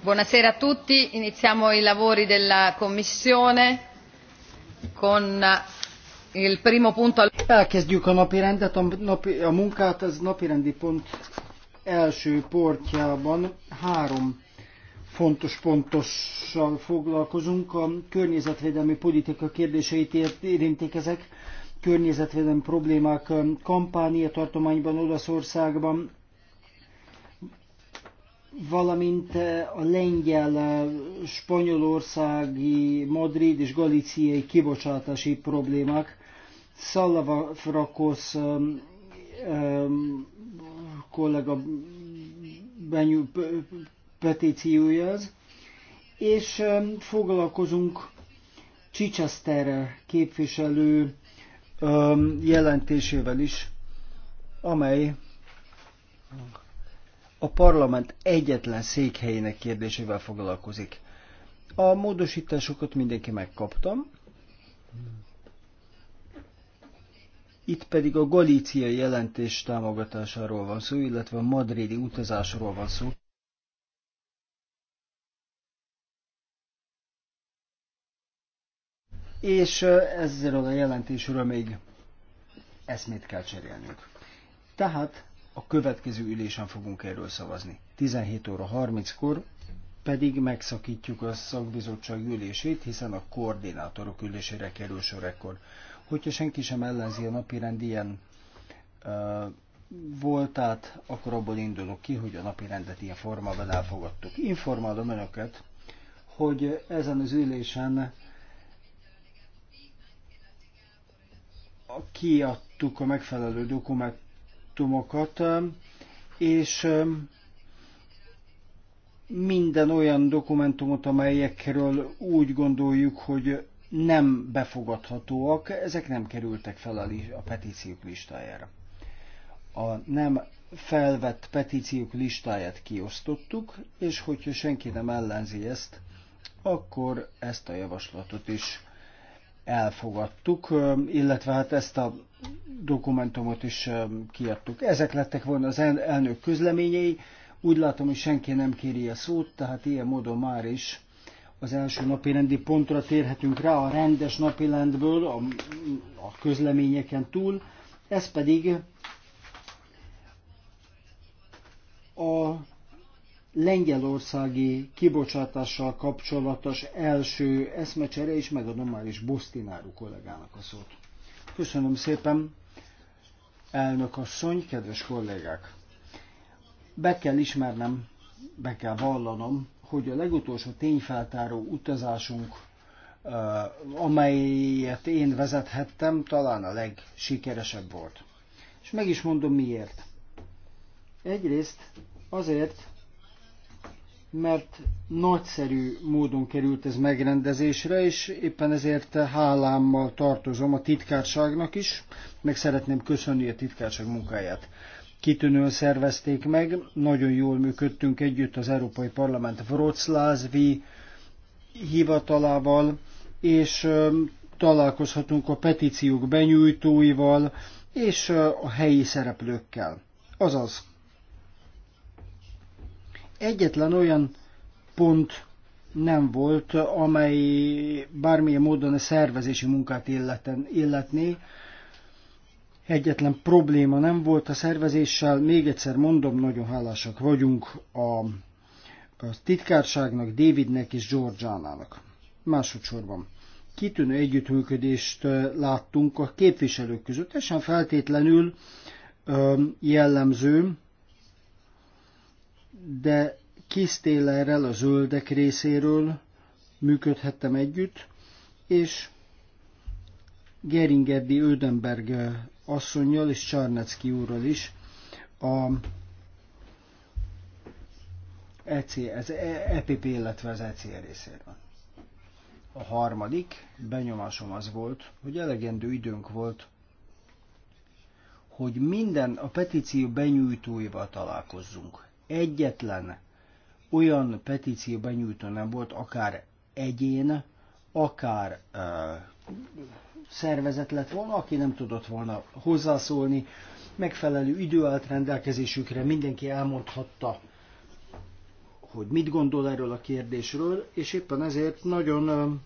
Buonasera a tutti, iniziamo i lavori della Commissione con il primo punto. Elkezdjük a napi rendet, a, napi, a munkát, ez napi rendi pont első portjában három fontos pontossal foglalkozunk. A környezetvédelmi politika kérdéseit érintik ezek. Környezetvédelmi problémák kampánia tartományban, Olaszországban, valamint a lengyel, spanyolországi, madrid és galiciai kibocsátási problémák. Szallava Frakosz kollega petíciója az, és foglalkozunk Chichester képviselő jelentésével is, amely a parlament egyetlen székhelyének kérdésével foglalkozik. A módosításokat mindenki megkaptam. Itt pedig a Galícia jelentés támogatásáról van szó, illetve a madridi utazásról van szó. és ezzel a jelentésről még eszmét kell cserélnünk. Tehát a következő ülésen fogunk erről szavazni. 17 óra 30-kor pedig megszakítjuk a szakbizottság ülését, hiszen a koordinátorok ülésére kerül sor ekkor. Hogyha senki sem ellenzi a napirend ilyen uh, voltát, akkor abból indulok ki, hogy a napirendet ilyen formában elfogadtuk. Informálom önöket, hogy ezen az ülésen kiadtuk a megfelelő dokumentumokat, és um, minden olyan dokumentumot, amelyekről úgy gondoljuk, hogy nem befogadhatóak, ezek nem kerültek fel a petíciók listájára. A nem felvett petíciók listáját kiosztottuk, és hogyha senki nem ellenzi ezt, akkor ezt a javaslatot is elfogadtuk, illetve hát ezt a dokumentumot is kiadtuk. Ezek lettek volna az elnök közleményei, úgy látom, hogy senki nem kéri a szót, tehát ilyen módon már is az első napi rendi pontra térhetünk rá a rendes napirendből, a, a közleményeken túl, ez pedig a lengyelországi kibocsátással kapcsolatos első eszmecsere, és megadom már is Bosztináru kollégának a szót. Köszönöm szépen, elnök asszony, kedves kollégák! Be kell ismernem, be kell vallanom, hogy a legutolsó tényfeltáró utazásunk, eh, amelyet én vezethettem, talán a legsikeresebb volt. És meg is mondom miért. Egyrészt azért, mert nagyszerű módon került ez megrendezésre, és éppen ezért hálámmal tartozom a titkárságnak is, meg szeretném köszönni a titkárság munkáját. Kitűnően szervezték meg, nagyon jól működtünk együtt az Európai Parlament Wroclawvi hivatalával, és találkozhatunk a petíciók benyújtóival és a helyi szereplőkkel. Azaz, egyetlen olyan pont nem volt, amely bármilyen módon a szervezési munkát illeten, illetné. Egyetlen probléma nem volt a szervezéssel. Még egyszer mondom, nagyon hálásak vagyunk a, a titkárságnak, Davidnek és Georgiánának. Másodszorban kitűnő együttműködést láttunk a képviselők között. Ez sem feltétlenül jellemző, de Keith Taylorrel, a zöldek részéről működhettem együtt, és Geringerdi Ödenberg asszonyjal és Csarnecki úrral is a EC, az EPP, e illetve az EC részéről. A harmadik benyomásom az volt, hogy elegendő időnk volt, hogy minden a petíció benyújtóival találkozzunk. Egyetlen olyan petícióban benyújtó nem volt, akár egyén, akár uh, szervezet lett volna, aki nem tudott volna hozzászólni, megfelelő idő állt rendelkezésükre, mindenki elmondhatta, hogy mit gondol erről a kérdésről, és éppen ezért nagyon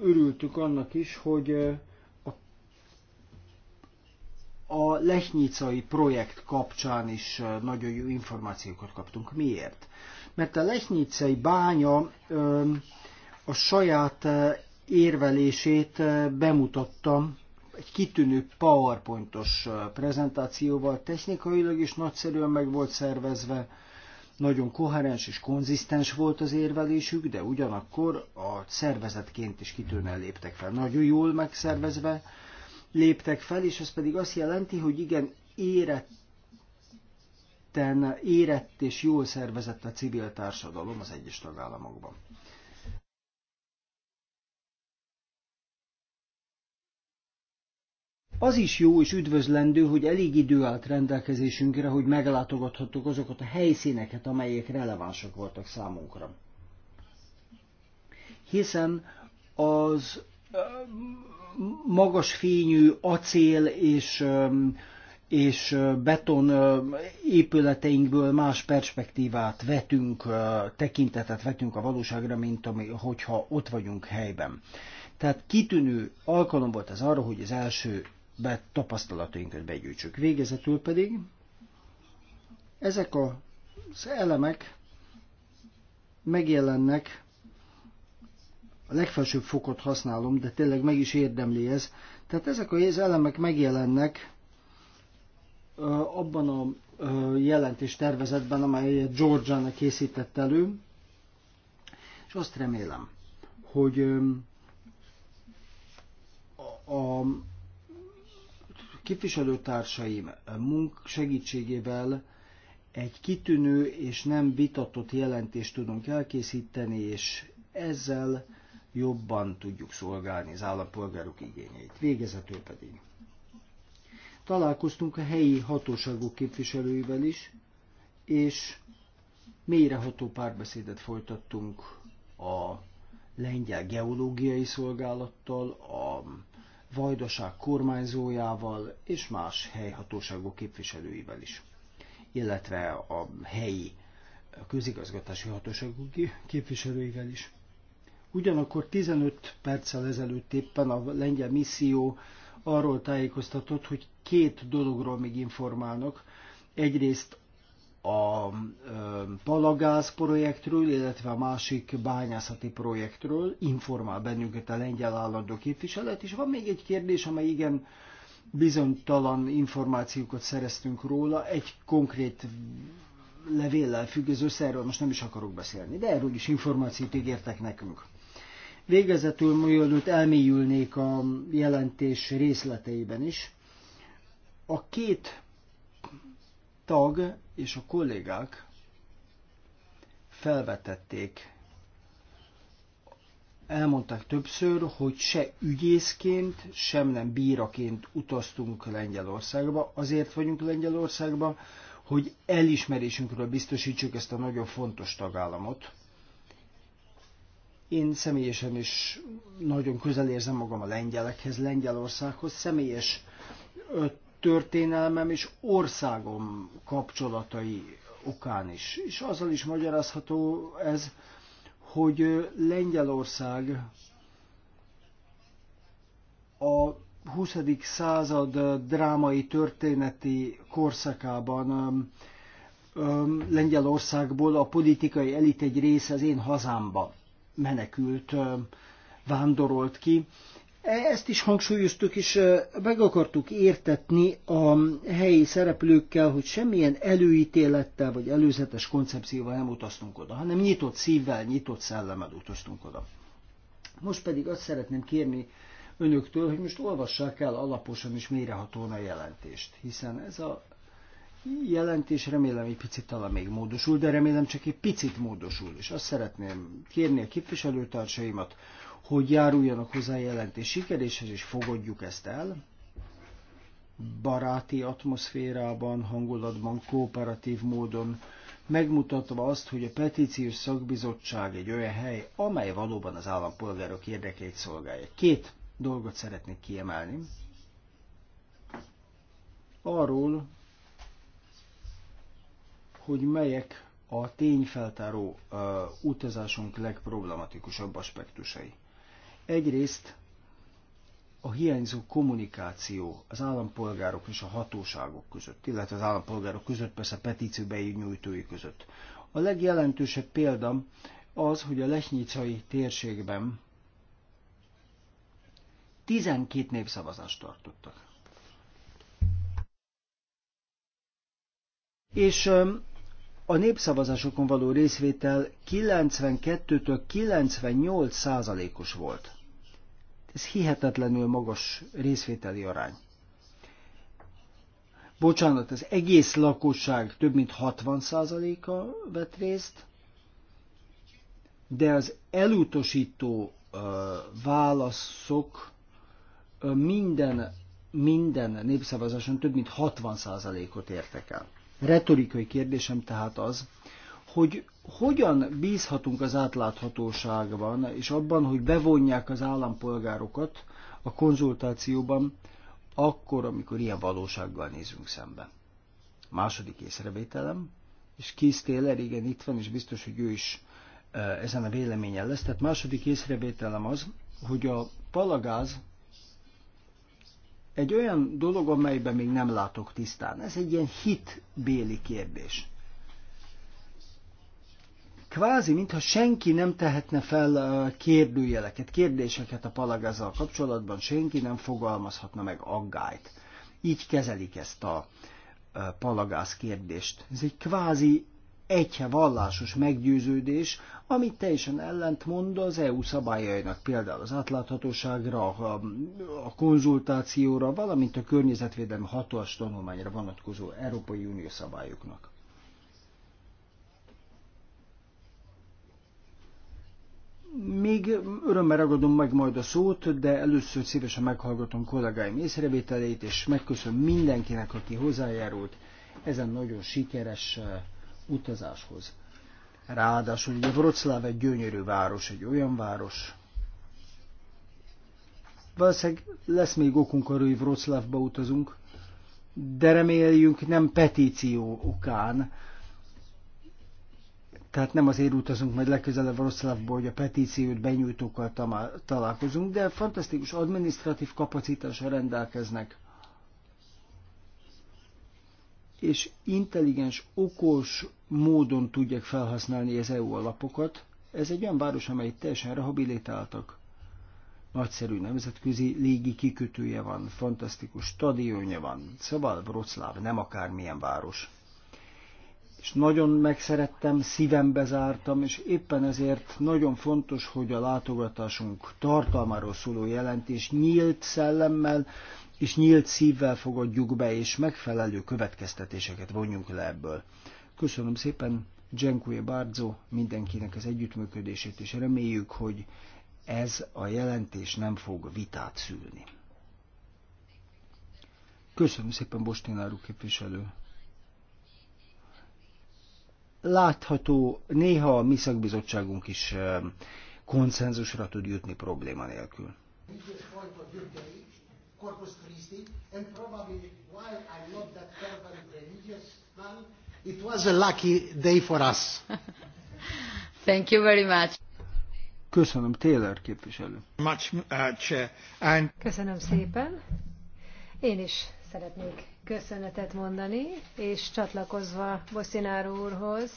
örültük annak is, hogy a Lesnyicai projekt kapcsán is nagyon jó információkat kaptunk. Miért? Mert a Lesnyicai bánya a saját érvelését bemutattam egy kitűnő powerpointos prezentációval, technikailag is nagyszerűen meg volt szervezve, nagyon koherens és konzisztens volt az érvelésük, de ugyanakkor a szervezetként is kitűnően léptek fel. Nagyon jól megszervezve, léptek fel, és ez pedig azt jelenti, hogy igen, éretten, érett és jól szervezett a civil társadalom az egyes tagállamokban. Az is jó és üdvözlendő, hogy elég idő állt rendelkezésünkre, hogy meglátogathattuk azokat a helyszíneket, amelyek relevánsak voltak számunkra. Hiszen az magas fényű acél és, és beton épületeinkből más perspektívát vetünk, tekintetet vetünk a valóságra, mint ami, hogyha ott vagyunk helyben. Tehát kitűnő alkalom volt ez arra, hogy az első tapasztalatainkat begyűjtsük. Végezetül pedig ezek az elemek megjelennek a legfelsőbb fokot használom, de tényleg meg is érdemli ez. Tehát ezek a elemek megjelennek abban a jelentés tervezetben, amelyet Georgiana készített elő, és azt remélem, hogy a képviselőtársaim munk segítségével egy kitűnő és nem vitatott jelentést tudunk elkészíteni, és ezzel jobban tudjuk szolgálni az állampolgárok igényeit. Végezetül pedig. Találkoztunk a helyi hatóságok képviselőivel is, és mélyreható párbeszédet folytattunk a lengyel geológiai szolgálattal, a vajdaság kormányzójával és más helyhatóságok képviselőivel is, illetve a helyi közigazgatási hatóságok képviselőivel is. Ugyanakkor 15 perccel ezelőtt éppen a lengyel misszió arról tájékoztatott, hogy két dologról még informálnak. Egyrészt a palagáz projektről, illetve a másik bányászati projektről informál bennünket a lengyel állandó képviselet, és van még egy kérdés, amely igen bizonytalan információkat szereztünk róla, egy konkrét levéllel függ az össze, erről most nem is akarok beszélni, de erről is információt ígértek nekünk. Végezetül mielőtt elmélyülnék a jelentés részleteiben is, a két tag és a kollégák felvetették, elmondták többször, hogy se ügyészként, sem nem bíraként utaztunk Lengyelországba, azért vagyunk Lengyelországba, hogy elismerésünkről biztosítsuk ezt a nagyon fontos tagállamot. Én személyesen is nagyon közel érzem magam a lengyelekhez, Lengyelországhoz. Személyes történelmem és országom kapcsolatai okán is. És azzal is magyarázható ez, hogy Lengyelország a 20. század drámai történeti korszakában Lengyelországból a politikai elit egy része az én hazámba menekült vándorolt ki. E, ezt is hangsúlyoztuk, és meg akartuk értetni a helyi szereplőkkel, hogy semmilyen előítélettel vagy előzetes koncepcióval nem utaztunk oda, hanem nyitott szívvel, nyitott szellemmel utaztunk oda. Most pedig azt szeretném kérni önöktől, hogy most olvassák el alaposan és mélyrehatóan a jelentést, hiszen ez a jelentés remélem egy picit talán még módosul, de remélem csak egy picit módosul, és azt szeretném kérni a képviselőtársaimat, hogy járuljanak hozzá a jelentés sikeréshez, és fogadjuk ezt el, baráti atmoszférában, hangulatban, kooperatív módon, megmutatva azt, hogy a petíciós szakbizottság egy olyan hely, amely valóban az állampolgárok érdekeit szolgálja. Két dolgot szeretnék kiemelni. Arról, hogy melyek a tényfeltáró uh, utazásunk legproblematikusabb aspektusai. Egyrészt a hiányzó kommunikáció az állampolgárok és a hatóságok között, illetve az állampolgárok között, persze a petíció nyújtói között. A legjelentősebb példa az, hogy a lesnyicai térségben 12 népszavazást tartottak. És a népszavazásokon való részvétel 92-től 98 százalékos volt. Ez hihetetlenül magas részvételi arány. Bocsánat, az egész lakosság több mint 60 százaléka vett részt, de az elutasító válaszok minden, minden népszavazáson több mint 60 százalékot értek el retorikai kérdésem tehát az, hogy hogyan bízhatunk az átláthatóságban, és abban, hogy bevonják az állampolgárokat a konzultációban, akkor, amikor ilyen valósággal nézünk szembe. Második észrevételem, és Keith Taylor, igen, itt van, és biztos, hogy ő is eh, ezen a véleményen lesz. Tehát második észrevételem az, hogy a palagáz egy olyan dolog, amelyben még nem látok tisztán. Ez egy ilyen hitbéli kérdés. Kvázi, mintha senki nem tehetne fel kérdőjeleket, kérdéseket a palagazzal kapcsolatban, senki nem fogalmazhatna meg aggályt. Így kezelik ezt a palagász kérdést. Ez egy kvázi egy vallásos meggyőződés, amit teljesen ellentmond az EU szabályainak, például az átláthatóságra, a, a konzultációra, valamint a környezetvédelmi hatalmas tanulmányra vonatkozó Európai Unió szabályoknak. Még örömmel ragadom meg majd a szót, de először szívesen meghallgatom kollégáim észrevételeit, és megköszönöm mindenkinek, aki hozzájárult ezen nagyon sikeres utazáshoz. Ráadásul ugye Wroclaw egy gyönyörű város, egy olyan város, valószínűleg lesz még okunk arra, hogy Wroclawba utazunk, de reméljünk nem petíció okán, tehát nem azért utazunk majd legközelebb Wroclawba, hogy a petíciót benyújtókkal találkozunk, de fantasztikus administratív kapacitásra rendelkeznek és intelligens, okos módon tudják felhasználni az EU alapokat. Ez egy olyan város, amely teljesen rehabilitáltak. Nagyszerű nemzetközi légi kikötője van, fantasztikus stadionja van, szóval Wroclaw nem akármilyen város. És nagyon megszerettem, szívembe zártam, és éppen ezért nagyon fontos, hogy a látogatásunk tartalmáról szóló jelentés nyílt szellemmel, és nyílt szívvel fogadjuk be, és megfelelő következtetéseket vonjunk le ebből. Köszönöm szépen, Dziękuję Bárdzó, mindenkinek az együttműködését, és reméljük, hogy ez a jelentés nem fog vitát szülni. Köszönöm szépen, Bostináru képviselő. Látható, néha a mi szakbizottságunk is eh, konszenzusra tud jutni probléma nélkül. Corpus Christi, and probably why I'm not that fervent religious man, it was a lucky day for us. Thank you very much. Köszönöm, Taylor képviselő. Much, uh, And... Köszönöm szépen. Én is szeretnék köszönetet mondani, és csatlakozva Bosszináró úrhoz,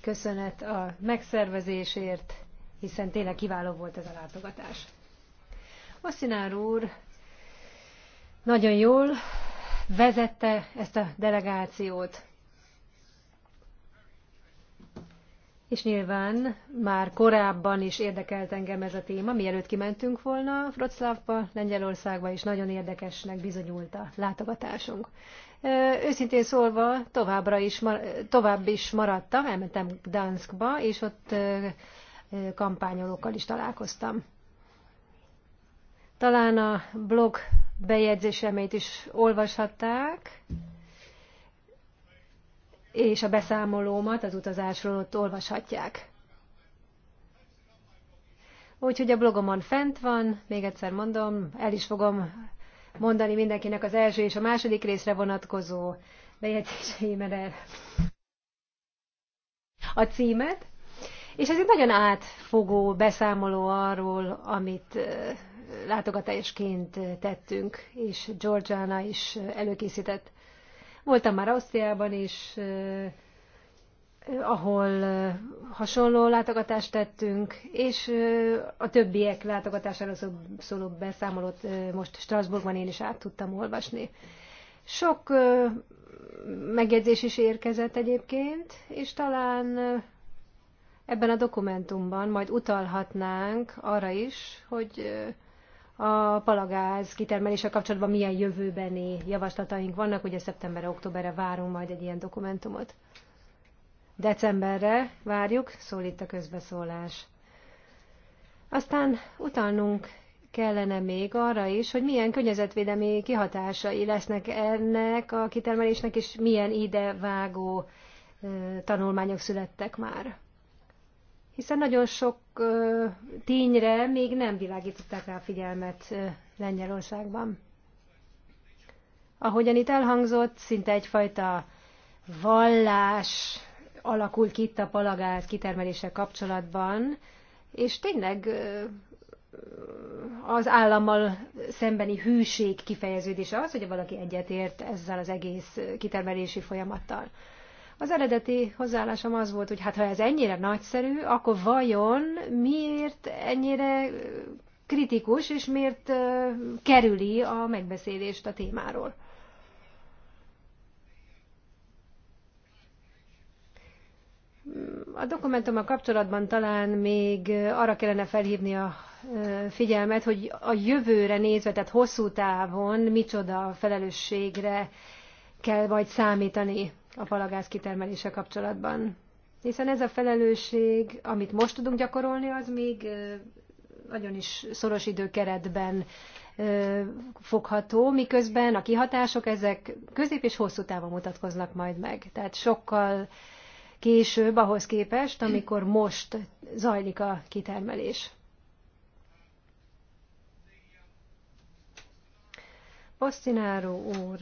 köszönet a megszervezésért, hiszen tényleg kiváló volt ez a látogatás. Bosszináró úr nagyon jól vezette ezt a delegációt. És nyilván már korábban is érdekelt engem ez a téma, mielőtt kimentünk volna Wroclawba, Lengyelországba, és nagyon érdekesnek bizonyult a látogatásunk. Őszintén szólva továbbra is, tovább is maradtam, elmentem Gdanskba, és ott kampányolókkal is találkoztam. Talán a blog bejegyzéseimét is olvashatták, és a beszámolómat az utazásról ott olvashatják. Úgyhogy a blogomon fent van, még egyszer mondom, el is fogom mondani mindenkinek az első és a második részre vonatkozó bejegyzéseimet a címet. És ez egy nagyon átfogó beszámoló arról, amit látogatásként tettünk, és Georgiana is előkészített. Voltam már Ausztriában is, eh, ahol eh, hasonló látogatást tettünk, és eh, a többiek látogatásáról szóló beszámolót most Strasbourgban én is át tudtam olvasni. Sok megjegyzés is érkezett egyébként, és talán ebben a dokumentumban majd utalhatnánk arra is, hogy a palagáz kitermelése kapcsolatban milyen jövőbeni javaslataink vannak. Ugye szeptemberre-októberre várunk majd egy ilyen dokumentumot. Decemberre várjuk, itt a közbeszólás. Aztán utalnunk kellene még arra is, hogy milyen környezetvédelmi kihatásai lesznek ennek a kitermelésnek, és milyen idevágó tanulmányok születtek már hiszen nagyon sok tényre még nem világították rá figyelmet Lengyelországban. Ahogyan itt elhangzott, szinte egyfajta vallás alakult ki itt a palagáz kitermelése kapcsolatban, és tényleg az állammal szembeni hűség kifejeződése az, hogy valaki egyetért ezzel az egész kitermelési folyamattal. Az eredeti hozzáállásom az volt, hogy hát ha ez ennyire nagyszerű, akkor vajon miért ennyire kritikus, és miért kerüli a megbeszélést a témáról? A dokumentummal kapcsolatban talán még arra kellene felhívni a figyelmet, hogy a jövőre nézve, tehát hosszú távon micsoda felelősségre kell majd számítani a palagáz kitermelése kapcsolatban. Hiszen ez a felelősség, amit most tudunk gyakorolni, az még nagyon is szoros időkeretben fogható, miközben a kihatások ezek közép és hosszú távon mutatkoznak majd meg. Tehát sokkal később ahhoz képest, amikor most zajlik a kitermelés. Posztináró úr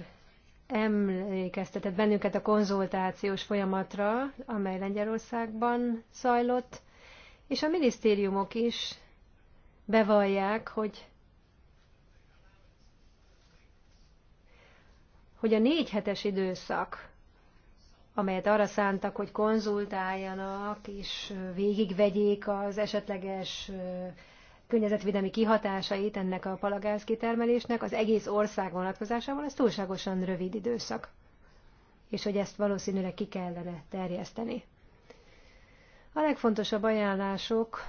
emlékeztetett bennünket a konzultációs folyamatra, amely Lengyelországban zajlott, és a minisztériumok is bevallják, hogy hogy a négy hetes időszak, amelyet arra szántak, hogy konzultáljanak és végigvegyék az esetleges környezetvédelmi kihatásait ennek a palagáz kitermelésnek az egész ország vonatkozásában, ez túlságosan rövid időszak. És hogy ezt valószínűleg ki kellene terjeszteni. A legfontosabb ajánlások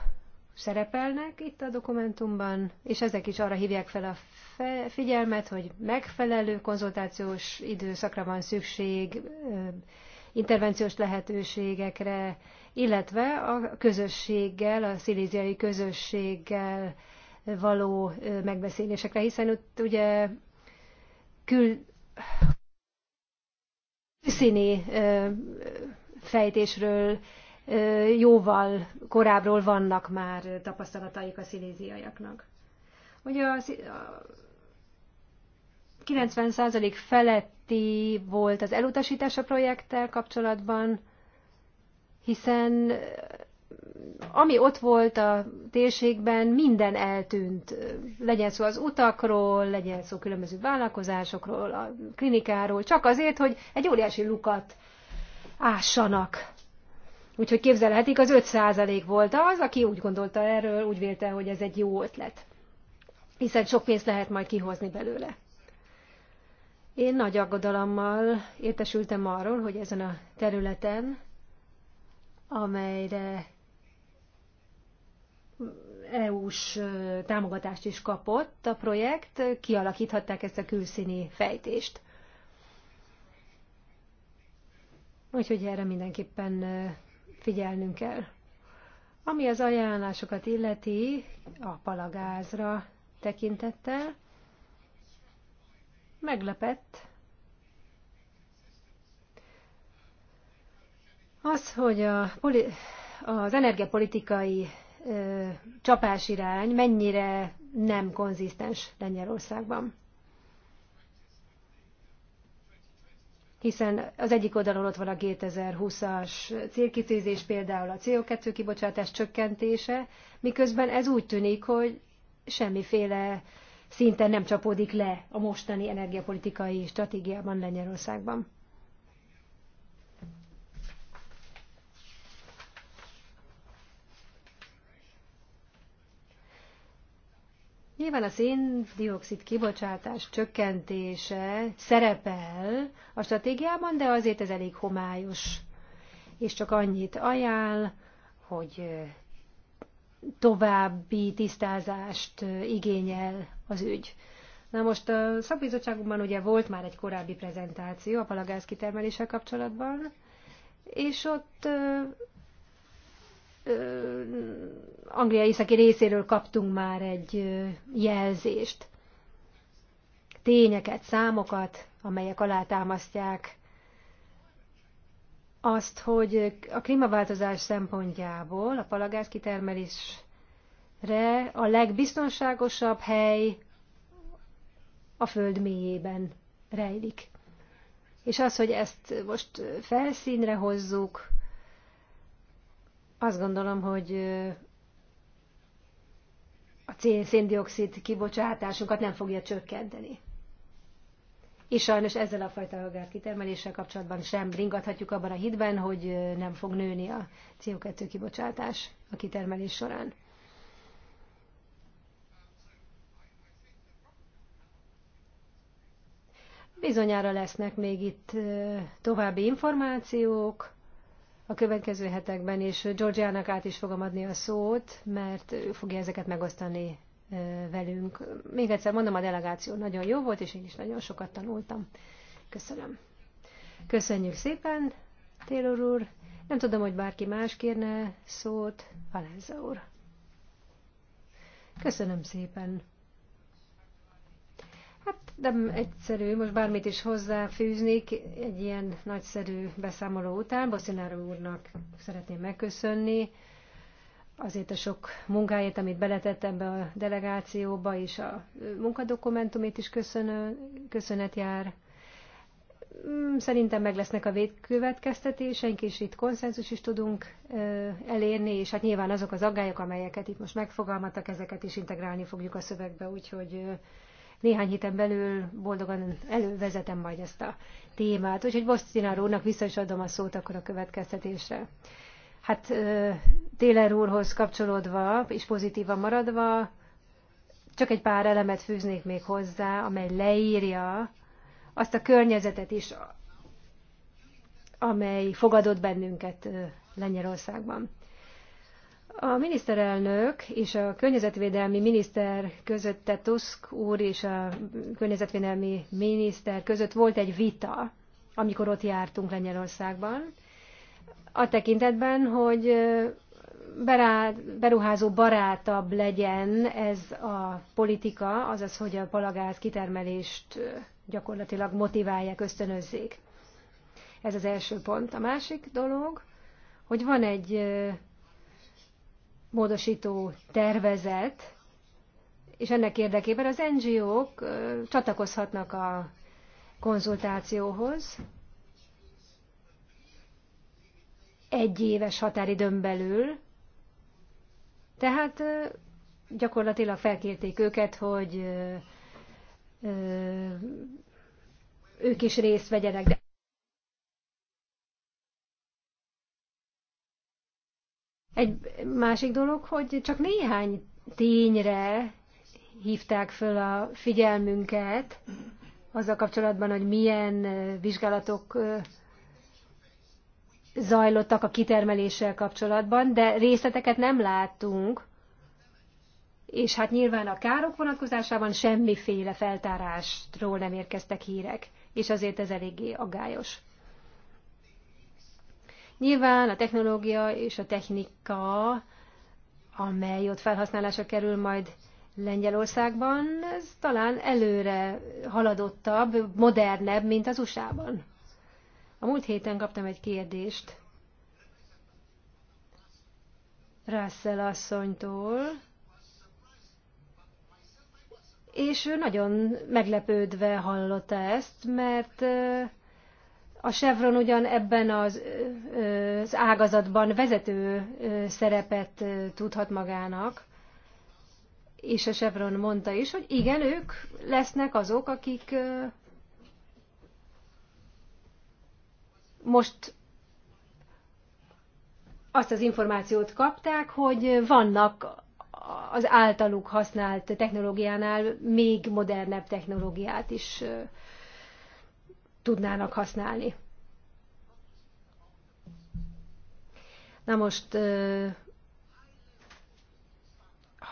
szerepelnek itt a dokumentumban, és ezek is arra hívják fel a figyelmet, hogy megfelelő konzultációs időszakra van szükség, intervenciós lehetőségekre, illetve a közösséggel, a sziléziai közösséggel való megbeszélésekre, hiszen ott ugye kül színi fejtésről jóval korábbról vannak már tapasztalataik a sziléziaiaknak. Ugye a 90% feletti volt az elutasítás a projekttel kapcsolatban, hiszen eh, ami ott volt a térségben, minden eltűnt. Legyen szó az utakról, legyen szó különböző vállalkozásokról, a klinikáról, csak azért, hogy egy óriási lukat ássanak. Úgyhogy képzelhetik, az 5% volt az, aki úgy gondolta erről, úgy vélte, hogy ez egy jó ötlet. Hiszen sok pénzt lehet majd kihozni belőle. Én nagy aggodalommal értesültem arról, hogy ezen a területen amelyre EU-s támogatást is kapott a projekt, kialakíthatták ezt a külszíni fejtést. Úgyhogy erre mindenképpen figyelnünk kell. Ami az ajánlásokat illeti, a palagázra tekintettel, meglepett, Az, hogy a, az energiapolitikai ö, csapásirány mennyire nem konzisztens Lengyelországban. hiszen az egyik oldalon ott van a 2020-as célkitűzés, például a CO2 kibocsátás csökkentése, miközben ez úgy tűnik, hogy semmiféle szinten nem csapódik le a mostani energiapolitikai stratégiában Lengyelországban. Nyilván a széndiokszid kibocsátás csökkentése szerepel a stratégiában, de azért ez elég homályos, és csak annyit ajánl, hogy további tisztázást igényel az ügy. Na most a szakbizottságunkban ugye volt már egy korábbi prezentáció a palagáz kitermeléssel kapcsolatban, és ott Anglia északi részéről kaptunk már egy jelzést. Tényeket, számokat, amelyek alátámasztják azt, hogy a klímaváltozás szempontjából a palagáz kitermelésre a legbiztonságosabb hely a föld mélyében rejlik. És az, hogy ezt most felszínre hozzuk, azt gondolom, hogy a széndiokszid kibocsátásunkat nem fogja csökkenteni. És sajnos ezzel a fajta agár kitermeléssel kapcsolatban sem ringathatjuk abban a hitben, hogy nem fog nőni a CO2 kibocsátás a kitermelés során. Bizonyára lesznek még itt további információk, a következő hetekben, és Georgiának át is fogom adni a szót, mert ő fogja ezeket megosztani velünk. Még egyszer mondom, a delegáció nagyon jó volt, és én is nagyon sokat tanultam. Köszönöm. Köszönjük szépen, Taylor úr. Nem tudom, hogy bárki más kérne szót. Valenza úr. Köszönöm szépen. Hát nem egyszerű, most bármit is hozzáfűznék egy ilyen nagyszerű beszámoló után. Bosszináról úrnak szeretném megköszönni azért a sok munkáját, amit beletett ebbe a delegációba, és a munkadokumentumét is köszönő, köszönet jár. Mm, szerintem meg lesznek a következtetéseink, és itt konszenzus is tudunk elérni, és hát nyilván azok az aggályok, amelyeket itt most megfogalmaztak, ezeket is integrálni fogjuk a szövegbe, úgyhogy néhány héten belül boldogan elővezetem majd ezt a témát, úgyhogy Bosztinár úrnak vissza is adom a szót akkor a következtetésre. Hát Téler úrhoz kapcsolódva és pozitívan maradva, csak egy pár elemet fűznék még hozzá, amely leírja azt a környezetet is, amely fogadott bennünket Lengyelországban. A miniszterelnök és a környezetvédelmi miniszter között, tehát Tusk úr és a környezetvédelmi miniszter között volt egy vita, amikor ott jártunk Lengyelországban, a tekintetben, hogy beruházó barátabb legyen ez a politika, azaz, hogy a palagáz kitermelést gyakorlatilag motiválják, ösztönözzék. Ez az első pont. A másik dolog, hogy van egy módosító tervezet, és ennek érdekében az NGO-k csatlakozhatnak a konzultációhoz egy éves határidőn belül, tehát gyakorlatilag felkérték őket, hogy ők is részt vegyenek. De Egy másik dolog, hogy csak néhány tényre hívták föl a figyelmünket azzal kapcsolatban, hogy milyen vizsgálatok zajlottak a kitermeléssel kapcsolatban, de részleteket nem láttunk, és hát nyilván a károk vonatkozásában semmiféle feltárásról nem érkeztek hírek, és azért ez eléggé aggályos. Nyilván a technológia és a technika, amely ott felhasználásra kerül majd Lengyelországban, ez talán előre haladottabb, modernebb, mint az USA-ban. A múlt héten kaptam egy kérdést Russell asszonytól, és ő nagyon meglepődve hallotta ezt, mert a Chevron ugyan ebben az, az ágazatban vezető szerepet tudhat magának, és a Chevron mondta is, hogy igen, ők lesznek azok, akik most azt az információt kapták, hogy vannak az általuk használt technológiánál még modernebb technológiát is tudnának használni. Na most,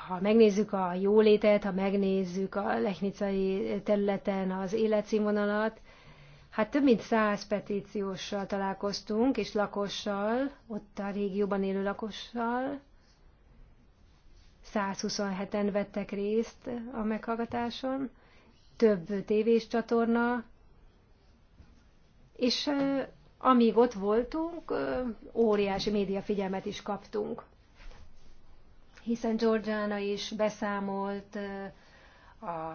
ha megnézzük a jólétet, ha megnézzük a lechnicai területen az életszínvonalat, hát több mint száz petícióssal találkoztunk, és lakossal, ott a régióban élő lakossal, 127-en vettek részt a meghallgatáson, több tévés csatorna és amíg ott voltunk, óriási médiafigyelmet is kaptunk. Hiszen Georgiana is beszámolt a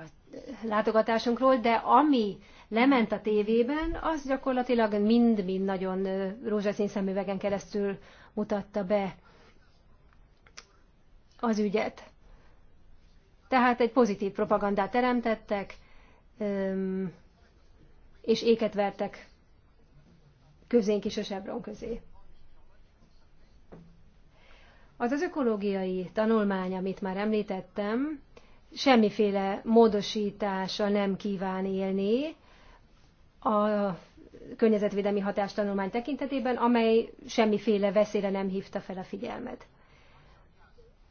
látogatásunkról, de ami lement a tévében, az gyakorlatilag mind-mind nagyon rózsaszín szemüvegen keresztül mutatta be az ügyet. Tehát egy pozitív propagandát teremtettek, és éket vertek közénk is a Sebron közé. Az az ökológiai tanulmány, amit már említettem, semmiféle módosítása nem kíván élni a környezetvédelmi hatástanulmány tekintetében, amely semmiféle veszélyre nem hívta fel a figyelmet.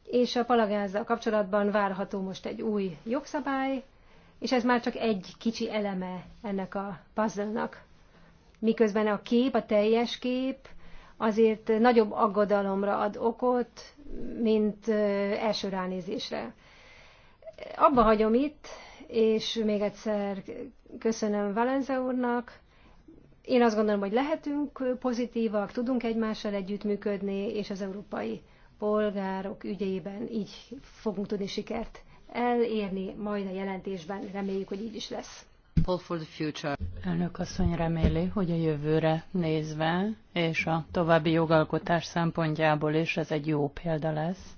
És a palagázzal kapcsolatban várható most egy új jogszabály, és ez már csak egy kicsi eleme ennek a puzzle-nak miközben a kép, a teljes kép azért nagyobb aggodalomra ad okot, mint első ránézésre. Abba hagyom itt, és még egyszer köszönöm Valenza úrnak. Én azt gondolom, hogy lehetünk pozitívak, tudunk egymással együttműködni, és az európai polgárok ügyeiben így fogunk tudni sikert elérni, majd a jelentésben reméljük, hogy így is lesz. Elnök asszony reméli, hogy a jövőre nézve és a további jogalkotás szempontjából is ez egy jó példa lesz.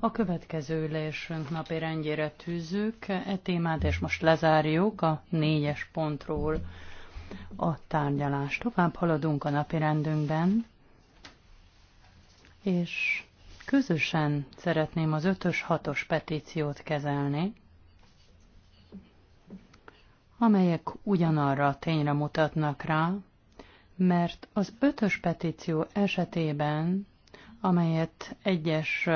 A következő ülésünk napi rendjére tűzzük e témát, és most lezárjuk a négyes pontról a tárgyalást. Tovább haladunk a napi rendünkben, és közösen szeretném az ötös hatos petíciót kezelni amelyek ugyanarra a tényre mutatnak rá, mert az ötös petíció esetében, amelyet egyes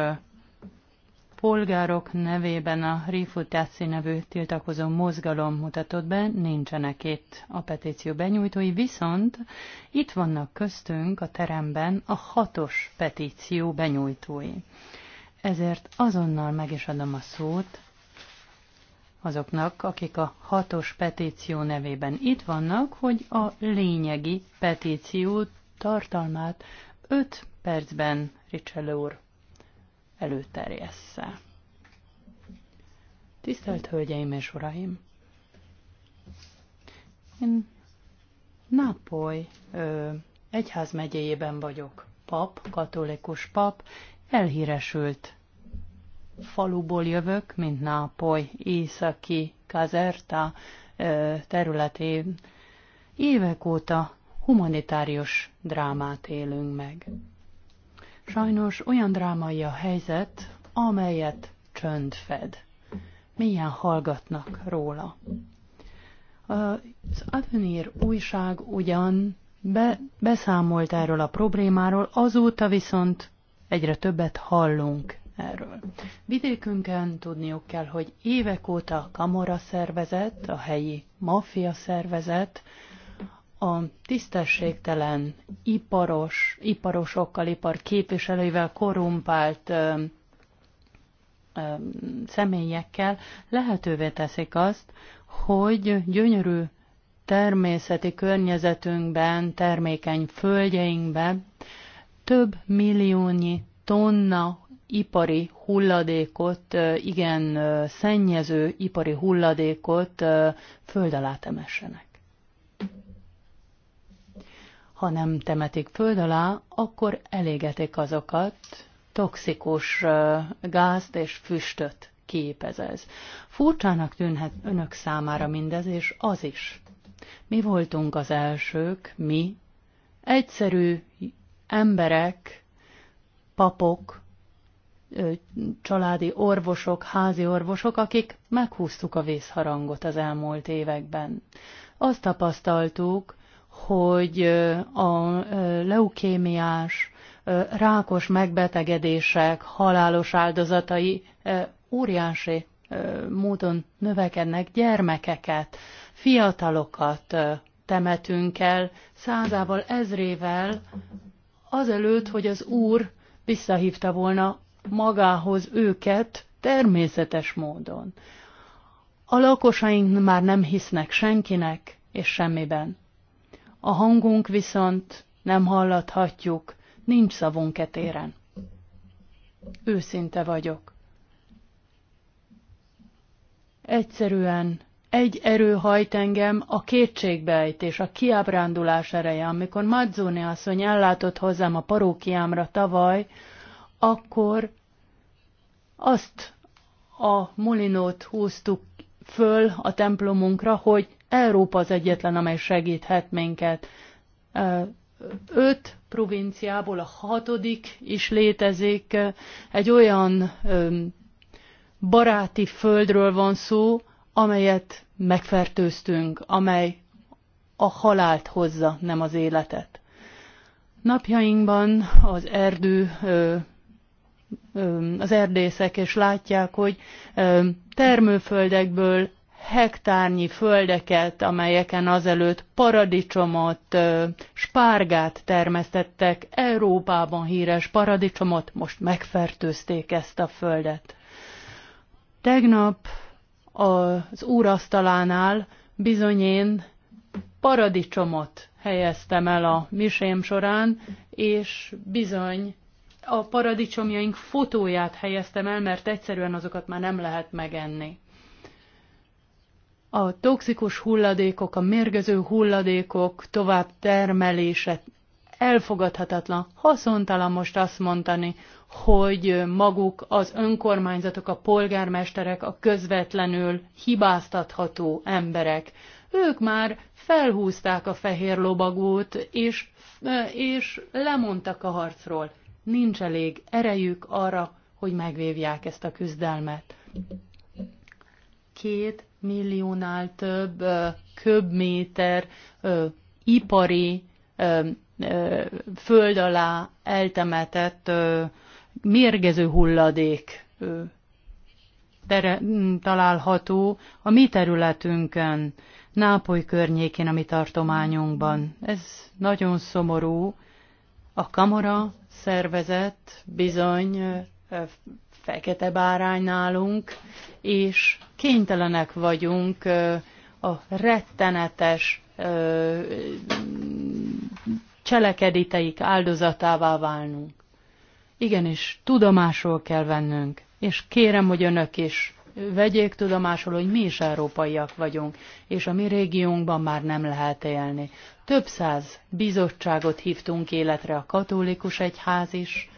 polgárok nevében a Rifutáci nevű tiltakozó mozgalom mutatott be, nincsenek itt a petíció benyújtói, viszont itt vannak köztünk a teremben a hatos petíció benyújtói. Ezért azonnal meg is adom a szót azoknak, akik a hatos petíció nevében itt vannak, hogy a lényegi petíció tartalmát 5 percben Richel úr előterjessze. Tisztelt Hölgyeim és Uraim! Én Nápoly ö, egyházmegyéjében vagyok pap, katolikus pap, elhíresült faluból jövök, mint Nápoly, északi Kazerta területén. Évek óta humanitárius drámát élünk meg. Sajnos olyan drámai a helyzet, amelyet csönd fed. Milyen hallgatnak róla. Az Avenir újság ugyan be, beszámolt erről a problémáról, azóta viszont egyre többet hallunk erről. Vidékünkön tudniuk kell, hogy évek óta a kamora szervezet, a helyi maffia szervezet, a tisztességtelen iparos, iparosokkal, ipar képviselőivel korumpált ö, ö, személyekkel lehetővé teszik azt, hogy gyönyörű természeti környezetünkben, termékeny földjeinkben több milliónyi tonna ipari hulladékot, igen szennyező ipari hulladékot föld alá temessenek. Ha nem temetik föld alá, akkor elégetik azokat, toxikus gázt és füstöt képez ez. Furcsának tűnhet önök számára mindez, és az is. Mi voltunk az elsők, mi, egyszerű emberek, papok, családi orvosok, házi orvosok, akik meghúztuk a vészharangot az elmúlt években. Azt tapasztaltuk, hogy a leukémiás, rákos megbetegedések halálos áldozatai óriási módon növekednek gyermekeket, fiatalokat temetünk el százával, ezrével, azelőtt, hogy az Úr visszahívta volna magához őket természetes módon. A lakosaink már nem hisznek senkinek és semmiben. A hangunk viszont nem hallathatjuk, nincs szavunk etéren. Őszinte vagyok. Egyszerűen egy erő hajt engem a kétségbeejtés, a kiábrándulás ereje, amikor Madzóni asszony ellátott hozzám a parókiámra tavaly, akkor azt a molinót húztuk föl a templomunkra, hogy Európa az egyetlen, amely segíthet minket. Öt provinciából a hatodik is létezik. Egy olyan baráti földről van szó, amelyet megfertőztünk, amely a halált hozza, nem az életet. Napjainkban az erdő az erdészek, és látják, hogy termőföldekből hektárnyi földeket, amelyeken azelőtt paradicsomot, spárgát termesztettek, Európában híres paradicsomot, most megfertőzték ezt a földet. Tegnap az úrasztalánál bizonyén paradicsomot helyeztem el a misém során, és bizony a paradicsomjaink fotóját helyeztem el, mert egyszerűen azokat már nem lehet megenni. A toxikus hulladékok, a mérgező hulladékok tovább termelése elfogadhatatlan, haszontalan most azt mondani, hogy maguk az önkormányzatok, a polgármesterek, a közvetlenül hibáztatható emberek. Ők már felhúzták a fehér lobagót, és, és lemondtak a harcról nincs elég erejük arra, hogy megvívják ezt a küzdelmet. Két milliónál több köbméter ipari föld alá eltemetett mérgező hulladék tere, található a mi területünkön, Nápoly környékén, a mi tartományunkban. Ez nagyon szomorú, a kamara szervezet bizony fekete bárány nálunk, és kénytelenek vagyunk a rettenetes cselekediteik áldozatává válnunk. Igenis, tudomásról kell vennünk, és kérem, hogy önök is vegyék tudomásul, hogy mi is európaiak vagyunk, és a mi régiónkban már nem lehet élni. Több száz bizottságot hívtunk életre a katolikus egyház is.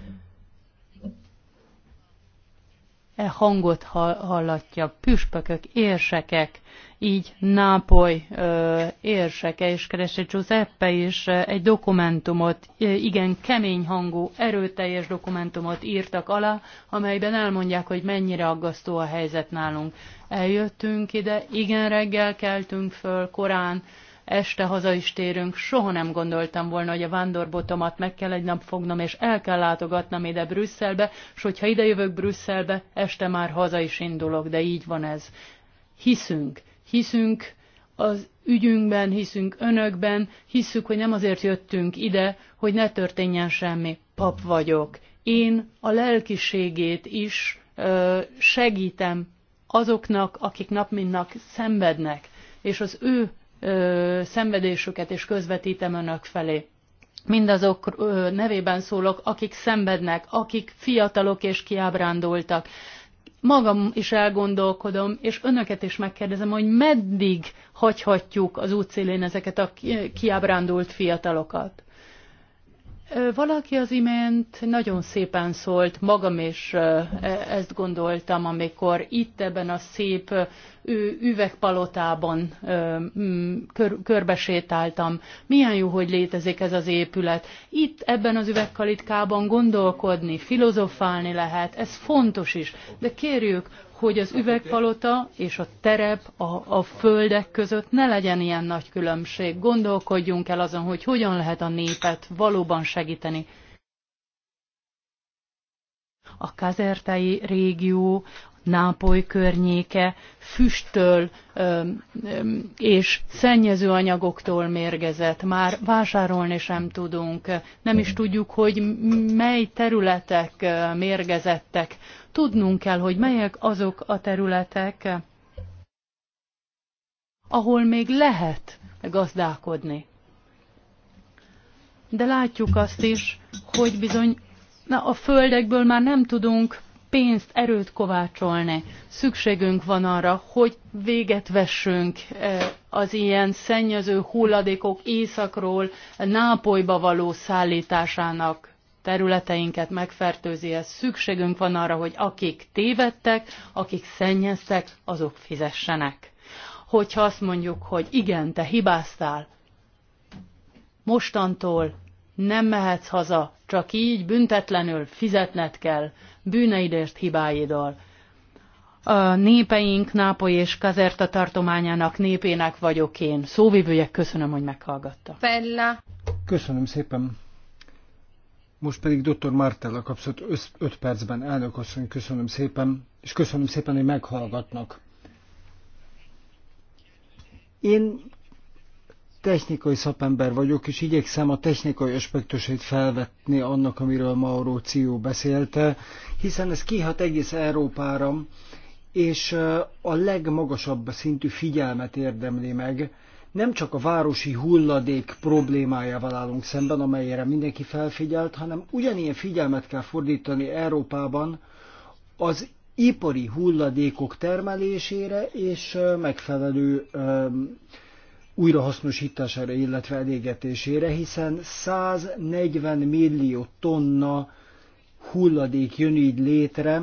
E hangot hallatja püspökök, érsekek, így Nápoly ö, érseke és Keresi Giuseppe is egy dokumentumot, igen kemény hangú, erőteljes dokumentumot írtak alá, amelyben elmondják, hogy mennyire aggasztó a helyzet nálunk. Eljöttünk ide, igen reggel keltünk föl korán, este haza is térünk, soha nem gondoltam volna, hogy a vándorbotomat meg kell egy nap fognom, és el kell látogatnom ide Brüsszelbe, és hogyha ide jövök Brüsszelbe, este már haza is indulok, de így van ez. Hiszünk, hiszünk az ügyünkben, hiszünk önökben, hiszük, hogy nem azért jöttünk ide, hogy ne történjen semmi. Pap vagyok. Én a lelkiségét is ö, segítem azoknak, akik nap mint nap szenvednek, és az ő ö, szenvedésüket és közvetítem önök felé. Mindazok ö, nevében szólok, akik szenvednek, akik fiatalok és kiábrándultak. Magam is elgondolkodom, és önöket is megkérdezem, hogy meddig hagyhatjuk az útszélén ezeket a kiábrándult fiatalokat. Valaki az imént nagyon szépen szólt, magam is e-, ezt gondoltam, amikor itt ebben a szép üvegpalotában körbesétáltam. Milyen jó, hogy létezik ez az épület. Itt ebben az üvegkalitkában gondolkodni, filozofálni lehet, ez fontos is. De kérjük, hogy az üvegpalota és a terep, a, a földek között ne legyen ilyen nagy különbség. Gondolkodjunk el azon, hogy hogyan lehet a népet valóban segíteni a kazertai régió, Nápoly környéke füsttől öm, öm, és szennyező anyagoktól mérgezett. Már vásárolni sem tudunk, nem is mhm. tudjuk, hogy mely területek mérgezettek. Tudnunk kell, hogy melyek azok a területek, ahol még lehet gazdálkodni. De látjuk azt is, hogy bizony na, a földekből már nem tudunk pénzt, erőt kovácsolni. Szükségünk van arra, hogy véget vessünk eh, az ilyen szennyező hulladékok északról Nápolyba való szállításának területeinket megfertőzi ez. Szükségünk van arra, hogy akik tévedtek, akik szennyeztek, azok fizessenek. Hogyha azt mondjuk, hogy igen, te hibáztál, mostantól nem mehetsz haza, csak így büntetlenül fizetned kell, bűneidért, hibáidól. A népeink, Nápoly és Kazerta tartományának népének vagyok én. Szóvivőjek, köszönöm, hogy meghallgatta. Fella. Köszönöm szépen. Most pedig dr. Martella kapszott 5 percben. Elnök asszony, köszönöm szépen, és köszönöm szépen, hogy meghallgatnak. Én technikai szapember vagyok, és igyekszem a technikai aspektusait felvetni annak, amiről Mauro Ció beszélte, hiszen ez kihat egész Európára, és a legmagasabb szintű figyelmet érdemli meg. Nem csak a városi hulladék problémájával állunk szemben, amelyre mindenki felfigyelt, hanem ugyanilyen figyelmet kell fordítani Európában az ipari hulladékok termelésére és megfelelő újrahasznosítására, illetve elégetésére, hiszen 140 millió tonna hulladék jön így létre,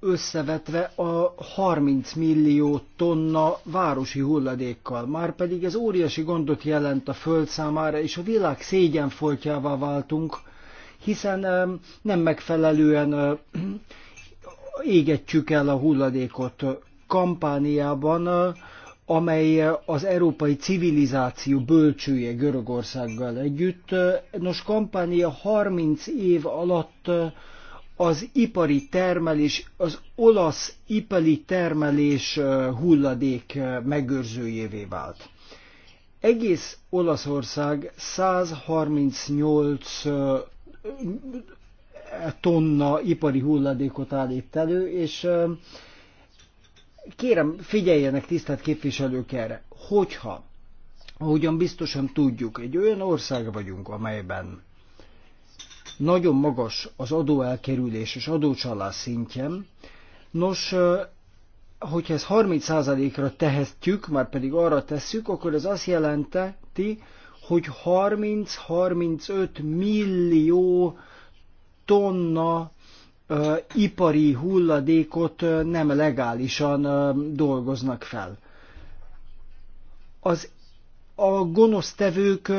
összevetve a 30 millió tonna városi hulladékkal. pedig ez óriási gondot jelent a föld számára, és a világ szégyenfoltjává váltunk, hiszen nem megfelelően égetjük el a hulladékot. Kampániában amely az európai civilizáció bölcsője Görögországgal együtt. Nos, kampánia 30 év alatt az ipari termelés, az olasz ipari termelés hulladék megőrzőjévé vált. Egész Olaszország 138 tonna ipari hulladékot állít elő, és Kérem, figyeljenek tisztelt képviselők erre, hogyha, ahogyan biztosan tudjuk, egy olyan ország vagyunk, amelyben nagyon magas az adóelkerülés és adócsalás szintjem, nos, hogyha ezt 30%-ra tehetjük, már pedig arra tesszük, akkor ez azt jelenteti, hogy 30-35 millió tonna ipari hulladékot nem legálisan dolgoznak fel. Az, a gonosztevők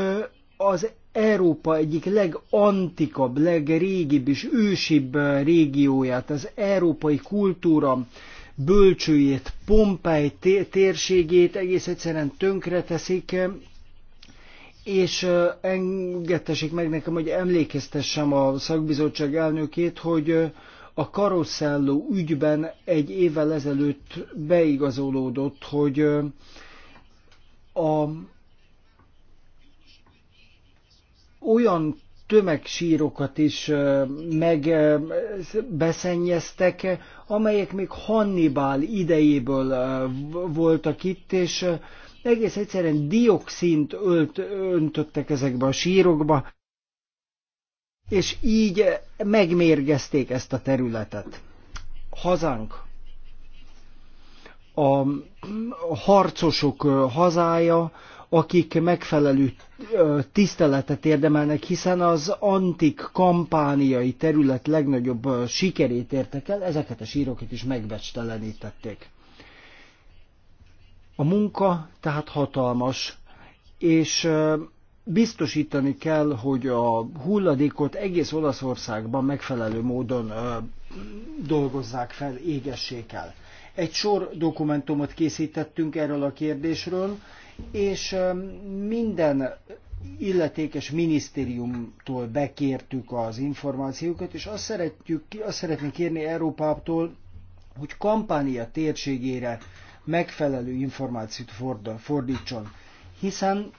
az Európa egyik legantikabb, legrégibb és ősibb régióját, az európai kultúra bölcsőjét, Pompej térségét egész egyszerűen tönkreteszik, és engedtessék meg nekem, hogy emlékeztessem a szakbizottság elnökét, hogy a karosszelló ügyben egy évvel ezelőtt beigazolódott, hogy a olyan tömegsírokat is megbeszennyeztek, amelyek még Hannibal idejéből voltak itt, és egész egyszerűen dioxint ölt, öntöttek ezekbe a sírokba, és így megmérgezték ezt a területet. Hazánk, a, harcosok hazája, akik megfelelő tiszteletet érdemelnek, hiszen az antik kampániai terület legnagyobb sikerét értek el, ezeket a sírokat is megbecstelenítették. A munka tehát hatalmas, és biztosítani kell, hogy a hulladékot egész Olaszországban megfelelő módon dolgozzák fel, égessék el. Egy sor dokumentumot készítettünk erről a kérdésről, és minden illetékes minisztériumtól bekértük az információkat, és azt, szeretjük, azt szeretnénk kérni Európától, hogy kampánia térségére megfelelő információt fordítson. Hiszen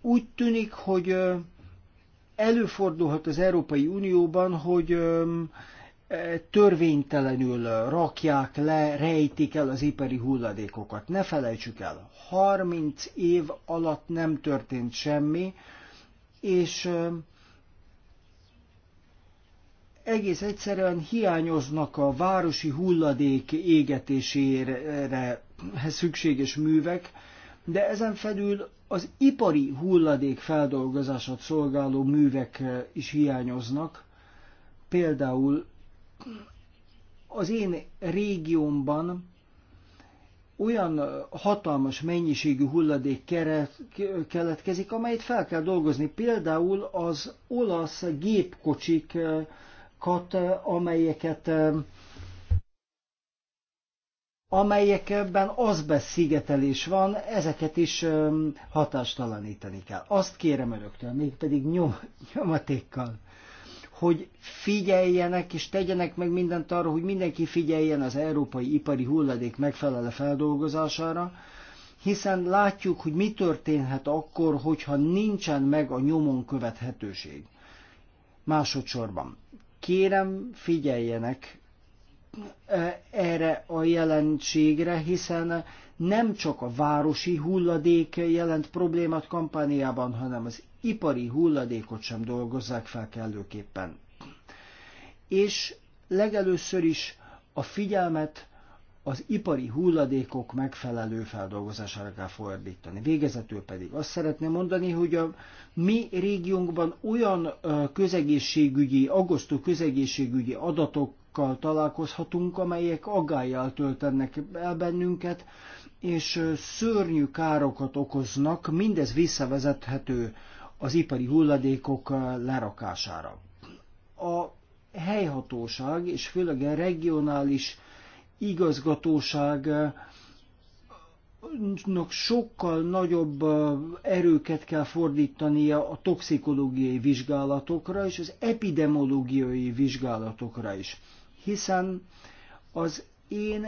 úgy tűnik, hogy előfordulhat az Európai Unióban, hogy törvénytelenül rakják le, rejtik el az ipari hulladékokat. Ne felejtsük el, 30 év alatt nem történt semmi, és egész egyszerűen hiányoznak a városi hulladék égetésére szükséges művek, de ezen felül az ipari hulladék feldolgozását szolgáló művek is hiányoznak. Például az én régiómban olyan hatalmas mennyiségű hulladék keletkezik, amelyet fel kell dolgozni. Például az olasz gépkocsik normákat, amelyeket amelyekben azbesz szigetelés van, ezeket is hatástalanítani kell. Azt kérem öröktől, mégpedig nyom, nyomatékkal, hogy figyeljenek és tegyenek meg mindent arra, hogy mindenki figyeljen az európai ipari hulladék megfelelő feldolgozására, hiszen látjuk, hogy mi történhet akkor, hogyha nincsen meg a nyomon követhetőség. Másodszorban Kérem, figyeljenek e, erre a jelenségre, hiszen nem csak a városi hulladék jelent problémát kampániában, hanem az ipari hulladékot sem dolgozzák fel kellőképpen. És legelőször is a figyelmet az ipari hulladékok megfelelő feldolgozására kell fordítani. Végezetül pedig azt szeretném mondani, hogy a mi régiónkban olyan közegészségügyi, agosztó közegészségügyi adatokkal találkozhatunk, amelyek aggájjal töltenek el bennünket, és szörnyű károkat okoznak, mindez visszavezethető az ipari hulladékok lerakására. A helyhatóság és főleg a regionális igazgatóság sokkal nagyobb erőket kell fordítania a toxikológiai vizsgálatokra és az epidemiológiai vizsgálatokra is. Hiszen az én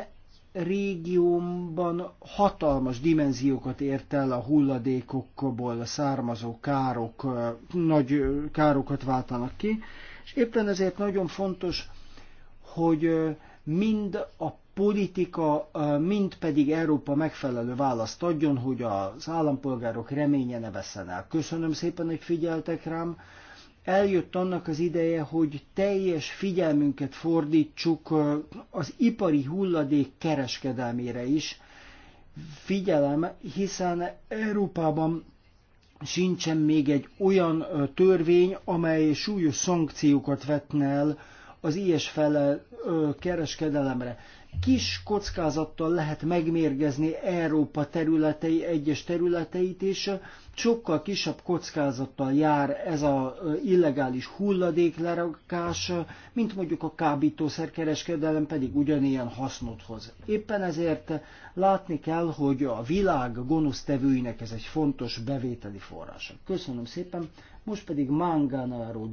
régiómban hatalmas dimenziókat ért el a hulladékokból a származó károk, nagy károkat váltanak ki, és éppen ezért nagyon fontos, hogy mind a politika, mind pedig Európa megfelelő választ adjon, hogy az állampolgárok reménye ne veszen el. Köszönöm szépen, hogy figyeltek rám. Eljött annak az ideje, hogy teljes figyelmünket fordítsuk az ipari hulladék kereskedelmére is. Figyelem, hiszen Európában sincsen még egy olyan törvény, amely súlyos szankciókat vetne el az ilyes fele kereskedelemre kis kockázattal lehet megmérgezni Európa területei, egyes területeit, és sokkal kisebb kockázattal jár ez a illegális hulladéklerakás, mint mondjuk a kábítószerkereskedelem pedig ugyanilyen hasznot hoz. Éppen ezért látni kell, hogy a világ gonosztevőinek ez egy fontos bevételi forrása. Köszönöm szépen, most pedig Mangánáró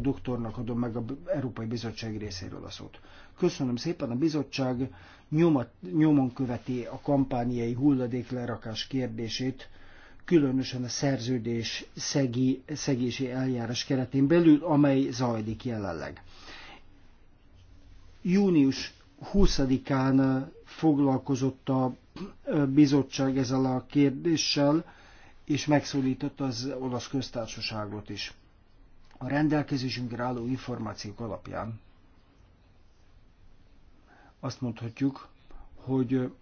doktornak adom meg a Európai Bizottság részéről a szót. Köszönöm szépen, a bizottság nyomat, nyomon követi a kampányai hulladéklerakás kérdését, különösen a szerződés szegi, szegési eljárás keretén belül, amely zajlik jelenleg. Június 20-án foglalkozott a bizottság ezzel a kérdéssel, és megszólította az olasz köztársaságot is. A rendelkezésünkre álló információk alapján azt mondhatjuk, hogy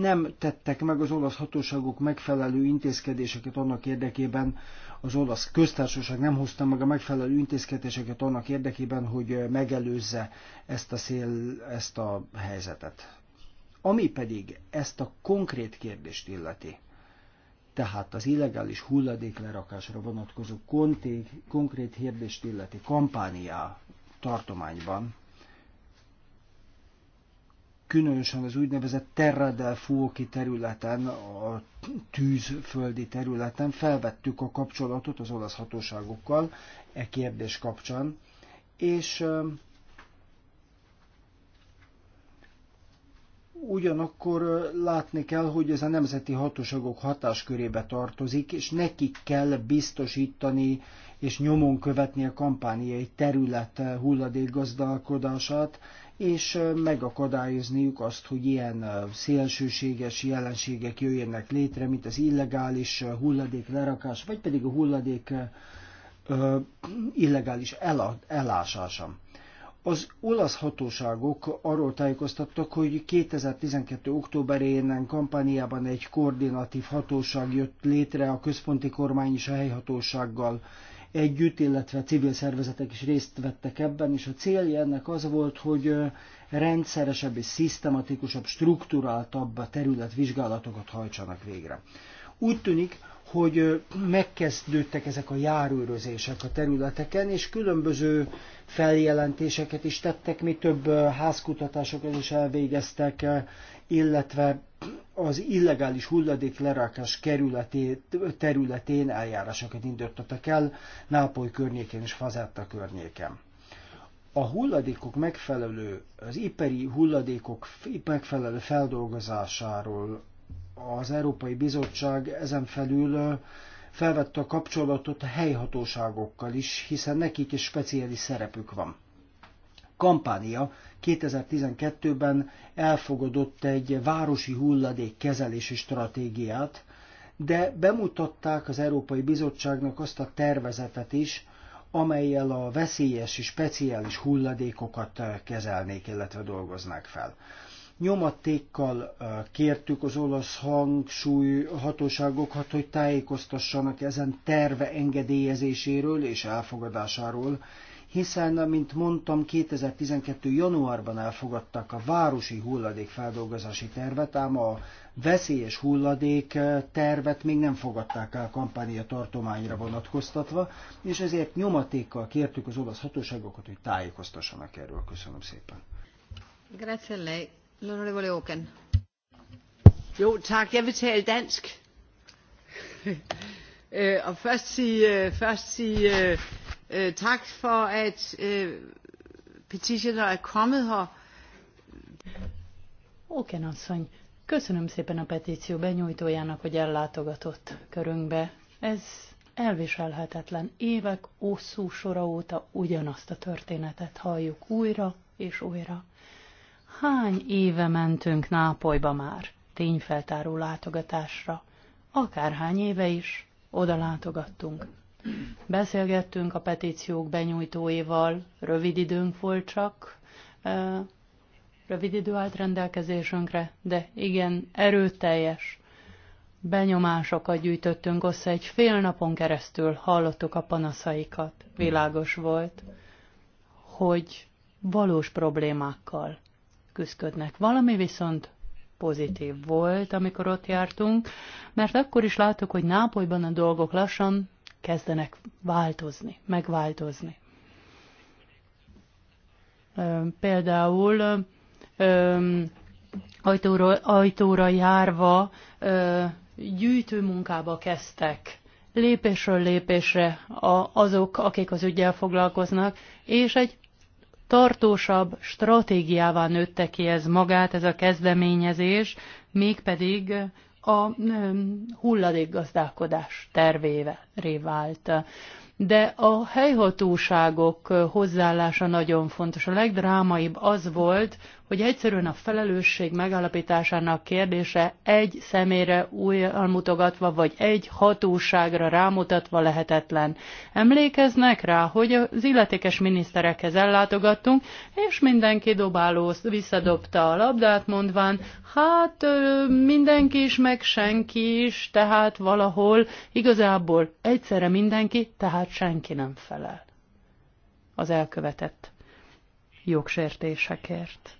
nem tettek meg az olasz hatóságok megfelelő intézkedéseket annak érdekében, az olasz köztársaság nem hozta meg a megfelelő intézkedéseket annak érdekében, hogy megelőzze ezt a szél, ezt a helyzetet. Ami pedig ezt a konkrét kérdést illeti, tehát az illegális hulladéklerakásra vonatkozó konté, konkrét kérdést illeti kampániá tartományban. Különösen az úgynevezett Terra del Fuoki területen, a tűzföldi területen felvettük a kapcsolatot az olasz hatóságokkal e kérdés kapcsán, és Ugyanakkor látni kell, hogy ez a nemzeti hatóságok hatáskörébe tartozik, és nekik kell biztosítani és nyomon követni a kampániai terület hulladékgazdálkodását, és megakadályozniuk azt, hogy ilyen szélsőséges jelenségek jöjjenek létre, mint az illegális hulladék lerakás, vagy pedig a hulladék illegális elásása. Az olasz hatóságok arról tájékoztattak, hogy 2012. októberén kampányában egy koordinatív hatóság jött létre a központi kormány és a helyhatósággal együtt, illetve civil szervezetek is részt vettek ebben, és a célja ennek az volt, hogy rendszeresebb és szisztematikusabb, struktúráltabb területvizsgálatokat hajtsanak végre. Úgy tűnik, hogy megkezdődtek ezek a járőrözések a területeken, és különböző feljelentéseket is tettek, mi több házkutatásokat is elvégeztek, illetve az illegális hulladék lerakás területén eljárásokat indítottak el, Nápoly környékén és Fazetta környéken. A hulladékok megfelelő, az ipari hulladékok megfelelő feldolgozásáról az Európai Bizottság ezen felül felvette a kapcsolatot a helyhatóságokkal is, hiszen nekik is speciális szerepük van. Kampánia 2012-ben elfogadott egy városi hulladék kezelési stratégiát, de bemutatták az Európai Bizottságnak azt a tervezetet is, amelyel a veszélyes és speciális hulladékokat kezelnék, illetve dolgoznak fel. Nyomatékkal kértük az olasz hangsúly hatóságokat, hát, hogy tájékoztassanak ezen terve engedélyezéséről és elfogadásáról, hiszen, mint mondtam, 2012. januárban elfogadták a városi hulladékfeldolgozási tervet, ám a veszélyes hulladék tervet még nem fogadták el kampánia tartományra vonatkoztatva, és ezért nyomatékkal kértük az olasz hatóságokat, hogy tájékoztassanak erről. Köszönöm szépen. Grazie lei. Er L'onorevole Håkan. Jo, tak. Jeg vil tale dansk. Øh, og først sige, øh, først sige øh, tak for, at petitioner er kommet her. Oken asszony, köszönöm szépen a petíció benyújtójának, hogy ellátogatott körünkbe. Ez elviselhetetlen. Évek hosszú sora óta ugyanazt a történetet halljuk újra és újra hány éve mentünk Nápolyba már tényfeltáró látogatásra, akárhány éve is oda látogattunk. Beszélgettünk a petíciók benyújtóival, rövid időnk volt csak, rövid idő állt rendelkezésünkre, de igen, erőteljes benyomásokat gyűjtöttünk össze, egy fél napon keresztül hallottuk a panaszaikat. Világos volt, hogy valós problémákkal küzdködnek. Valami viszont pozitív volt, amikor ott jártunk, mert akkor is láttuk, hogy Nápolyban a dolgok lassan kezdenek változni, megváltozni. Például ajtóra, ajtóra járva gyűjtőmunkába kezdtek lépésről lépésre a, azok, akik az ügyel foglalkoznak, és egy tartósabb stratégiává nőtte ki ez magát, ez a kezdeményezés, mégpedig a hulladékgazdálkodás tervére vált. De a helyhatóságok hozzáállása nagyon fontos. A legdrámaibb az volt, hogy egyszerűen a felelősség megállapításának kérdése egy személyre újjal mutogatva, vagy egy hatóságra rámutatva lehetetlen. Emlékeznek rá, hogy az illetékes miniszterekhez ellátogattunk, és mindenki dobáló visszadobta a labdát, mondván, hát mindenki is, meg senki is, tehát valahol igazából egyszerre mindenki, tehát senki nem felel az elkövetett jogsértésekért.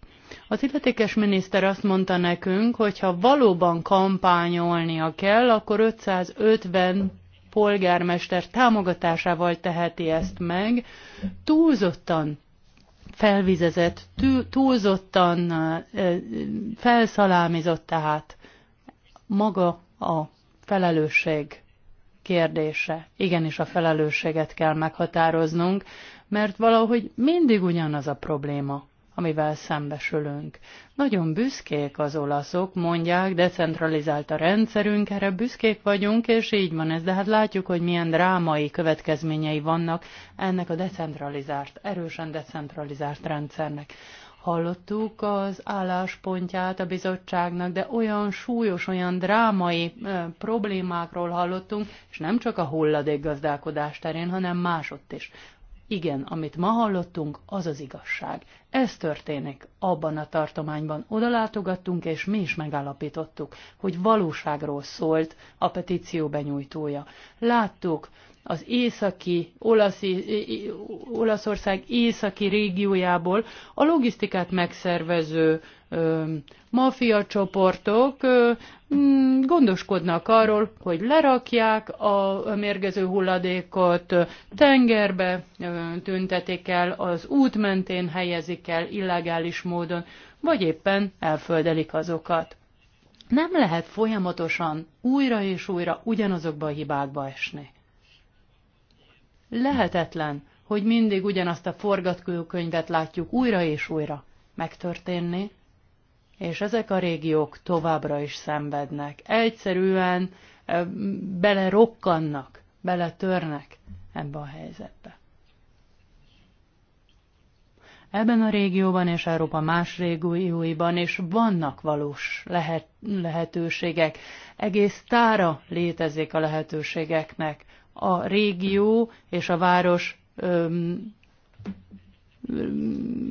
Az illetékes miniszter azt mondta nekünk, hogy ha valóban kampányolnia kell, akkor 550 polgármester támogatásával teheti ezt meg. Túlzottan felvizezett, túlzottan felszalámizott tehát maga a felelősség kérdése. Igenis a felelősséget kell meghatároznunk, mert valahogy mindig ugyanaz a probléma amivel szembesülünk. Nagyon büszkék az olaszok, mondják, decentralizált a rendszerünk, erre büszkék vagyunk, és így van ez, de hát látjuk, hogy milyen drámai következményei vannak ennek a decentralizált, erősen decentralizált rendszernek hallottuk az álláspontját a bizottságnak, de olyan súlyos, olyan drámai e, problémákról hallottunk, és nem csak a hulladék gazdálkodás terén, hanem másott is. Igen, amit ma hallottunk, az az igazság. Ez történik. Abban a tartományban odalátogattunk, és mi is megállapítottuk, hogy valóságról szólt a petíció benyújtója. Láttuk, az északi, olasz, Olaszország északi régiójából a logisztikát megszervező mafia csoportok mm, gondoskodnak arról, hogy lerakják a mérgező hulladékot tengerbe, tüntetik el, az út mentén helyezik el illegális módon, vagy éppen elföldelik azokat. Nem lehet folyamatosan újra és újra ugyanazokba a hibákba esni. Lehetetlen, hogy mindig ugyanazt a forgatkőkönyvet látjuk újra és újra megtörténni, és ezek a régiók továbbra is szenvednek. Egyszerűen belerokkannak, beletörnek ebbe a helyzetbe. Ebben a régióban és Európa más régióiban is vannak valós lehet, lehetőségek. Egész tára létezik a lehetőségeknek a régió és a város öm,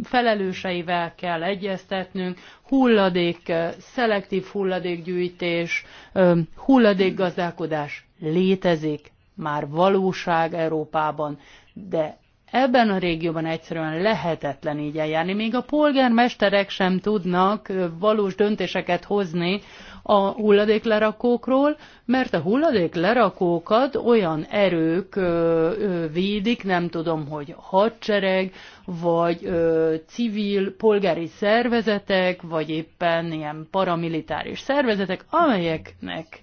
felelőseivel kell egyeztetnünk, hulladék, szelektív hulladékgyűjtés, hulladékgazdálkodás létezik, már valóság Európában, de ebben a régióban egyszerűen lehetetlen így eljárni. Még a polgármesterek sem tudnak valós döntéseket hozni a hulladéklerakókról, mert a hulladéklerakókat olyan erők védik, nem tudom, hogy hadsereg, vagy civil polgári szervezetek, vagy éppen ilyen paramilitáris szervezetek, amelyeknek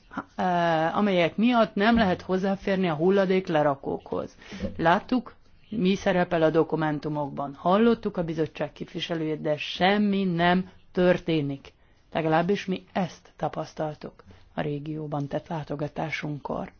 amelyek miatt nem lehet hozzáférni a hulladék lerakókhoz. Láttuk, mi szerepel a dokumentumokban. Hallottuk a bizottság képviselőjét, de semmi nem történik. Legalábbis mi ezt tapasztaltuk a régióban tett látogatásunkkor.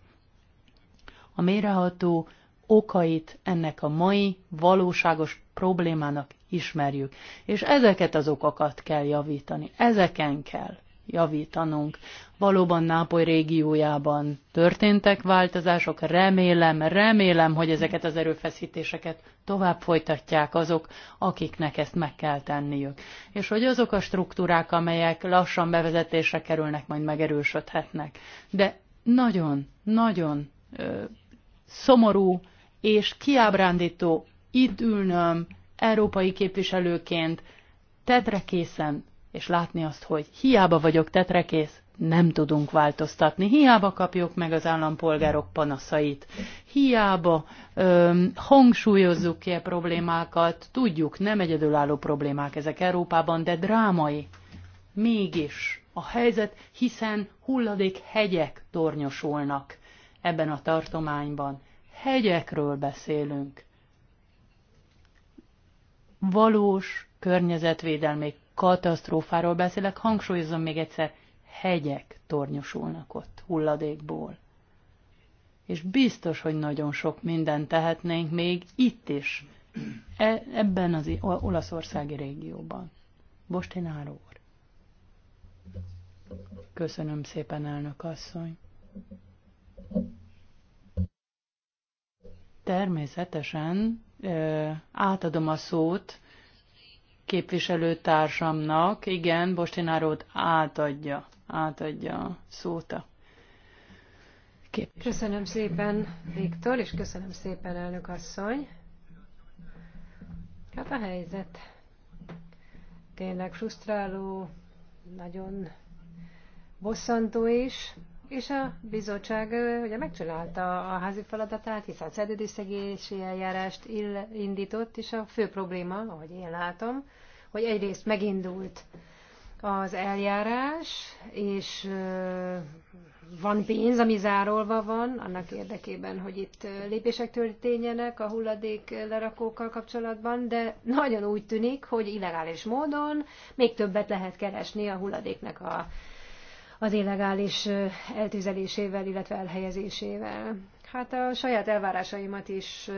A méreható okait ennek a mai valóságos problémának ismerjük, és ezeket az okokat kell javítani, ezeken kell javítanunk. Valóban Nápoly régiójában történtek változások, remélem, remélem, hogy ezeket az erőfeszítéseket tovább folytatják azok, akiknek ezt meg kell tenniük. És hogy azok a struktúrák, amelyek lassan bevezetésre kerülnek, majd megerősödhetnek. De nagyon, nagyon ö, szomorú és kiábrándító itt ülnöm európai képviselőként, tedre készen és látni azt, hogy hiába vagyok tetrekész, nem tudunk változtatni, hiába kapjuk meg az állampolgárok panaszait, hiába ö, hangsúlyozzuk ki a problémákat, tudjuk, nem egyedülálló problémák ezek Európában, de drámai. Mégis a helyzet, hiszen hulladék hegyek tornyosulnak ebben a tartományban. Hegyekről beszélünk. Valós környezetvédelmi katasztrófáról beszélek, hangsúlyozom még egyszer, hegyek tornyosulnak ott hulladékból. És biztos, hogy nagyon sok mindent tehetnénk még itt is, e- ebben az olaszországi régióban. Bostináró úr. Köszönöm szépen, elnök asszony. Természetesen ö, átadom a szót képviselőtársamnak, igen, Bostinárót átadja, átadja a szóta. Köszönöm szépen, Viktor, és köszönöm szépen, elnök asszony. Hát a helyzet tényleg frusztráló, nagyon bosszantó is, és a bizottság ugye megcsinálta a házi feladatát, hiszen szerződésszegési eljárást ill, indított, és a fő probléma, ahogy én látom, hogy egyrészt megindult az eljárás, és van pénz, ami zárolva van, annak érdekében, hogy itt lépések történjenek a hulladék lerakókkal kapcsolatban, de nagyon úgy tűnik, hogy illegális módon még többet lehet keresni a hulladéknak a az illegális eltüzelésével, illetve elhelyezésével. Hát a saját elvárásaimat is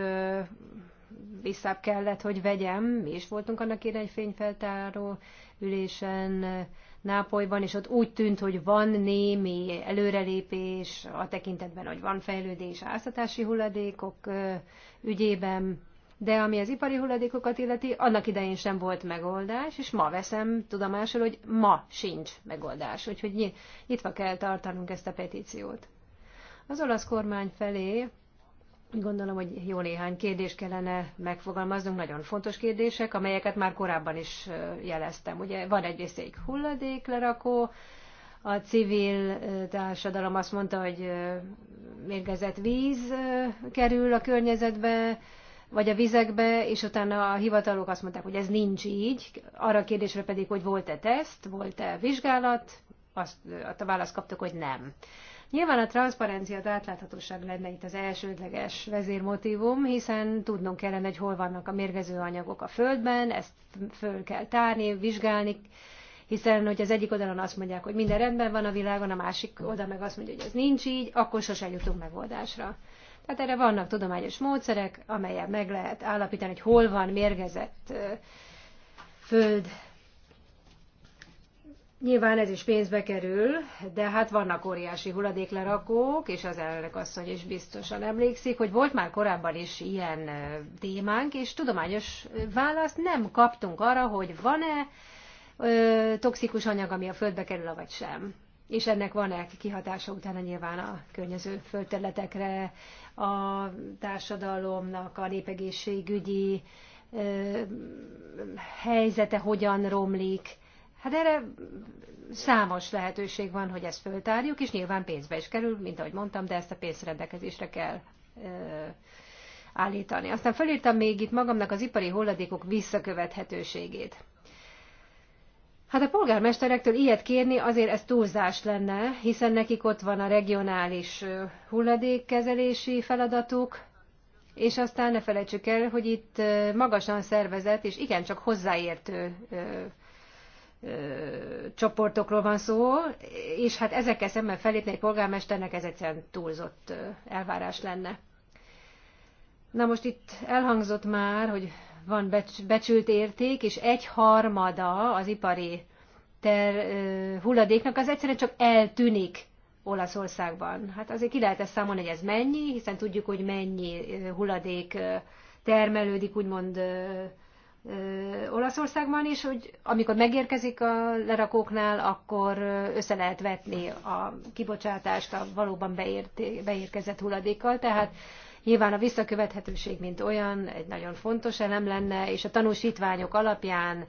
visszább kellett, hogy vegyem. Mi is voltunk annak ér egy fényfeltáró ülésen Nápolyban, és ott úgy tűnt, hogy van némi előrelépés a tekintetben, hogy van fejlődés áztatási hulladékok ügyében de ami az ipari hulladékokat illeti, annak idején sem volt megoldás, és ma veszem tudomásul, hogy ma sincs megoldás, úgyhogy nyitva kell tartanunk ezt a petíciót. Az olasz kormány felé gondolom, hogy jó néhány kérdés kellene megfogalmaznunk, nagyon fontos kérdések, amelyeket már korábban is jeleztem. Ugye van egyrészt hulladék hulladéklerakó, a civil társadalom azt mondta, hogy mérgezett víz kerül a környezetbe, vagy a vizekbe, és utána a hivatalok azt mondták, hogy ez nincs így. Arra a kérdésre pedig, hogy volt-e teszt, volt-e vizsgálat, azt, a választ kaptuk, hogy nem. Nyilván a transzparencia, az átláthatóság lenne itt az elsődleges vezérmotívum, hiszen tudnunk kellene, hogy hol vannak a mérgező anyagok a földben, ezt föl kell tárni, vizsgálni, hiszen hogy az egyik oldalon azt mondják, hogy minden rendben van a világon, a másik oldal meg azt mondja, hogy ez nincs így, akkor sosem jutunk megoldásra. Tehát erre vannak tudományos módszerek, amelyek meg lehet állapítani, hogy hol van mérgezett föld. Nyilván ez is pénzbe kerül, de hát vannak óriási hulladéklerakók, és az elnök asszony is biztosan emlékszik, hogy volt már korábban is ilyen témánk, és tudományos választ nem kaptunk arra, hogy van-e toxikus anyag, ami a földbe kerül, vagy sem és ennek van-e kihatása utána nyilván a környező földterületekre, a társadalomnak a népegészségügyi helyzete hogyan romlik. Hát erre számos lehetőség van, hogy ezt föltárjuk, és nyilván pénzbe is kerül, mint ahogy mondtam, de ezt a pénzt rendelkezésre kell állítani. Aztán felírtam még itt magamnak az ipari hulladékok visszakövethetőségét. Hát a polgármesterektől ilyet kérni azért ez túlzás lenne, hiszen nekik ott van a regionális hulladékkezelési feladatuk, és aztán ne felejtsük el, hogy itt magasan szervezett és igencsak hozzáértő ö, ö, csoportokról van szó, és hát ezekkel szemben felépni egy polgármesternek ez egyszerűen túlzott elvárás lenne. Na most itt elhangzott már, hogy van becsült érték, és egy harmada az ipari ter, hulladéknak az egyszerűen csak eltűnik Olaszországban. Hát azért ki lehet ezt számolni, hogy ez mennyi, hiszen tudjuk, hogy mennyi hulladék termelődik, úgymond Olaszországban is, hogy amikor megérkezik a lerakóknál, akkor össze lehet vetni a kibocsátást a valóban beért, beérkezett hulladékkal. Tehát Nyilván a visszakövethetőség, mint olyan, egy nagyon fontos elem lenne, és a tanúsítványok alapján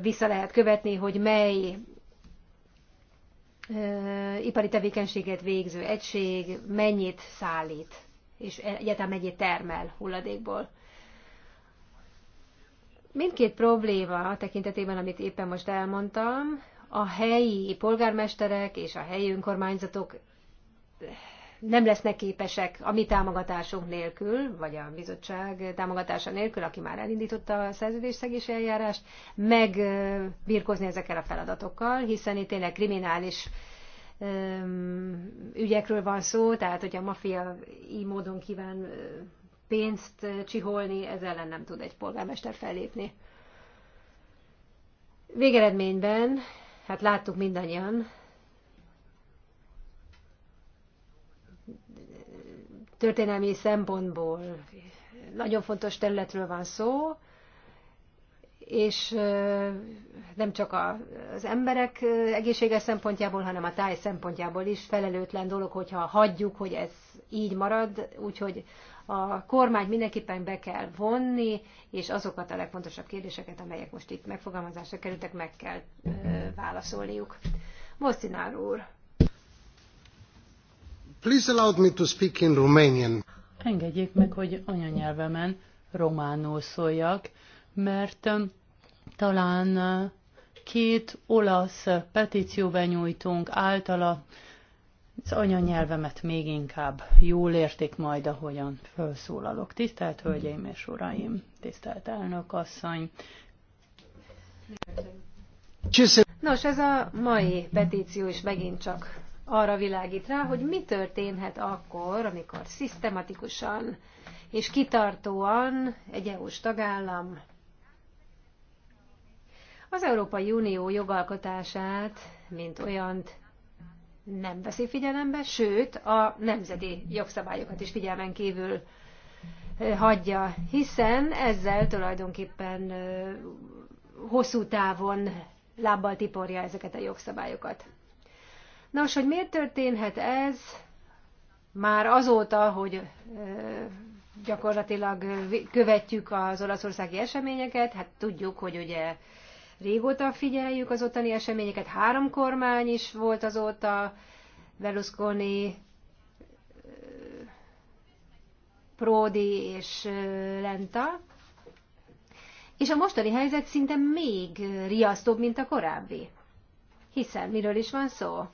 vissza lehet követni, hogy mely ipari tevékenységet végző egység mennyit szállít, és egyáltalán mennyit termel hulladékból. Mindkét probléma a tekintetében, amit éppen most elmondtam, a helyi polgármesterek és a helyi önkormányzatok nem lesznek képesek a mi támogatásunk nélkül, vagy a bizottság támogatása nélkül, aki már elindította a szerződésszegési eljárást, megbírkozni ezekkel a feladatokkal, hiszen itt tényleg kriminális ügyekről van szó, tehát hogy a mafia így módon kíván pénzt csiholni, ez ellen nem tud egy polgármester fellépni. Végeredményben, hát láttuk mindannyian, történelmi szempontból nagyon fontos területről van szó, és nem csak az emberek egészséges szempontjából, hanem a táj szempontjából is felelőtlen dolog, hogyha hagyjuk, hogy ez így marad, úgyhogy a kormány mindenképpen be kell vonni, és azokat a legfontosabb kérdéseket, amelyek most itt megfogalmazásra kerültek, meg kell válaszolniuk. Mosztinár úr! Please allow me to speak in Romanian. Engedjék meg, hogy anyanyelvemen románul szóljak, mert um, talán uh, két olasz nyújtunk általa az anyanyelvemet még inkább jól értik majd, ahogyan felszólalok. Tisztelt Hölgyeim és Uraim, tisztelt elnök asszony. Nos, ez a mai petíció is megint csak arra világít rá, hogy mi történhet akkor, amikor szisztematikusan és kitartóan egy EU-s tagállam az Európai Unió jogalkotását, mint olyant nem veszi figyelembe, sőt a nemzeti jogszabályokat is figyelmen kívül hagyja, hiszen ezzel tulajdonképpen hosszú távon lábbal tiporja ezeket a jogszabályokat. Nos, hogy miért történhet ez már azóta, hogy gyakorlatilag követjük az olaszországi eseményeket, hát tudjuk, hogy ugye régóta figyeljük az ottani eseményeket, három kormány is volt azóta, Berlusconi, Prodi és Lenta, és a mostani helyzet szinte még riasztóbb, mint a korábbi. Hiszen miről is van szó?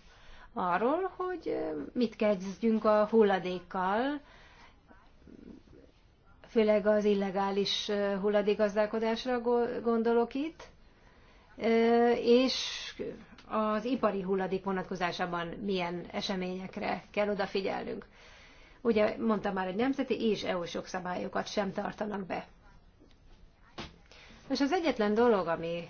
arról, hogy mit kezdjünk a hulladékkal, főleg az illegális hulladékgazdálkodásra gondolok itt, és az ipari hulladék vonatkozásában milyen eseményekre kell odafigyelnünk. Ugye mondtam már, hogy nemzeti és EU-s jogszabályokat sem tartanak be. És az egyetlen dolog, ami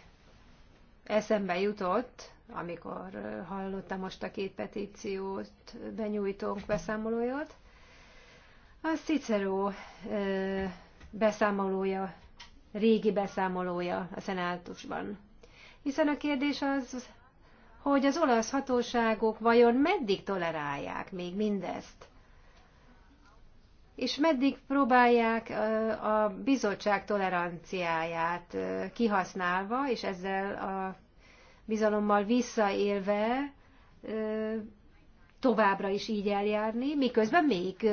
eszembe jutott, amikor hallottam most a két petíciót, benyújtónk beszámolóját, a Cicero beszámolója, régi beszámolója a szenátusban. Hiszen a kérdés az, hogy az olasz hatóságok vajon meddig tolerálják még mindezt? és meddig próbálják a bizottság toleranciáját kihasználva, és ezzel a bizalommal visszaélve továbbra is így eljárni, miközben még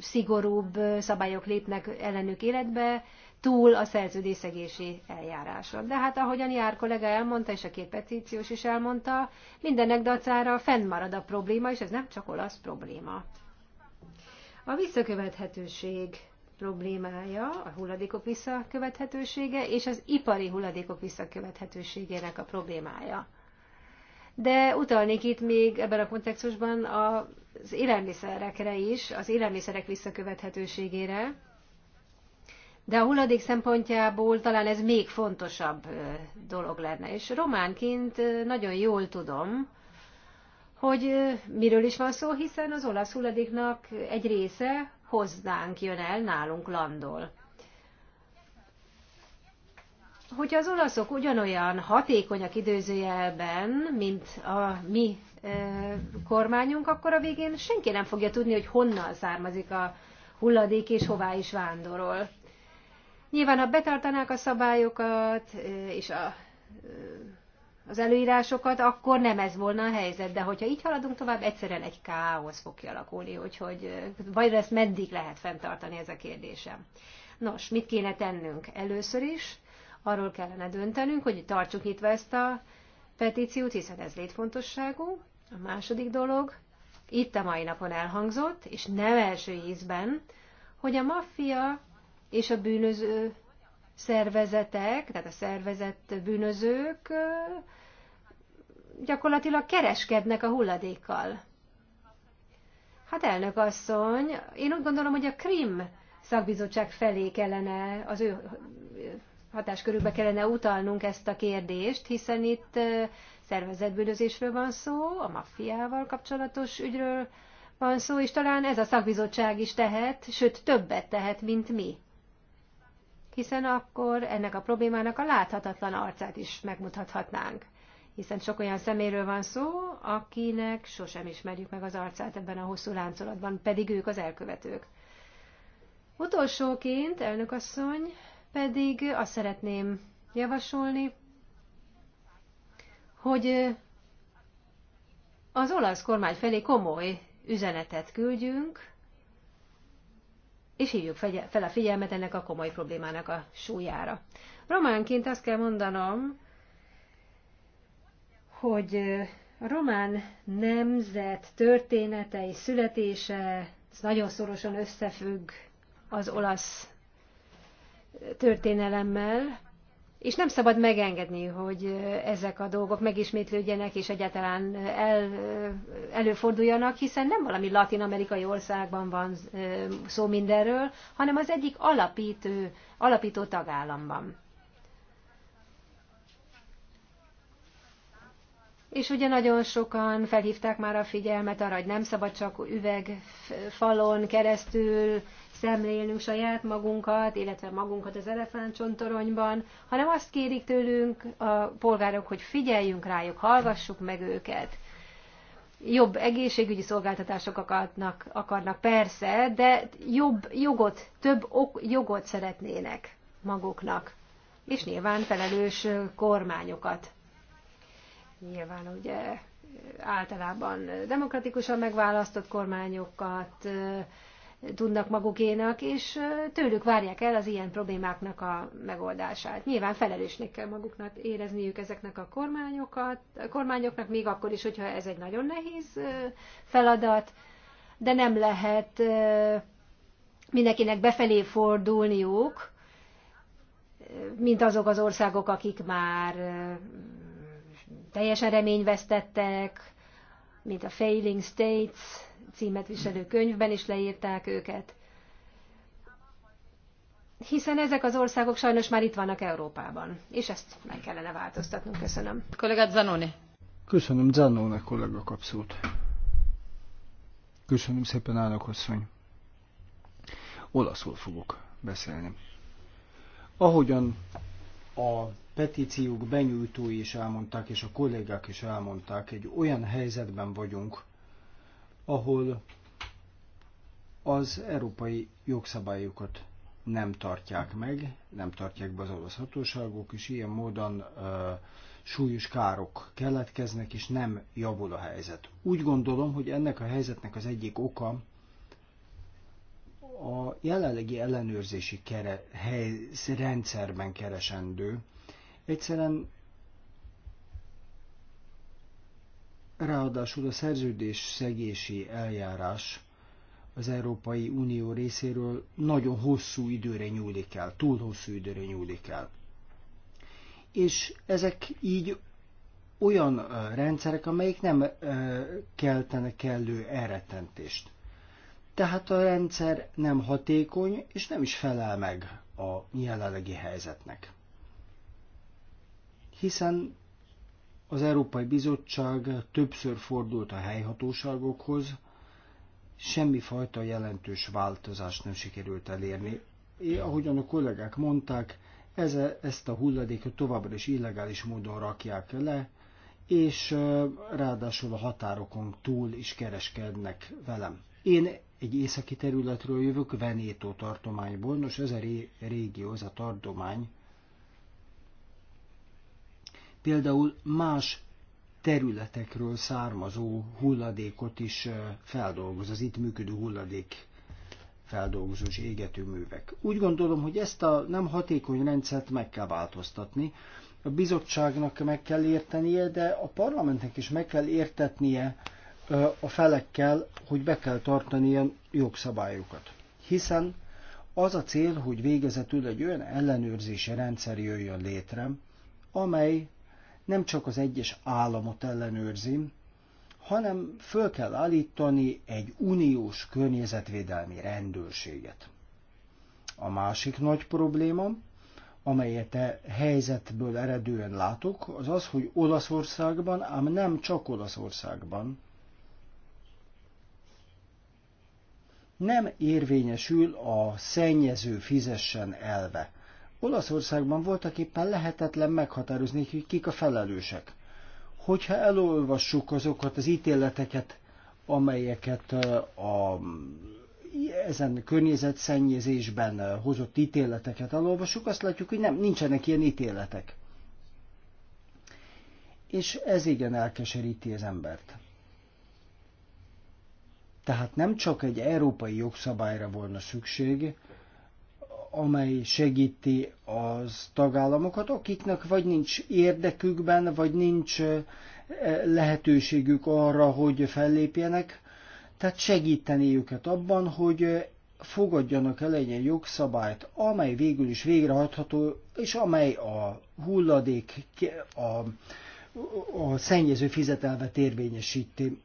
szigorúbb szabályok lépnek ellenük életbe, túl a szerződészegési eljáráson. De hát ahogyan Jár kollega elmondta, és a két petíciós is elmondta, mindennek dacára fennmarad a probléma, és ez nem csak olasz probléma. A visszakövethetőség problémája, a hulladékok visszakövethetősége és az ipari hulladékok visszakövethetőségének a problémája. De utalnék itt még ebben a kontextusban az élelmiszerekre is, az élelmiszerek visszakövethetőségére, de a hulladék szempontjából talán ez még fontosabb dolog lenne. És románként nagyon jól tudom, hogy miről is van szó, hiszen az olasz hulladéknak egy része hozzánk jön el, nálunk landol. Hogyha az olaszok ugyanolyan hatékonyak időzőjelben, mint a mi e, kormányunk, akkor a végén senki nem fogja tudni, hogy honnan származik a hulladék és hová is vándorol. Nyilván, ha betartanák a szabályokat, és a az előírásokat, akkor nem ez volna a helyzet. De hogyha így haladunk tovább, egyszerűen egy káosz fog kialakulni, úgyhogy vagy ezt meddig lehet fenntartani ez a kérdésem. Nos, mit kéne tennünk? Először is arról kellene döntenünk, hogy tartsuk nyitva ezt a petíciót, hiszen ez létfontosságú. A második dolog, itt a mai napon elhangzott, és nem első ízben, hogy a maffia és a bűnöző szervezetek, tehát a szervezett bűnözők gyakorlatilag kereskednek a hulladékkal. Hát elnök asszony, én úgy gondolom, hogy a Krim szakbizottság felé kellene, az ő hatáskörükbe kellene utalnunk ezt a kérdést, hiszen itt szervezetbűnözésről van szó, a maffiával kapcsolatos ügyről van szó, és talán ez a szakbizottság is tehet, sőt többet tehet, mint mi. Hiszen akkor ennek a problémának a láthatatlan arcát is megmutathatnánk hiszen sok olyan szeméről van szó, akinek sosem ismerjük meg az arcát ebben a hosszú láncolatban, pedig ők az elkövetők. Utolsóként, elnökasszony, pedig azt szeretném javasolni, hogy az olasz kormány felé komoly üzenetet küldjünk, és hívjuk fel a figyelmet ennek a komoly problémának a súlyára. Románként azt kell mondanom, hogy a román nemzet története és születése nagyon szorosan összefügg az olasz történelemmel, és nem szabad megengedni, hogy ezek a dolgok megismétlődjenek és egyáltalán el, előforduljanak, hiszen nem valami latin-amerikai országban van szó mindenről, hanem az egyik alapító, alapító tagállamban. És ugye nagyon sokan felhívták már a figyelmet arra, hogy nem szabad csak üvegfalon keresztül szemlélnünk saját magunkat, illetve magunkat az elefántcsontoronyban, hanem azt kérik tőlünk a polgárok, hogy figyeljünk rájuk, hallgassuk meg őket. Jobb egészségügyi szolgáltatásokat akarnak, akarnak persze, de jobb jogot, több ok, jogot szeretnének maguknak. És nyilván felelős kormányokat nyilván ugye általában demokratikusan megválasztott kormányokat tudnak magukénak, és tőlük várják el az ilyen problémáknak a megoldását. Nyilván felelősnek kell maguknak érezniük ezeknek a kormányokat, a kormányoknak, még akkor is, hogyha ez egy nagyon nehéz feladat, de nem lehet mindenkinek befelé fordulniuk, mint azok az országok, akik már teljesen reményvesztettek, mint a Failing States címet viselő könyvben is leírták őket. Hiszen ezek az országok sajnos már itt vannak Európában, és ezt meg kellene változtatnunk. Köszönöm. Kollégát Zanoni. Köszönöm, Zanoni kollega kapszót. Köszönöm szépen, állok asszony. Olaszul fogok beszélni. Ahogyan a petíciók benyújtói is elmondták, és a kollégák is elmondták, egy olyan helyzetben vagyunk, ahol az európai jogszabályokat nem tartják meg, nem tartják be az orosz hatóságok, és ilyen módon ö, súlyos károk keletkeznek, és nem javul a helyzet. Úgy gondolom, hogy ennek a helyzetnek az egyik oka a jelenlegi ellenőrzési kere, hely, rendszerben keresendő. Egyszerűen ráadásul a szerződés szegési eljárás az Európai Unió részéről nagyon hosszú időre nyúlik el, túl hosszú időre nyúlik el. És ezek így olyan rendszerek, amelyik nem keltenek kellő elrettentést. Tehát a rendszer nem hatékony, és nem is felel meg a jelenlegi helyzetnek. Hiszen az Európai Bizottság többször fordult a helyhatóságokhoz, semmifajta jelentős változást nem sikerült elérni. É, ahogyan a kollégák mondták, ez, ezt a hulladékot továbbra is illegális módon rakják le, és ráadásul a határokon túl is kereskednek velem. Én egy északi területről jövök, Venétó tartományból. Nos, ez a régió, ez a tartomány. Például más területekről származó hulladékot is feldolgoz, az itt működő hulladék égető művek. Úgy gondolom, hogy ezt a nem hatékony rendszert meg kell változtatni. A bizottságnak meg kell értenie, de a parlamentnek is meg kell értetnie, a felekkel, hogy be kell tartani ilyen jogszabályokat. Hiszen az a cél, hogy végezetül egy olyan ellenőrzési rendszer jöjjön létre, amely nem csak az egyes államot ellenőrzi, hanem föl kell állítani egy uniós környezetvédelmi rendőrséget. A másik nagy probléma, amelyet a e helyzetből eredően látok, az az, hogy Olaszországban, ám nem csak Olaszországban, nem érvényesül a szennyező fizessen elve. Olaszországban voltak éppen lehetetlen meghatározni, hogy kik a felelősek. Hogyha elolvassuk azokat az ítéleteket, amelyeket a ezen környezetszennyezésben hozott ítéleteket elolvassuk, azt látjuk, hogy nem, nincsenek ilyen ítéletek. És ez igen elkeseríti az embert. Tehát nem csak egy európai jogszabályra volna szükség, amely segíti az tagállamokat, akiknek vagy nincs érdekükben, vagy nincs eh, lehetőségük arra, hogy fellépjenek, tehát segíteni őket abban, hogy fogadjanak el egy jogszabályt, amely végül is végrehajtható, és amely a hulladék, a a szennyező fizetelvet érvényesíti.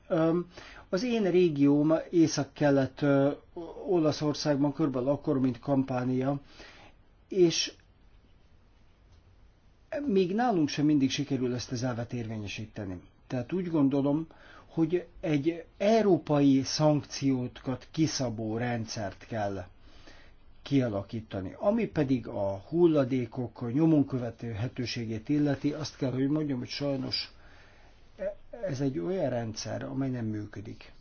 Az én régióm észak-kelet Olaszországban körülbelül akkor, mint Kampánia, és még nálunk sem mindig sikerül ezt az elvet érvényesíteni. Tehát úgy gondolom, hogy egy európai szankciókat kiszabó rendszert kell kialakítani. Ami pedig a hulladékok nyomon követőhetőségét illeti, azt kell, hogy mondjam, hogy sajnos ez egy olyan rendszer, amely nem működik.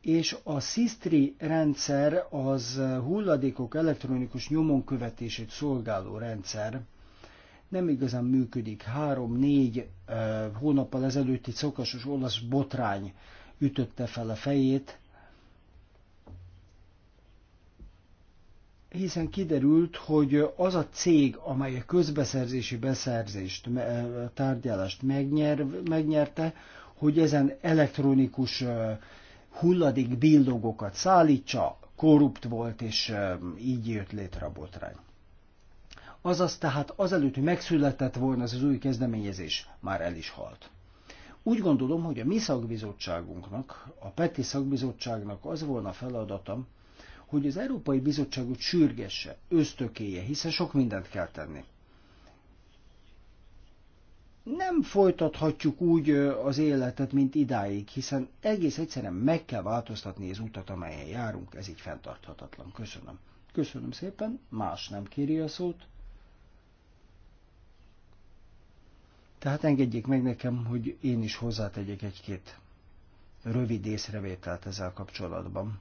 És a SISTRI rendszer az hulladékok elektronikus nyomon követését szolgáló rendszer, nem igazán működik. Három-négy eh, hónappal ezelőtti szokásos olasz botrány ütötte fel a fejét, hiszen kiderült, hogy az a cég, amely a közbeszerzési beszerzést, tárgyalást megnyer, megnyerte, hogy ezen elektronikus hulladék billogokat szállítsa, korrupt volt, és így jött létre a botrány. Azaz tehát azelőtt, hogy megszületett volna ez az új kezdeményezés, már el is halt. Úgy gondolom, hogy a mi szakbizottságunknak, a PETI szakbizottságnak az volna feladatom hogy az Európai Bizottságot sürgesse, ösztökéje, hiszen sok mindent kell tenni. Nem folytathatjuk úgy az életet, mint idáig, hiszen egész egyszerűen meg kell változtatni az utat, amelyen járunk, ez így fenntarthatatlan. Köszönöm. Köszönöm szépen, más nem kéri a szót. Tehát engedjék meg nekem, hogy én is hozzátegyek egy-két rövid észrevételt ezzel kapcsolatban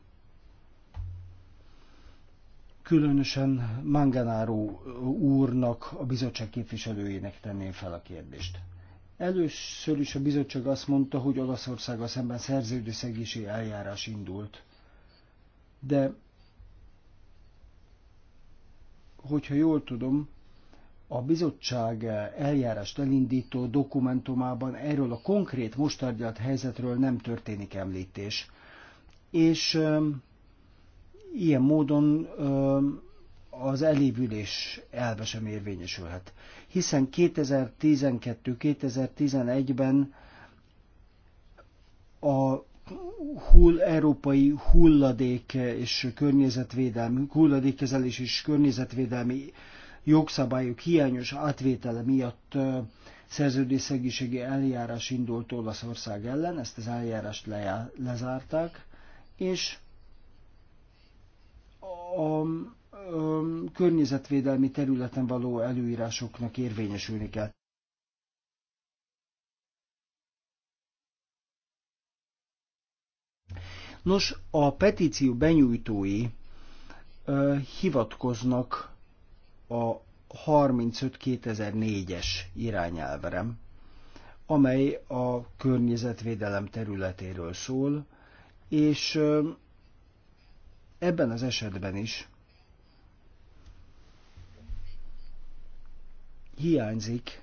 különösen Mangenáró úrnak, a bizottság képviselőjének tenném fel a kérdést. Először is a bizottság azt mondta, hogy Olaszországgal szemben szerződőszegési eljárás indult. De, hogyha jól tudom, a bizottság eljárást elindító dokumentumában erről a konkrét mostárgyalt helyzetről nem történik említés. És Ilyen módon az elévülés elve sem érvényesülhet. Hiszen 2012-2011-ben a hull, európai hulladék és környezetvédelmi, hulladékkezelés és környezetvédelmi jogszabályok hiányos átvétele miatt szerződésszegiségi eljárás indult Olaszország ellen, ezt az eljárást le, lezárták, és a környezetvédelmi területen való előírásoknak érvényesülni kell. Nos, a petíció benyújtói ö, hivatkoznak a 35-2004-es irányelvre, amely a környezetvédelem területéről szól, és ö, Ebben az esetben is hiányzik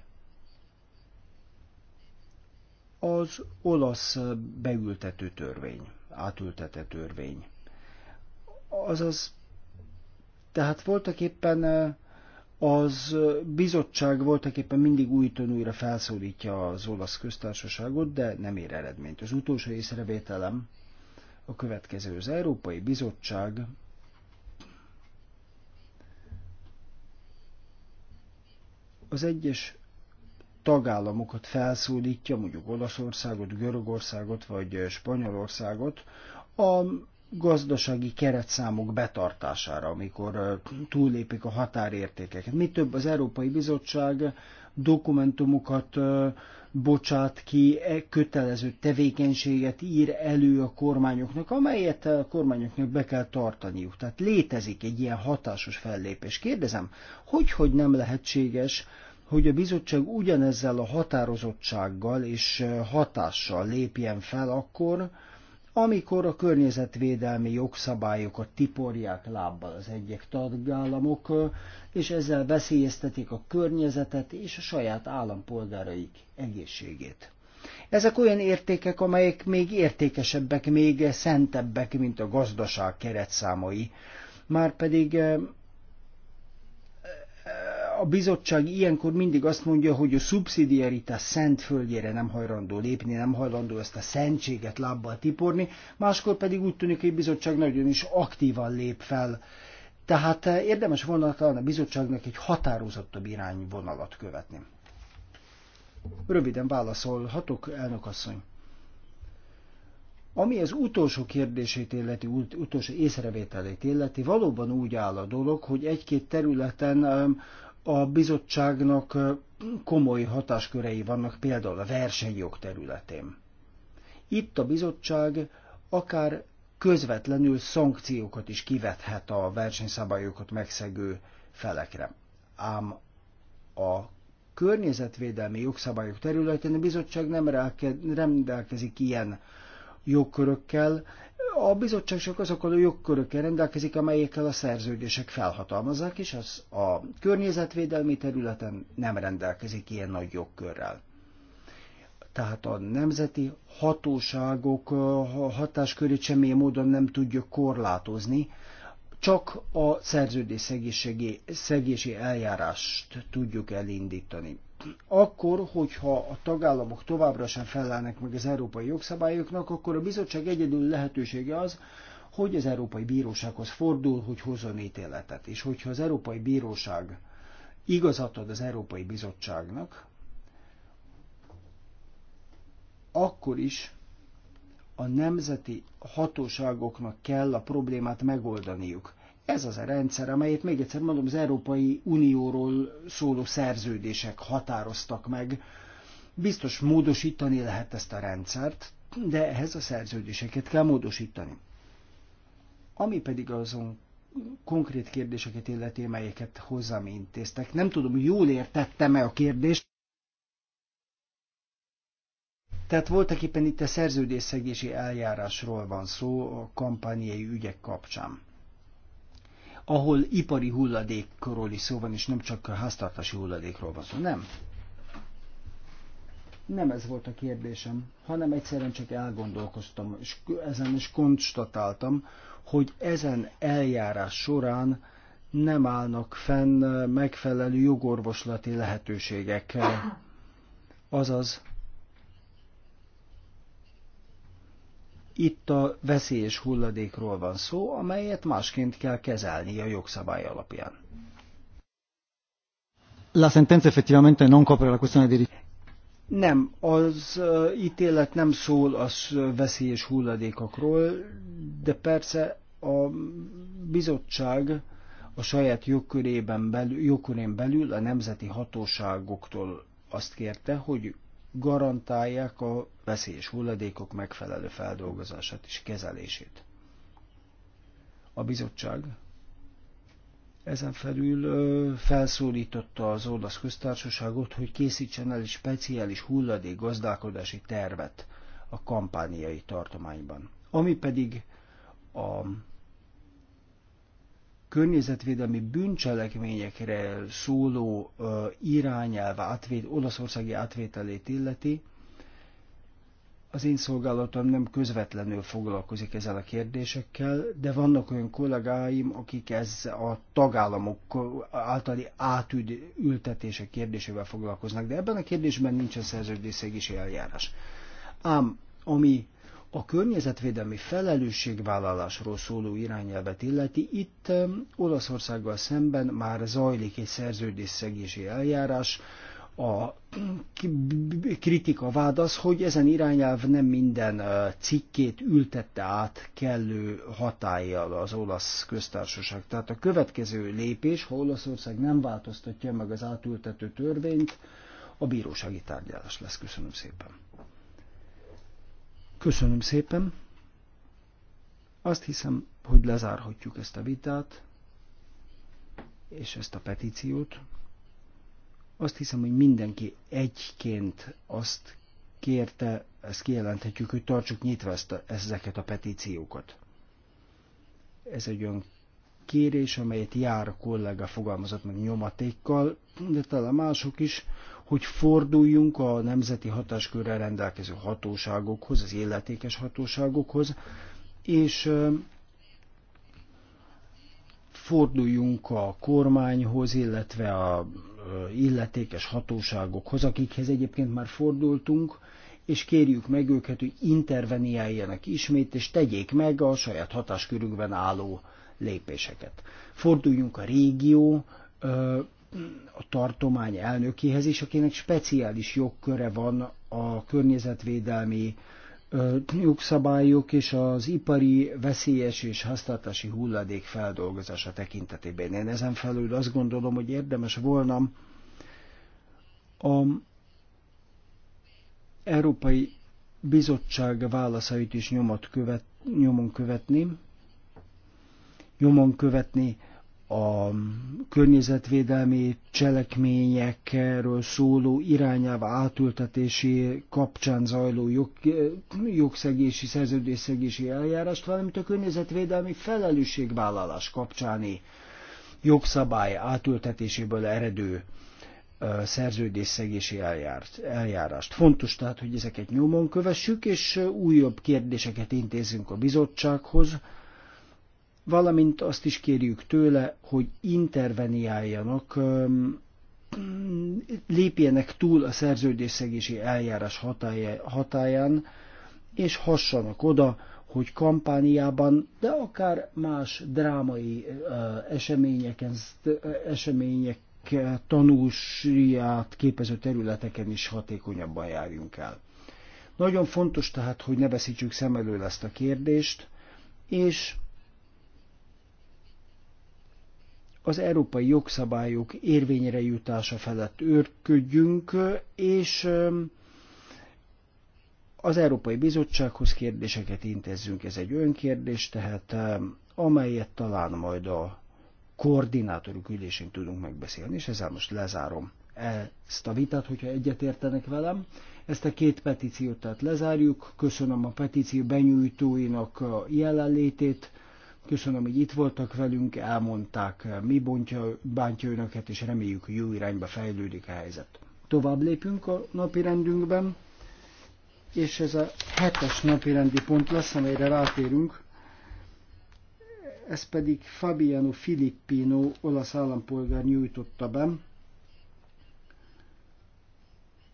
az olasz beültető törvény, átültető törvény. Azaz, tehát voltak éppen az bizottság voltak éppen mindig újton újra felszólítja az olasz köztársaságot, de nem ér eredményt. Az utolsó észrevételem a következő. Az Európai Bizottság az egyes tagállamokat felszólítja, mondjuk Olaszországot, Görögországot vagy Spanyolországot, a gazdasági keretszámok betartására, amikor túllépik a határértékeket. Mi több az Európai Bizottság dokumentumokat bocsát ki, e, kötelező tevékenységet ír elő a kormányoknak, amelyet a kormányoknak be kell tartaniuk. Tehát létezik egy ilyen hatásos fellépés. Kérdezem, hogy, hogy nem lehetséges, hogy a bizottság ugyanezzel a határozottsággal és hatással lépjen fel akkor, amikor a környezetvédelmi jogszabályokat tiporják lábbal az egyik tagállamok, és ezzel veszélyeztetik a környezetet és a saját állampolgáraik egészségét. Ezek olyan értékek, amelyek még értékesebbek, még szentebbek, mint a gazdaság keretszámai. Márpedig eh, a bizottság ilyenkor mindig azt mondja, hogy a szubszidiaritás szent földjére nem hajlandó lépni, nem hajlandó ezt a szentséget lábbal tiporni, máskor pedig úgy tűnik, hogy a bizottság nagyon is aktívan lép fel. Tehát eh, érdemes volna talán a bizottságnak egy határozottabb irányvonalat követni. Röviden válaszolhatok, elnök asszony. Ami az utolsó kérdését illeti, utolsó észrevételét illeti, valóban úgy áll a dolog, hogy egy-két területen a bizottságnak komoly hatáskörei vannak például a versenyjog területén. Itt a bizottság akár közvetlenül szankciókat is kivethet a versenyszabályokat megszegő felekre. Ám a környezetvédelmi jogszabályok területén a bizottság nem rendelkezik ilyen jogkörökkel, a bizottság csak azokkal a jogkörökkel rendelkezik, amelyekkel a szerződések felhatalmazzák, és az a környezetvédelmi területen nem rendelkezik ilyen nagy jogkörrel. Tehát a nemzeti hatóságok hatáskörét semmilyen módon nem tudjuk korlátozni, csak a szerződés szegési eljárást tudjuk elindítani akkor, hogyha a tagállamok továbbra sem felelnek meg az európai jogszabályoknak, akkor a bizottság egyedül lehetősége az, hogy az Európai Bírósághoz fordul, hogy hozzon ítéletet. És hogyha az Európai Bíróság igazat ad az Európai Bizottságnak, akkor is a nemzeti hatóságoknak kell a problémát megoldaniuk. Ez az a rendszer, amelyet még egyszer mondom, az Európai Unióról szóló szerződések határoztak meg. Biztos módosítani lehet ezt a rendszert, de ehhez a szerződéseket kell módosítani. Ami pedig azon konkrét kérdéseket illeti, melyeket hozzám intéztek. Nem tudom, jól értettem-e a kérdést. Tehát voltak éppen itt a szerződésszegési eljárásról van szó a kampányai ügyek kapcsán ahol ipari hulladékról is szó van, és nem csak a háztartási hulladékról van szó. Nem. Nem ez volt a kérdésem, hanem egyszerűen csak elgondolkoztam, és ezen is konstatáltam, hogy ezen eljárás során nem állnak fenn megfelelő jogorvoslati lehetőségek. Azaz, Itt a veszélyes hulladékról van szó, amelyet másként kell kezelni a jogszabály alapján. La sentenza effettivamente non copre la questione di nem, az uh, ítélet nem szól az uh, veszélyes hulladékokról, de persze a bizottság a saját jogkörében belül, jogkörén belül a nemzeti hatóságoktól azt kérte, hogy garantálják a veszélyes hulladékok megfelelő feldolgozását és kezelését. A bizottság ezen felül felszólította az olasz köztársaságot, hogy készítsen el egy speciális hulladék gazdálkodási tervet a kampániai tartományban. Ami pedig a környezetvédelmi bűncselekményekre szóló irányelv átvét, olaszországi átvételét illeti, az én szolgálatom nem közvetlenül foglalkozik ezzel a kérdésekkel, de vannak olyan kollégáim, akik ez a tagállamok általi átültetése kérdésével foglalkoznak, de ebben a kérdésben nincsen szerződésszegési eljárás. Ám, ami a környezetvédelmi felelősségvállalásról szóló irányelvet illeti, itt Olaszországgal szemben már zajlik egy szerződésszegési eljárás. A kritika vád az, hogy ezen irányelv nem minden cikkét ültette át kellő hatállyal az olasz köztársaság. Tehát a következő lépés, ha Olaszország nem változtatja meg az átültető törvényt, a bírósági tárgyalás lesz. Köszönöm szépen. Köszönöm szépen. Azt hiszem, hogy lezárhatjuk ezt a vitát és ezt a petíciót. Azt hiszem, hogy mindenki egyként azt kérte, ezt kijelenthetjük, hogy tartsuk nyitva ezt a, ezeket a petíciókat. Ez egy olyan kérés, amelyet jár kollega fogalmazott meg nyomatékkal, de talán mások is, hogy forduljunk a nemzeti hatáskörrel rendelkező hatóságokhoz, az illetékes hatóságokhoz, és forduljunk a kormányhoz, illetve a illetékes hatóságokhoz, akikhez egyébként már fordultunk, és kérjük meg őket, hogy interveniáljanak ismét, és tegyék meg a saját hatáskörükben álló lépéseket. Forduljunk a régió a tartomány elnökéhez és akinek speciális jogköre van a környezetvédelmi jogszabályok és az ipari veszélyes és használatási hulladék feldolgozása tekintetében. Én ezen felül azt gondolom, hogy érdemes volna a Európai Bizottság válaszait is nyomot követ, nyomon követni, nyomon követni a környezetvédelmi cselekményekről szóló irányába átültetési kapcsán zajló jog, jogszegési, szerződésszegési eljárást, valamint a környezetvédelmi felelősségvállalás kapcsáni jogszabály átültetéséből eredő szerződésszegési eljárt, eljárást. Fontos tehát, hogy ezeket nyomon kövessük, és újabb kérdéseket intézzünk a bizottsághoz, valamint azt is kérjük tőle, hogy interveniáljanak, lépjenek túl a szerződésszegési eljárás hatáján, és hassanak oda, hogy kampániában, de akár más drámai eseményeken, események tanúsriát képező területeken is hatékonyabban járjunk el. Nagyon fontos tehát, hogy ne veszítsük szem elől ezt a kérdést, és az európai jogszabályok érvényre jutása felett őrködjünk, és az Európai Bizottsághoz kérdéseket intézzünk. Ez egy önkérdés, tehát amelyet talán majd a koordinátorok ülésén tudunk megbeszélni, és ezzel most lezárom ezt a vitát, hogyha egyetértenek velem. Ezt a két petíciót tehát lezárjuk. Köszönöm a petíció benyújtóinak a jelenlétét. Köszönöm, hogy itt voltak velünk, elmondták, mi bontja, bántja önöket, és reméljük, hogy jó irányba fejlődik a helyzet. Tovább lépünk a napi rendünkben, és ez a hetes napi rendi pont lesz, amelyre rátérünk. Ez pedig Fabiano Filippino, olasz állampolgár nyújtotta be.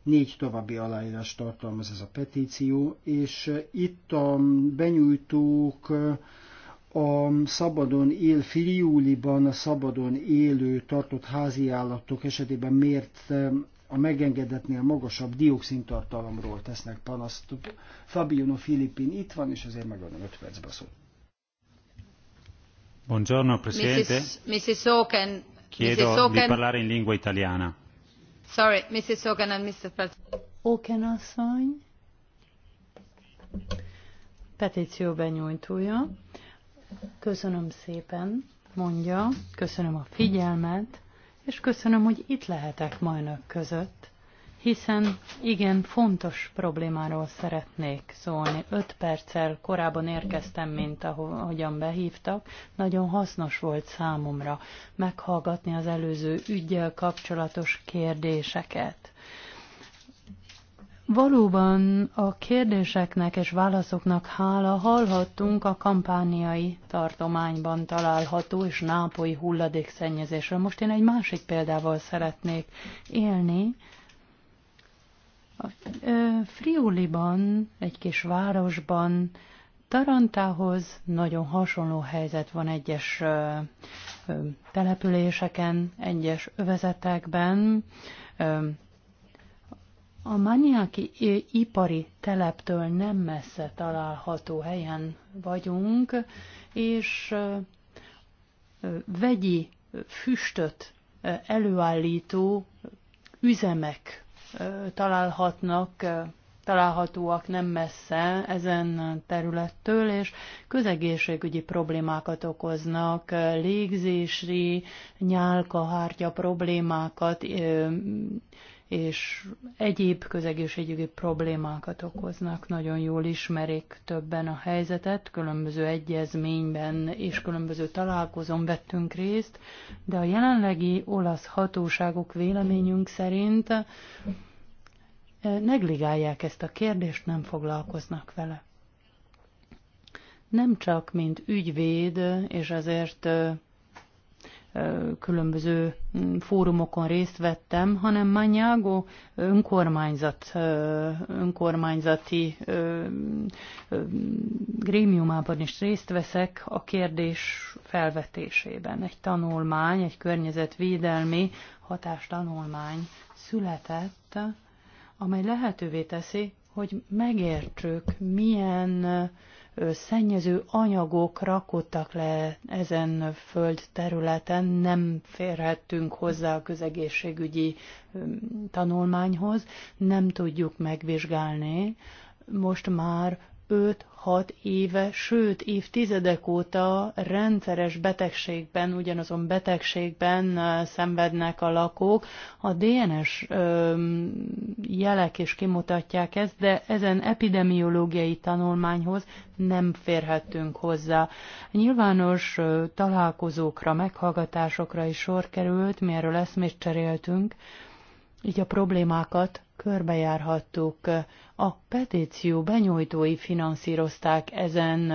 Négy további aláírás tartalmaz ez a petíció, és eh, itt a benyújtók eh, a szabadon él filiúliban a szabadon élő tartott háziállatok esetében miért a megengedetnél magasabb dioxintartalomról tesznek panaszt. Fabiano Filippin itt van, és azért megadom 5 percbe szó. Buongiorno, Presidente. Mrs. Mrs. Oken. Chiedo Mrs. Oken. di parlare in lingua italiana. Sorry, Mrs. Oken and Mr. President. Oken asszony, petíció benyújtója Köszönöm szépen, mondja, köszönöm a figyelmet, és köszönöm, hogy itt lehetek ma önök között, hiszen igen fontos problémáról szeretnék szólni. Öt perccel korábban érkeztem, mint ahogyan behívtak. Nagyon hasznos volt számomra meghallgatni az előző ügyel kapcsolatos kérdéseket. Valóban a kérdéseknek és válaszoknak hála hallhattunk a kampániai tartományban található és nápolyi hulladékszennyezésről. Most én egy másik példával szeretnék élni. A, Friuliban, egy kis városban, Tarantához nagyon hasonló helyzet van egyes ö, ö, településeken, egyes övezetekben. Ö, a Maniaki ipari teleptől nem messze található helyen vagyunk, és vegyi füstöt előállító üzemek találhatnak, találhatóak nem messze ezen területtől, és közegészségügyi problémákat okoznak, légzési, nyálkahártya problémákat, és egyéb közegészségügyi problémákat okoznak. Nagyon jól ismerik többen a helyzetet, különböző egyezményben és különböző találkozón vettünk részt, de a jelenlegi olasz hatóságok véleményünk szerint eh, negligálják ezt a kérdést, nem foglalkoznak vele. Nem csak mint ügyvéd, és azért eh, különböző mm, fórumokon részt vettem, hanem Manyágo önkormányzat, önkormányzati grémiumában is részt veszek a kérdés felvetésében. Egy tanulmány, egy környezetvédelmi hatástanulmány született, amely lehetővé teszi, hogy megértsük, milyen szennyező anyagok rakottak le ezen föld területen, nem férhettünk hozzá a közegészségügyi tanulmányhoz, nem tudjuk megvizsgálni most már 5-6 éve, sőt évtizedek óta rendszeres betegségben, ugyanazon betegségben szenvednek a lakók. A DNS jelek is kimutatják ezt, de ezen epidemiológiai tanulmányhoz nem férhettünk hozzá. Nyilvános találkozókra, meghallgatásokra is sor került, mi erről eszmét cseréltünk, így a problémákat körbejárhattuk. A petíció benyújtói finanszírozták ezen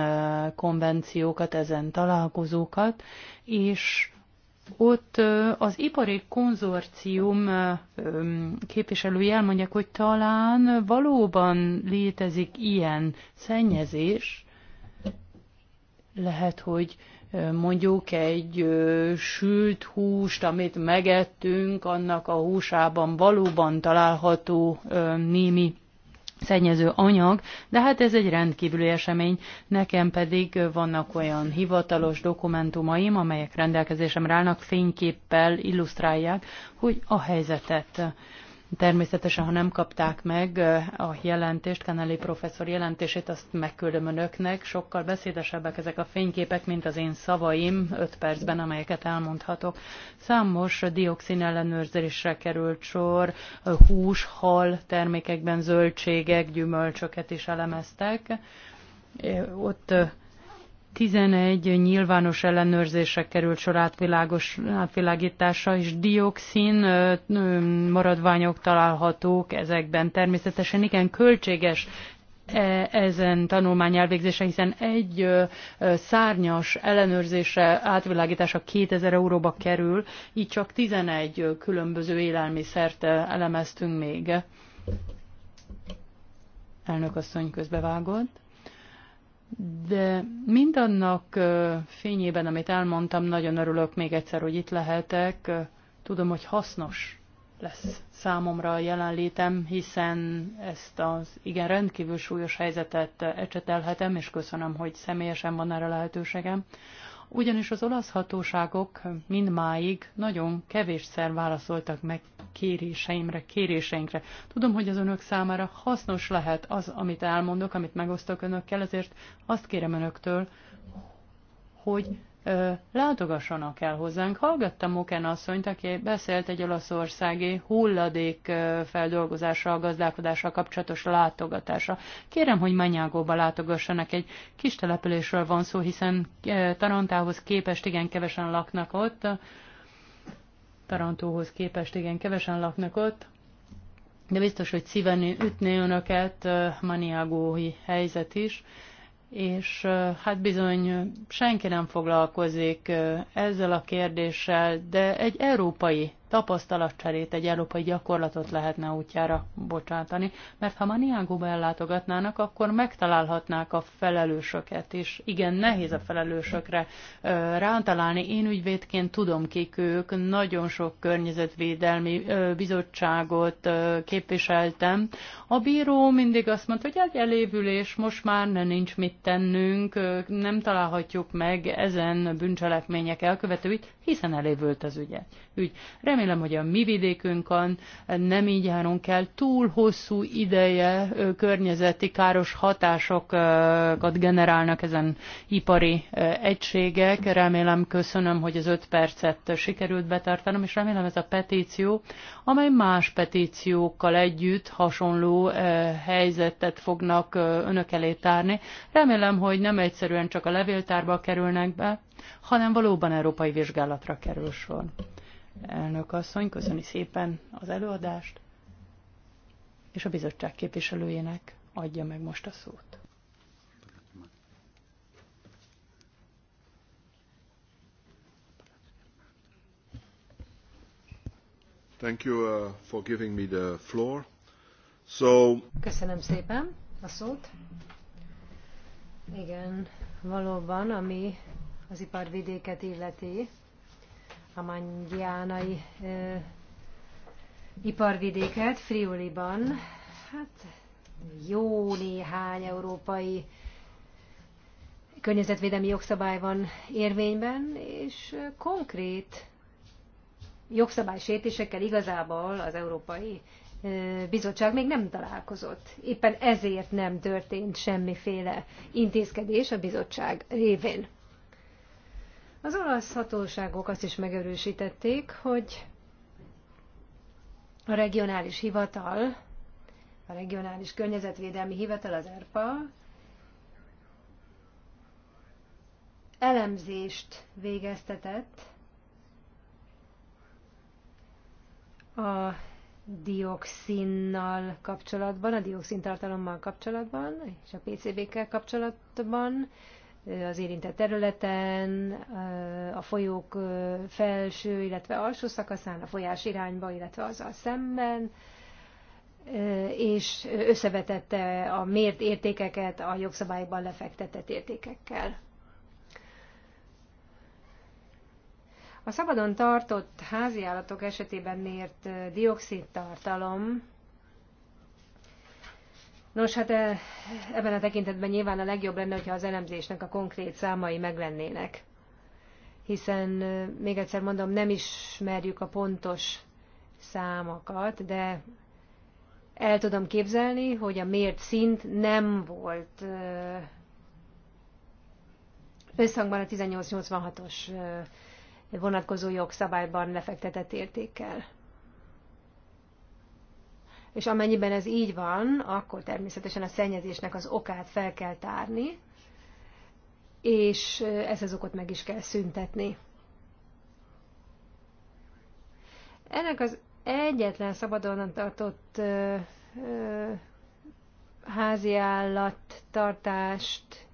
konvenciókat, ezen találkozókat, és ott az ipari konzorcium képviselői elmondják, hogy talán valóban létezik ilyen szennyezés, lehet, hogy mondjuk egy sült húst, amit megettünk, annak a húsában valóban található némi szennyező anyag, de hát ez egy rendkívüli esemény, nekem pedig vannak olyan hivatalos dokumentumaim, amelyek rendelkezésemre állnak, fényképpel illusztrálják, hogy a helyzetet Természetesen, ha nem kapták meg eh, a jelentést, Kennelly professzor jelentését, azt megküldöm önöknek. Sokkal beszédesebbek ezek a fényképek, mint az én szavaim Öt percben, amelyeket elmondhatok. Számos dioxin ellenőrzésre került sor, eh, hús, hal termékekben zöldségek, gyümölcsöket is elemeztek. Eh, ott 11 nyilvános ellenőrzésre került sor átvilágos, átvilágítása, és dioxin maradványok találhatók ezekben. Természetesen igen költséges e, ezen tanulmány elvégzése, hiszen egy szárnyas ellenőrzése, átvilágítása 2000 euróba kerül, így csak 11 különböző élelmiszert elemeztünk még. Elnök asszony közbevágott de mindannak fényében, amit elmondtam, nagyon örülök még egyszer, hogy itt lehetek. Tudom, hogy hasznos lesz számomra a jelenlétem, hiszen ezt az igen rendkívül súlyos helyzetet ecsetelhetem, és köszönöm, hogy személyesen van erre lehetőségem ugyanis az olasz hatóságok mindmáig nagyon kevésszer válaszoltak meg kéréseimre, kéréseinkre. Tudom, hogy az önök számára hasznos lehet az, amit elmondok, amit megosztok önökkel, ezért azt kérem önöktől, hogy ö, látogassanak el hozzánk. Hallgattam Moken asszonyt, aki beszélt egy olaszországi hulladék ö, gazdálkodásra gazdálkodással kapcsolatos látogatásra. Kérem, hogy Manyágóba látogassanak. Egy kis településről van szó, hiszen ö, Tarantához képest igen kevesen laknak ott. Tarantóhoz képest igen kevesen laknak ott. De biztos, hogy szíven ütné önöket maniágói helyzet is és hát bizony senki nem foglalkozik ezzel a kérdéssel, de egy európai tapasztalatcserét, egy európai gyakorlatot lehetne útjára bocsátani, mert ha Maniágóba ellátogatnának, akkor megtalálhatnák a felelősöket, és igen, nehéz a felelősökre rántalálni. Én ügyvédként tudom, kik ők, nagyon sok környezetvédelmi bizottságot képviseltem. A bíró mindig azt mondta, hogy egy elévülés, most már ne nincs mit tennünk, nem találhatjuk meg ezen bűncselekmények elkövetőit, hiszen elévült az ügye. ügy. Remélem, Remélem, hogy a mi vidékünkön nem így járunk el. Túl hosszú ideje környezeti káros hatásokat generálnak ezen ipari egységek. Remélem, köszönöm, hogy az öt percet sikerült betartanom, és remélem ez a petíció, amely más petíciókkal együtt hasonló helyzetet fognak önök elé tárni. Remélem, hogy nem egyszerűen csak a levéltárba kerülnek be, hanem valóban európai vizsgálatra kerül sor. Elnök asszony, köszöni szépen az előadást, és a bizottság képviselőjének adja meg most a szót. Thank you uh, for giving me the floor. So... Köszönöm szépen a szót. Igen, valóban, ami az iparvidéket illeti, a mangyánai ö, iparvidéket, Friuliban. Hát jó néhány európai környezetvédelmi jogszabály van érvényben, és konkrét jogszabálysértésekkel igazából az Európai Bizottság még nem találkozott. Éppen ezért nem történt semmiféle intézkedés a bizottság révén. Az olasz hatóságok azt is megerősítették, hogy a regionális hivatal, a regionális környezetvédelmi hivatal, az ERPA, elemzést végeztetett a dioxinnal kapcsolatban, a dioxintartalommal kapcsolatban, és a PCB-kkel kapcsolatban, az érintett területen, a folyók felső, illetve alsó szakaszán, a folyás irányba, illetve azzal szemben, és összevetette a mért értékeket a jogszabályban lefektetett értékekkel. A szabadon tartott háziállatok esetében mért dioxid tartalom Nos, hát eh, ebben a tekintetben nyilván a legjobb lenne, hogyha az elemzésnek a konkrét számai meglennének. Hiszen, eh, még egyszer mondom, nem ismerjük a pontos számokat, de el tudom képzelni, hogy a mért szint nem volt eh, összhangban a 1886-os vonatkozó jogszabályban lefektetett értékkel és amennyiben ez így van, akkor természetesen a szennyezésnek az okát fel kell tárni, és ezt az okot meg is kell szüntetni. Ennek az egyetlen szabadon tartott ö, ö,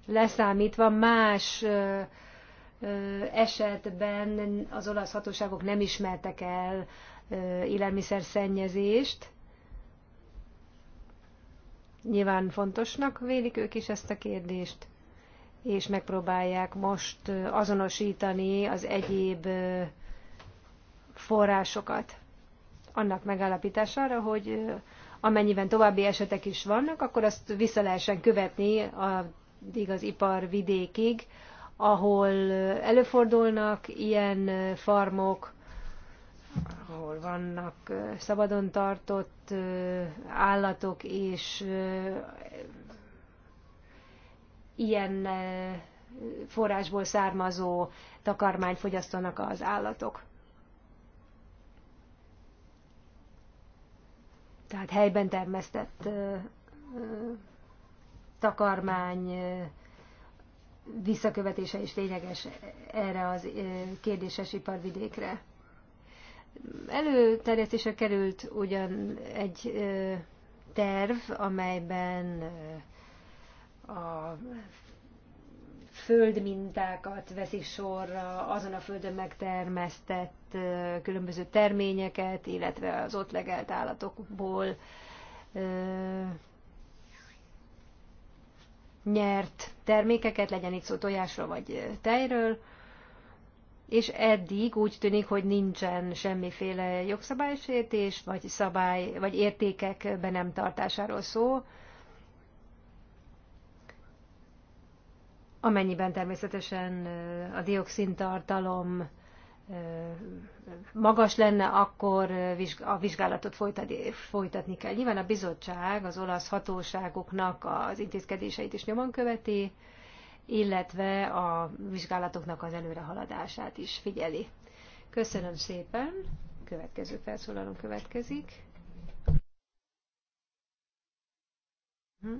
leszámítva más ö, ö, esetben az olasz hatóságok nem ismertek el élelmiszer szennyezést, Nyilván fontosnak vélik ők is ezt a kérdést, és megpróbálják most azonosítani az egyéb forrásokat annak megállapítására, hogy amennyiben további esetek is vannak, akkor azt vissza lehessen követni addig az ipar vidékig, ahol előfordulnak ilyen farmok, ahol vannak szabadon tartott állatok, és ilyen forrásból származó takarmány fogyasztanak az állatok. Tehát helyben termesztett takarmány visszakövetése is lényeges erre az kérdéses iparvidékre. Előterjesztésre került ugyan egy terv, amelyben a földmintákat veszik sorra, azon a földön megtermesztett különböző terményeket, illetve az ott legelt állatokból nyert termékeket, legyen itt szó tojásról vagy tejről, és eddig úgy tűnik, hogy nincsen semmiféle jogszabálysértés, vagy szabály, vagy értékek be nem tartásáról szó, amennyiben természetesen a dioxintartalom magas lenne, akkor a vizsgálatot folytatni kell. Nyilván a bizottság az olasz hatóságoknak az intézkedéseit is nyomon követi, illetve a vizsgálatoknak az előrehaladását is figyeli. Köszönöm szépen. Következő felszólalom következik. Hm?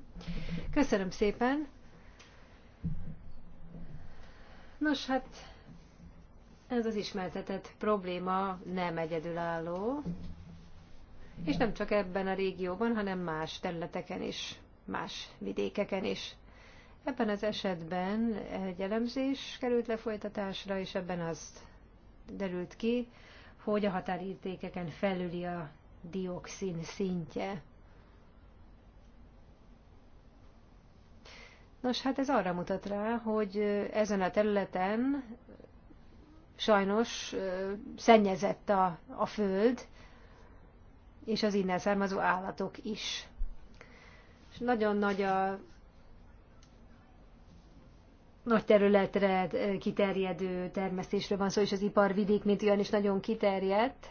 Köszönöm szépen. Nos, hát ez az ismertetett probléma nem egyedülálló, és nem csak ebben a régióban, hanem más területeken is, más vidékeken is. Ebben az esetben egy elemzés került lefolytatásra, és ebben azt derült ki, hogy a határértékeken felüli a dioxin szintje. Nos, hát ez arra mutat rá, hogy ezen a területen sajnos szennyezett a, a föld, és az innen származó állatok is. És nagyon nagy a nagy területre eh, kiterjedő termesztésről van szó, és az iparvidék, mint olyan is nagyon kiterjedt,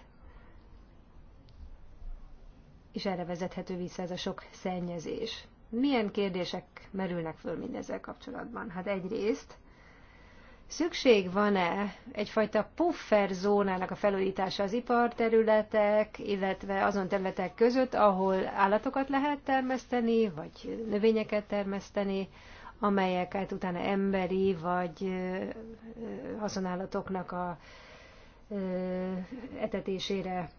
és erre vezethető vissza ez a sok szennyezés. Milyen kérdések merülnek föl mindezzel kapcsolatban? Hát egyrészt, szükség van-e egyfajta puffer zónának a felújítása az iparterületek, illetve azon területek között, ahol állatokat lehet termeszteni, vagy növényeket termeszteni, amelyeket utána emberi vagy haszonállatoknak a etetésére,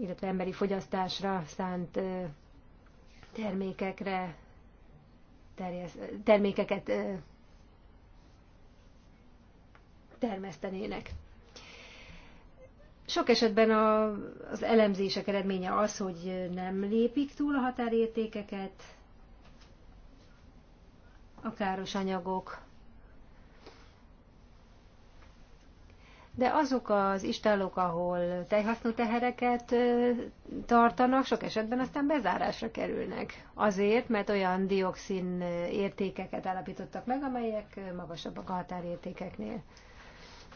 illetve emberi fogyasztásra szánt termékekre, termékeket termesztenének. Sok esetben a, az elemzések eredménye az, hogy nem lépik túl a határértékeket, a káros anyagok. De azok az istálók, ahol tejhasznú tehereket tartanak, sok esetben aztán bezárásra kerülnek. Azért, mert olyan dioxin értékeket állapítottak meg, amelyek magasabbak a határértékeknél.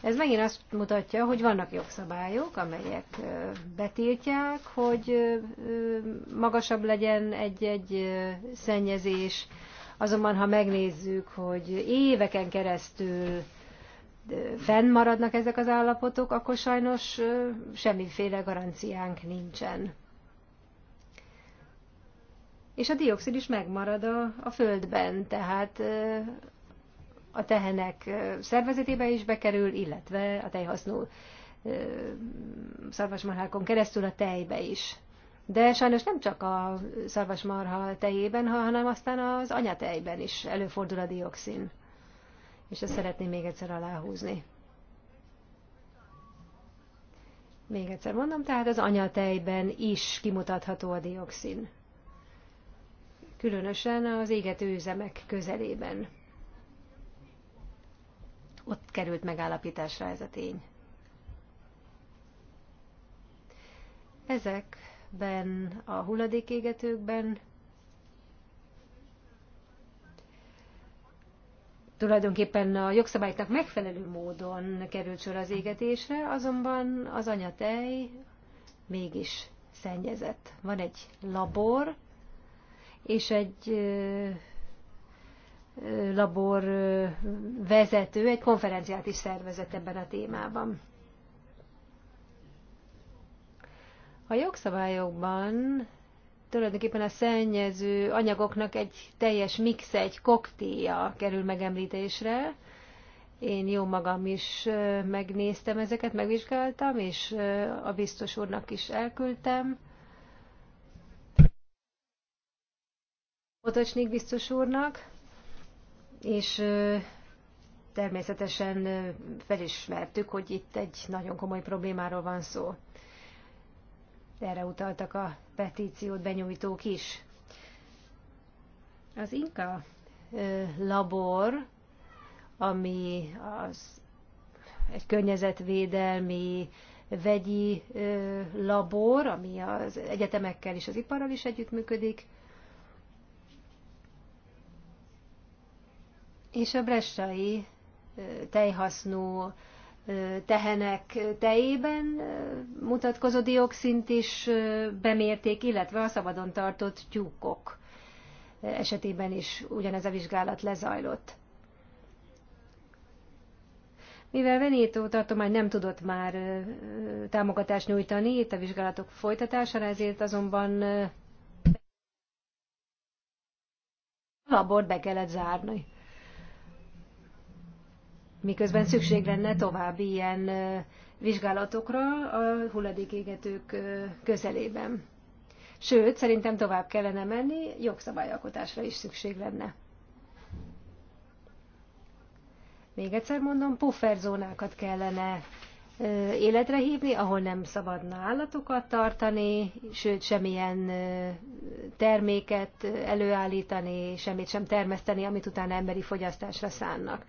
Ez megint azt mutatja, hogy vannak jogszabályok, amelyek betiltják, hogy magasabb legyen egy-egy szennyezés, Azonban, ha megnézzük, hogy éveken keresztül fennmaradnak ezek az állapotok, akkor sajnos semmiféle garanciánk nincsen. És a dioxid is megmarad a, a földben, tehát a tehenek szervezetébe is bekerül, illetve a tejhasznú szarvasmarhákon keresztül a tejbe is. De sajnos nem csak a szarvasmarha tejében, hanem aztán az anyatejben is előfordul a dioxin. És ezt szeretném még egyszer aláhúzni. Még egyszer mondom, tehát az anyatejben is kimutatható a dioxin. Különösen az égető üzemek közelében. Ott került megállapításra ez a tény. Ezek ezekben a hulladékégetőkben. Tulajdonképpen a jogszabálytak megfelelő módon került sor az égetésre, azonban az anyatej mégis szennyezett. Van egy labor, és egy labor vezető egy konferenciát is szervezett ebben a témában. A jogszabályokban tulajdonképpen a szennyező anyagoknak egy teljes mix, egy koktélja kerül megemlítésre. Én jó magam is megnéztem ezeket, megvizsgáltam, és a biztos úrnak is elküldtem. Otocsnik biztos úrnak, és természetesen felismertük, hogy itt egy nagyon komoly problémáról van szó erre utaltak a petíciót benyújtók is. Az Inka labor, ami az egy környezetvédelmi vegyi labor, ami az egyetemekkel és az iparral is együttműködik, és a bressai tejhasznú tehenek tejében mutatkozó dioxint is bemérték, illetve a szabadon tartott tyúkok esetében is ugyanez a vizsgálat lezajlott. Mivel Venétó tartomány nem tudott már támogatást nyújtani itt a vizsgálatok folytatására, ezért azonban labort be kellett zárni miközben szükség lenne további ilyen vizsgálatokra a hulladékégetők közelében. Sőt, szerintem tovább kellene menni, jogszabályalkotásra is szükség lenne. Még egyszer mondom, pufferzónákat kellene életre hívni, ahol nem szabadna állatokat tartani, sőt semmilyen terméket előállítani, semmit sem termeszteni, amit utána emberi fogyasztásra szánnak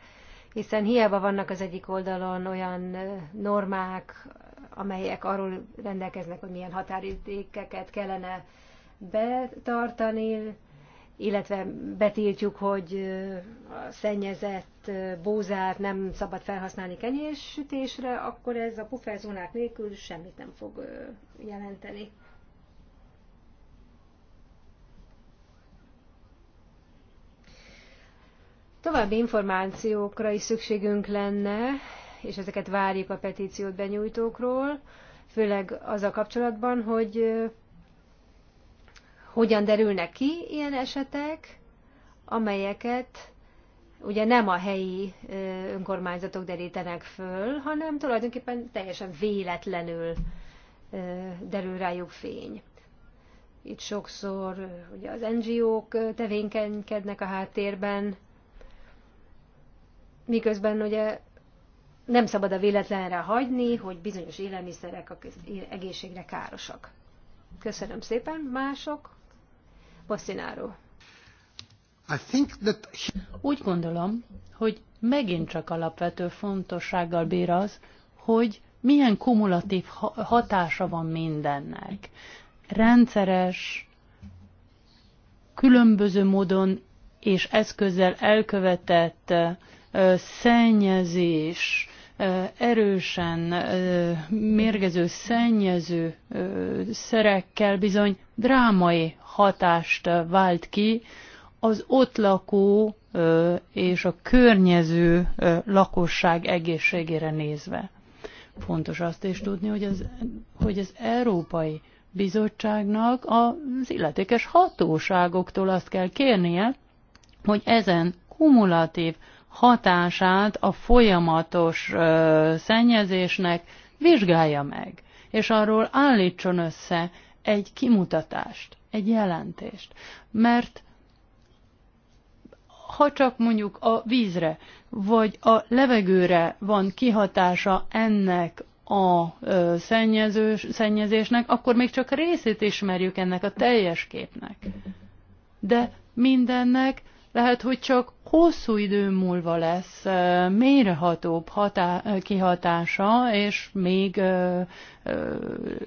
hiszen hiába vannak az egyik oldalon olyan normák, amelyek arról rendelkeznek, hogy milyen határidékeket kellene betartani, illetve betiltjuk, hogy a szennyezett bózát nem szabad felhasználni kenyérsütésre, akkor ez a pufferzónák nélkül semmit nem fog jelenteni. További információkra is szükségünk lenne, és ezeket várjuk a petíciót benyújtókról, főleg az a kapcsolatban, hogy hogyan derülnek ki ilyen esetek, amelyeket ugye nem a helyi önkormányzatok derítenek föl, hanem tulajdonképpen teljesen véletlenül derül rájuk fény. Itt sokszor ugye az NGO-k tevékenykednek a háttérben, miközben ugye nem szabad a véletlenre hagyni, hogy bizonyos élelmiszerek a egészségre károsak. Köszönöm szépen. Mások? Bosszináró. That... Úgy gondolom, hogy megint csak alapvető fontossággal bír az, hogy milyen kumulatív hatása van mindennek. Rendszeres, különböző módon és eszközzel elkövetett szennyezés, erősen mérgező, szennyező szerekkel bizony drámai hatást vált ki az ott lakó és a környező lakosság egészségére nézve. Fontos azt is tudni, hogy az, hogy az Európai Bizottságnak az illetékes hatóságoktól azt kell kérnie, hogy ezen kumulatív hatását a folyamatos ö, szennyezésnek vizsgálja meg, és arról állítson össze egy kimutatást, egy jelentést. Mert ha csak mondjuk a vízre, vagy a levegőre van kihatása ennek a szennyezős, szennyezésnek, akkor még csak részét ismerjük ennek a teljes képnek. De mindennek lehet, hogy csak hosszú idő múlva lesz mélyrehatóbb hatá- kihatása, és még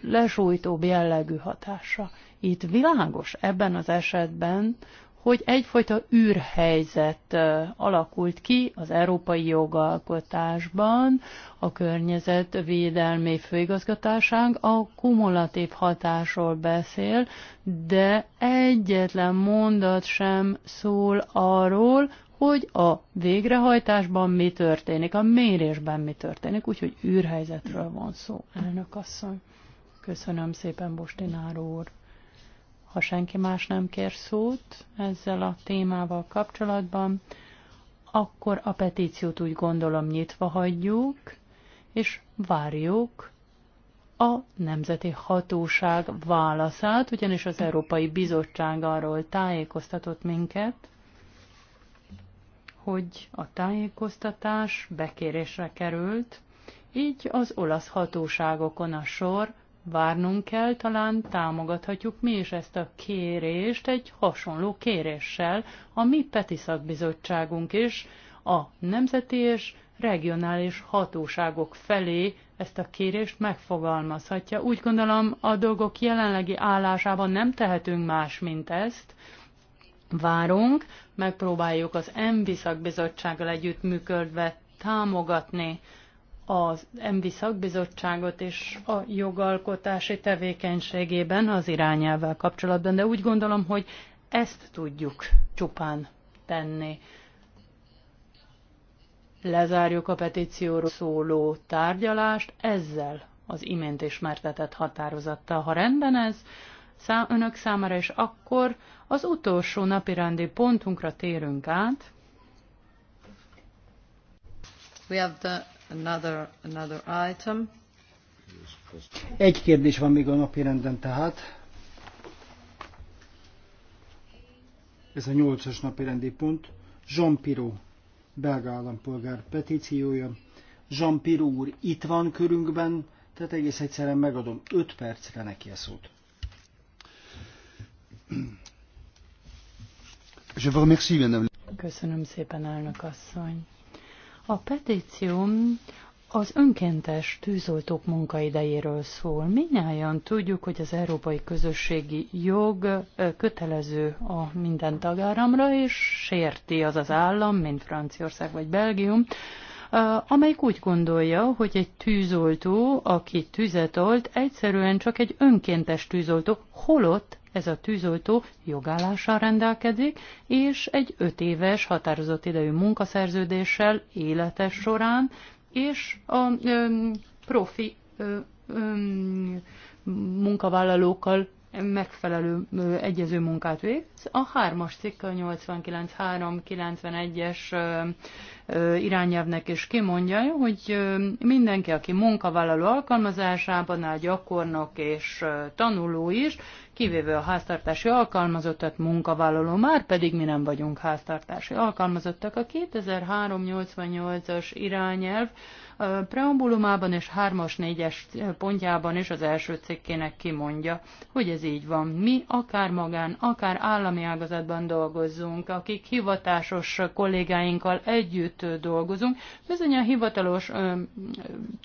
lesújtóbb jellegű hatása. Itt világos ebben az esetben, hogy egyfajta űrhelyzet alakult ki az európai jogalkotásban, a környezetvédelmi főigazgatásánk a kumulatív hatásról beszél, de egyetlen mondat sem szól arról, hogy a végrehajtásban mi történik, a mérésben mi történik, úgyhogy űrhelyzetről van szó, elnök asszony. Köszönöm szépen, Bostinár úr. Ha senki más nem kér szót ezzel a témával kapcsolatban, akkor a petíciót úgy gondolom nyitva hagyjuk, és várjuk a Nemzeti Hatóság válaszát, ugyanis az Európai Bizottság arról tájékoztatott minket, hogy a tájékoztatás bekérésre került, így az olasz hatóságokon a sor, várnunk kell, talán támogathatjuk mi is ezt a kérést egy hasonló kéréssel, a mi Peti Szakbizottságunk is a nemzeti és regionális hatóságok felé ezt a kérést megfogalmazhatja. Úgy gondolom, a dolgok jelenlegi állásában nem tehetünk más, mint ezt. Várunk, megpróbáljuk az MV szakbizottsággal együttműködve támogatni az ENVI szakbizottságot és a jogalkotási tevékenységében az irányelvvel kapcsolatban, de úgy gondolom, hogy ezt tudjuk csupán tenni. Lezárjuk a petícióról szóló tárgyalást ezzel az imént ismertetett határozattal. Ha rendben ez, önök számára, és akkor az utolsó napirendi pontunkra térünk át. We have the another, another item. Egy kérdés van még a napi renden tehát. Ez a nyolcas napi rendi pont. Jean Piro, belga állampolgár petíciója. Jean Piro úr itt van körünkben, tehát egész egyszerűen megadom 5 percre neki a szót. Köszönöm szépen, elnök asszony. A petíció az önkéntes tűzoltók munkaidejéről szól. Minnyáján tudjuk, hogy az európai közösségi jog kötelező a minden tagáramra és sérti az az állam, mint Franciaország vagy Belgium, amelyik úgy gondolja, hogy egy tűzoltó, aki tüzet olt, egyszerűen csak egy önkéntes tűzoltó, holott ez a tűzoltó jogállással rendelkezik, és egy öt éves határozott idejű munkaszerződéssel életes során, és a ö, profi ö, ö, munkavállalókkal megfelelő ö, egyező munkát végz. A hármas cikk a 89.3.91-es irányelvnek is kimondja, hogy ö, mindenki, aki munkavállaló alkalmazásában áll gyakornok és ö, tanuló is, kivéve a háztartási alkalmazottat munkavállaló, már pedig mi nem vagyunk háztartási alkalmazottak. A 2388-as irányelv preambulumában és 3-as 4-es pontjában is az első cikkének kimondja, hogy ez így van. Mi akár magán, akár állami ágazatban dolgozzunk, akik hivatásos kollégáinkkal együtt dolgozunk, bizony a hivatalos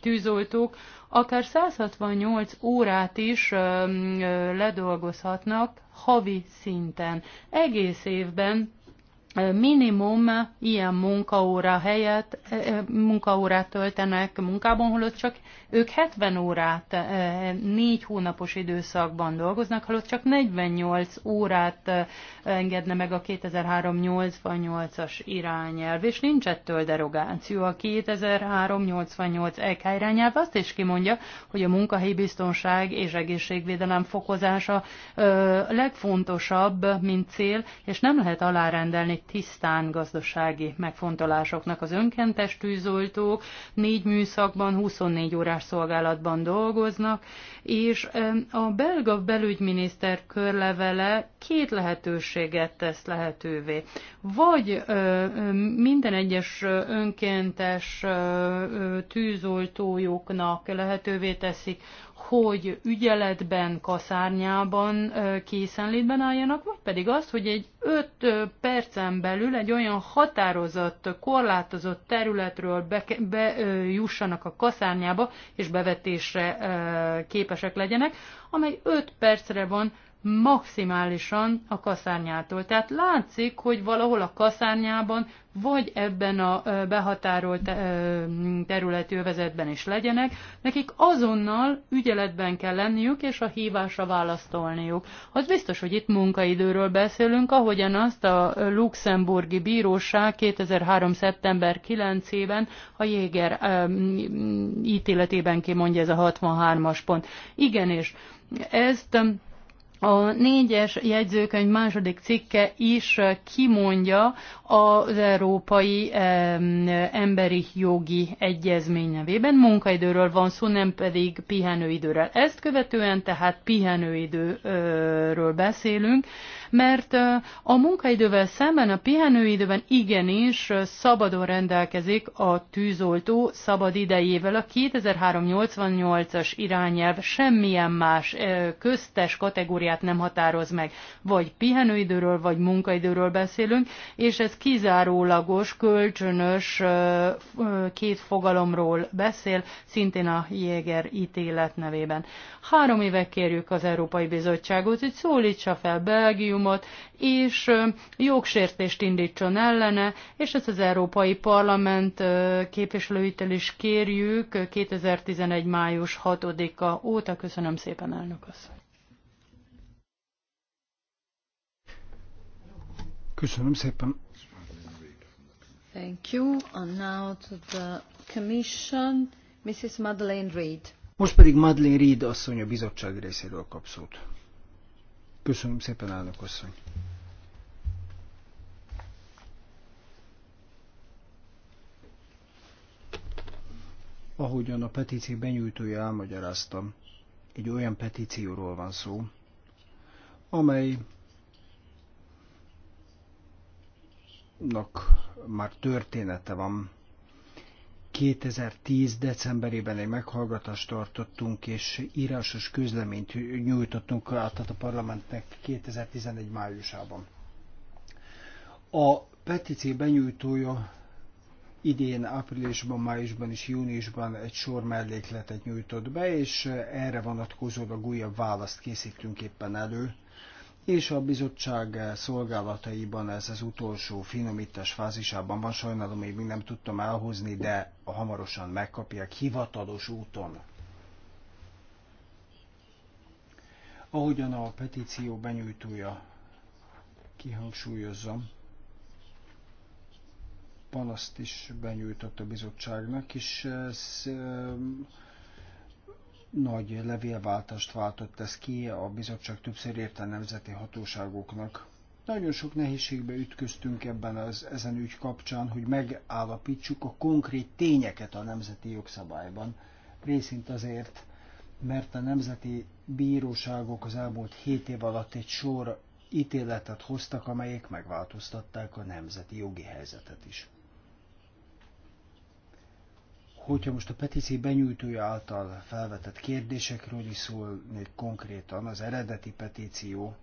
tűzoltók akár 168 órát is ledolgozhatnak havi szinten. Egész évben minimum ilyen munkaóra helyett, munkaórát töltenek munkában, holott csak ők 70 órát, négy hónapos időszakban dolgoznak, holott csak 48 órát engedne meg a 2003-88-as irányelv, és nincs ettől derogáció. A 2003-88 EK irányelv azt is kimondja, hogy a munkahelyi biztonság és egészségvédelem fokozása legfontosabb, mint cél, és nem lehet alárendelni tisztán gazdasági megfontolásoknak. Az önkéntes tűzoltók négy műszakban, 24 órás szolgálatban dolgoznak, és a belga belügyminiszter körlevele két lehetőséget tesz lehetővé. Vagy minden egyes önkéntes tűzoltójuknak lehetővé teszik, hogy ügyeletben, kaszárnyában készenlétben álljanak, vagy pedig azt, hogy egy 5 percen belül egy olyan határozott, korlátozott területről bejussanak be, a kaszárnyába, és bevetésre képesek legyenek, amely 5 percre van maximálisan a kaszárnyától. Tehát látszik, hogy valahol a kaszárnyában, vagy ebben a behatárolt területi övezetben is legyenek, nekik azonnal ügyeletben kell lenniük, és a hívásra választolniuk. Az biztos, hogy itt munkaidőről beszélünk, ahogyan azt a luxemburgi bíróság 2003. szeptember 9-ében a Jéger ítéletében kimondja ez a 63-as pont. Igen, és ezt a négyes jegyzőkönyv második cikke is kimondja az Európai Emberi Jogi Egyezmény nevében. Munkaidőről van szó, nem pedig pihenőidőről. Ezt követően tehát pihenőidőről beszélünk mert a munkaidővel szemben a pihenőidőben igenis szabadon rendelkezik a tűzoltó szabad idejével. A 2388-as irányelv semmilyen más köztes kategóriát nem határoz meg, vagy pihenőidőről, vagy munkaidőről beszélünk, és ez kizárólagos, kölcsönös két fogalomról beszél, szintén a Jéger ítélet nevében. Három éve kérjük az Európai Bizottságot, hogy szólítsa fel Belgium, dokumentumot, és jogsértést indítson ellene, és ezt az Európai Parlament képviselőitől is kérjük 2011. május 6-a óta. Köszönöm szépen, elnök asszony. Köszönöm szépen. Thank you. And now to the Commission, Mrs. Madeleine Reid. Most pedig Madeleine Reid asszony a bizottság részéről kap szót. Köszönöm szépen, elnök asszony. Ahogyan a petíció benyújtója elmagyaráztam, egy olyan petícióról van szó, amely már története van, 2010. decemberében egy meghallgatást tartottunk, és írásos közleményt nyújtottunk át a parlamentnek 2011. májusában. A petíció benyújtója idén áprilisban, májusban és júniusban egy sor mellékletet nyújtott be, és erre vonatkozólag újabb választ készítünk éppen elő és a bizottság szolgálataiban ez az utolsó finomítás fázisában van, sajnálom, még nem tudtam elhozni, de hamarosan megkapják hivatalos úton. Ahogyan a petíció benyújtója kihangsúlyozza, panaszt is benyújtott a bizottságnak, és ez nagy levélváltást váltott ez ki, a bizottság többször érte nemzeti hatóságoknak. Nagyon sok nehézségbe ütköztünk ebben az ezen ügy kapcsán, hogy megállapítsuk a konkrét tényeket a nemzeti jogszabályban. Részint azért, mert a nemzeti bíróságok az elmúlt 7 év alatt egy sor ítéletet hoztak, amelyek megváltoztatták a nemzeti jogi helyzetet is hogyha most a petíció benyújtója által felvetett kérdésekről is szól, még konkrétan, az eredeti petíció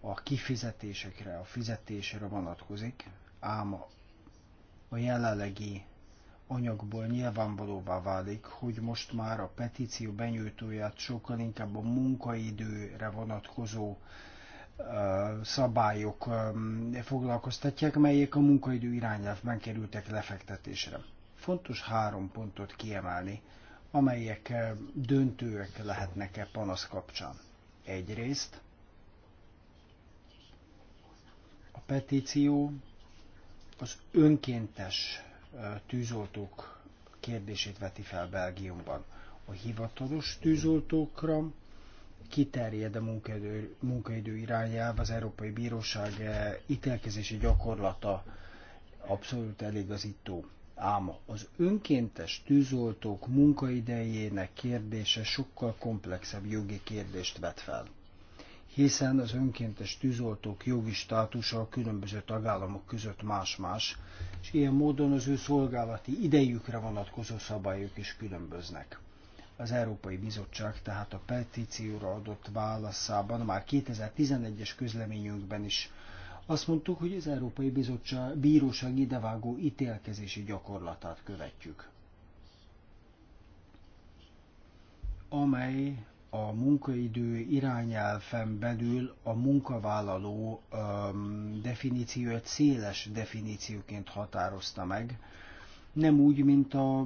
a kifizetésekre, a fizetésre vonatkozik, ám a jelenlegi anyagból nyilvánvalóvá válik, hogy most már a petíció benyújtóját sokkal inkább a munkaidőre vonatkozó szabályok foglalkoztatják, melyek a munkaidő irányelvben kerültek lefektetésre. Fontos három pontot kiemelni, amelyek eh, döntőek lehetnek-e panasz kapcsán. Egyrészt a petíció az önkéntes eh, tűzoltók kérdését veti fel Belgiumban. A hivatalos tűzoltókra kiterjed a munkaidő, munkaidő irányelv, az Európai Bíróság eh, ítélkezési gyakorlata abszolút eligazító. Ám az önkéntes tűzoltók munkaidejének kérdése sokkal komplexebb jogi kérdést vet fel hiszen az önkéntes tűzoltók jogi státusa a különböző tagállamok között más-más, és ilyen módon az ő szolgálati idejükre vonatkozó szabályok is különböznek. Az Európai Bizottság tehát a petícióra adott válaszában már 2011-es közleményünkben is azt mondtuk, hogy az Európai Bizottság Bíróság idevágó ítélkezési gyakorlatát követjük, amely a munkaidő irányelven belül a munkavállaló um, definíciót széles definícióként határozta meg, nem úgy, mint a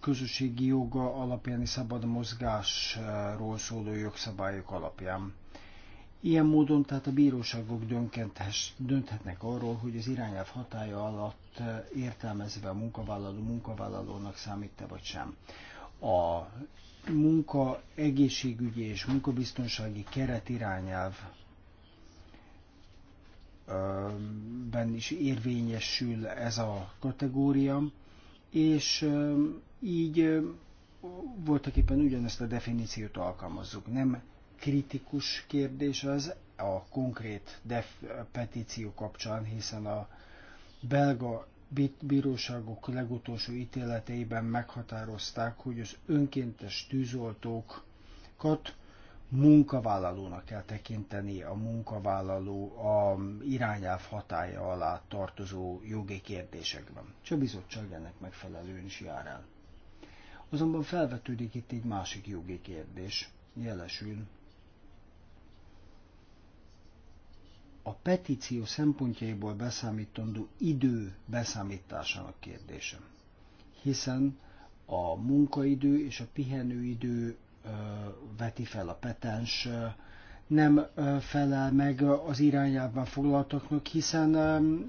közösségi joga alapjáni szabad mozgásról szóló jogszabályok alapján. Ilyen módon tehát a bíróságok dönthetnek arról, hogy az irányelv hatája alatt eh, értelmezve a munkavállaló munkavállalónak számít-e vagy sem. A munka egészségügyi és munkabiztonsági keret irányelv eh, ben is érvényesül ez a kategória, és eh, így voltak éppen ugyanezt a definíciót alkalmazzuk. Nem kritikus kérdés az a konkrét def petíció kapcsán, hiszen a belga bíróságok legutolsó ítéleteiben meghatározták, hogy az önkéntes tűzoltókat munkavállalónak kell tekinteni a munkavállaló a irányelv hatája alá tartozó jogi kérdésekben. Csak bizottság ennek megfelelően is jár el. Azonban felvetődik itt egy másik jogi kérdés, jelesül, a petíció szempontjaiból beszámítandó idő beszámításának kérdése. Hiszen a munkaidő és a pihenőidő veti fel a petens, nem felel meg az irányában foglaltaknak, hiszen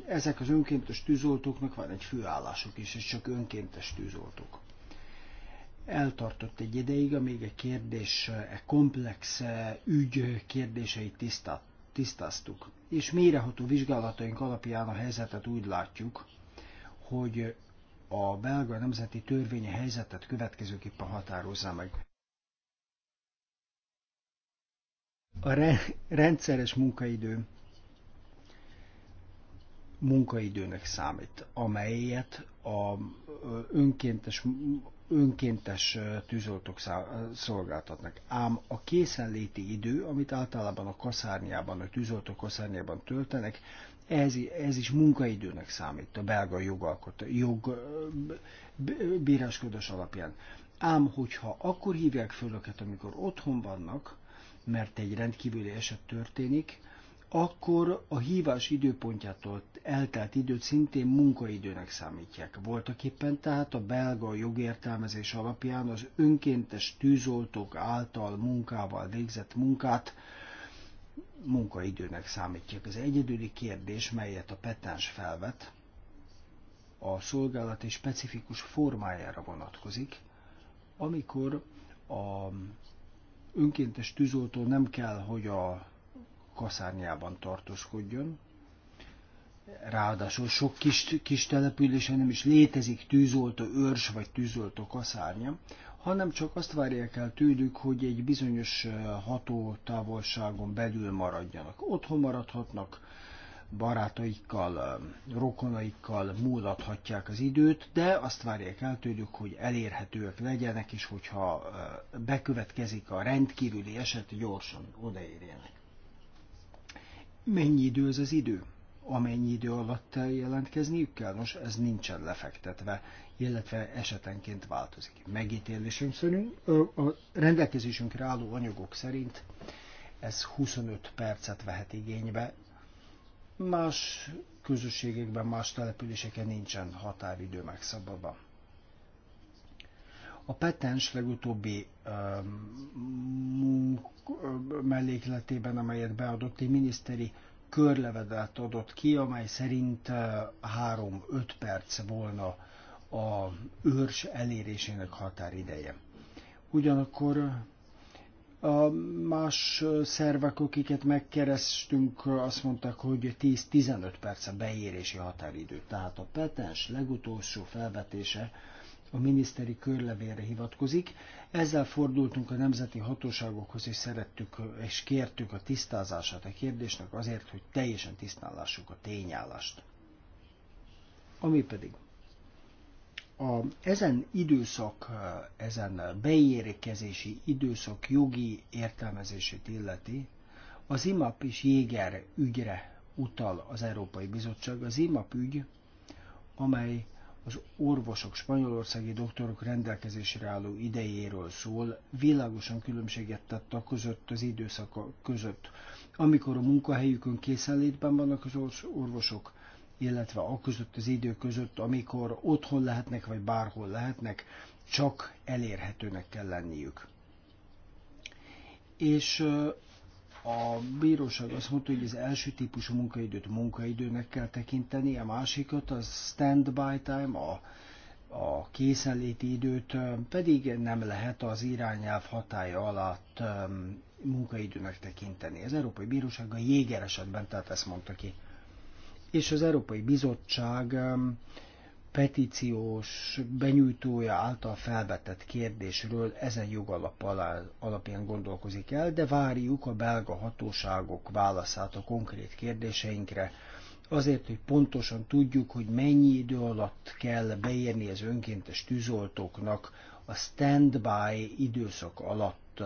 ezek az önkéntes tűzoltóknak van egy főállásuk is, és csak önkéntes tűzoltók. Eltartott egy ideig, amíg a kérdés, a e komplex e ügy kérdéseit tisztát, tisztáztuk, és méreható vizsgálataink alapján a helyzetet úgy látjuk, hogy a belga nemzeti törvény helyzetet következőképpen határozza meg. A re rendszeres munkaidő munkaidőnek számít, amelyet a önkéntes önkéntes tűzoltók szolgáltatnak. Ám a készenléti idő, amit általában a kaszárnyában, a tűzoltók kaszárnyában töltenek, ez, ez is munkaidőnek számít a belga jogalkotó, jog, alapján. Ám hogyha akkor hívják föl őket, amikor otthon vannak, mert egy rendkívüli eset történik, akkor a hívás időpontjától eltelt időt szintén munkaidőnek számítják. Voltak éppen tehát a belga jogértelmezés alapján az önkéntes tűzoltók által munkával végzett munkát munkaidőnek számítják. Az egyedüli kérdés, melyet a petens felvet, a szolgálati specifikus formájára vonatkozik, amikor a önkéntes tűzoltó nem kell, hogy a kaszárnyában tartózkodjon. Ráadásul sok kis, kis településen nem is létezik tűzoltó őrs vagy tűzoltó kaszárnya, hanem csak azt várják el tőlük, hogy egy bizonyos ható távolságon belül maradjanak. Otthon maradhatnak, barátaikkal, rokonaikkal múlathatják az időt, de azt várják el tőlük, hogy elérhetőek legyenek, és hogyha bekövetkezik a rendkívüli eset, gyorsan odaérjenek mennyi idő ez az idő? Amennyi idő alatt jelentkezniük kell? Nos, ez nincsen lefektetve, illetve esetenként változik. Megítélésünk szerint, a rendelkezésünkre álló anyagok szerint ez 25 percet vehet igénybe. Más közösségekben, más településeken nincsen határidő megszabadva. A petens legutóbbi um, mellékletében, amelyet beadott, egy miniszteri körlevedet adott ki, amely szerint 3-5 perc volna a őrs elérésének határideje. Ugyanakkor a más szervek, akiket megkerestünk, azt mondták, hogy 10-15 perc a beérési határidő. Tehát a petens legutolsó felvetése a miniszteri körlevélre hivatkozik. Ezzel fordultunk a nemzeti hatóságokhoz, és szerettük és kértük a tisztázását a kérdésnek azért, hogy teljesen tisztállásuk a tényállást. Ami pedig a, ezen időszak, ezen beérkezési időszak jogi értelmezését illeti, az IMAP és Jéger ügyre utal az Európai Bizottság. Az IMAP ügy, amely az orvosok, spanyolországi doktorok rendelkezésre álló idejéről szól, világosan különbséget tett a között az időszaka között, amikor a munkahelyükön készenlétben vannak az orvosok, illetve a között az idő között, amikor otthon lehetnek, vagy bárhol lehetnek, csak elérhetőnek kell lenniük. És a bíróság azt mondta, hogy az első típusú munkaidőt munkaidőnek kell tekinteni, a másikat a standby time, a, a készenléti időt pedig nem lehet az irányelv hatája alatt munkaidőnek tekinteni. Az Európai Bíróság a jéger esetben, tehát ezt mondta ki. És az Európai Bizottság petíciós benyújtója által felvetett kérdésről ezen jogalap alapján gondolkozik el, de várjuk a belga hatóságok válaszát a konkrét kérdéseinkre, azért, hogy pontosan tudjuk, hogy mennyi idő alatt kell beérni az önkéntes tűzoltóknak a standby időszak alatt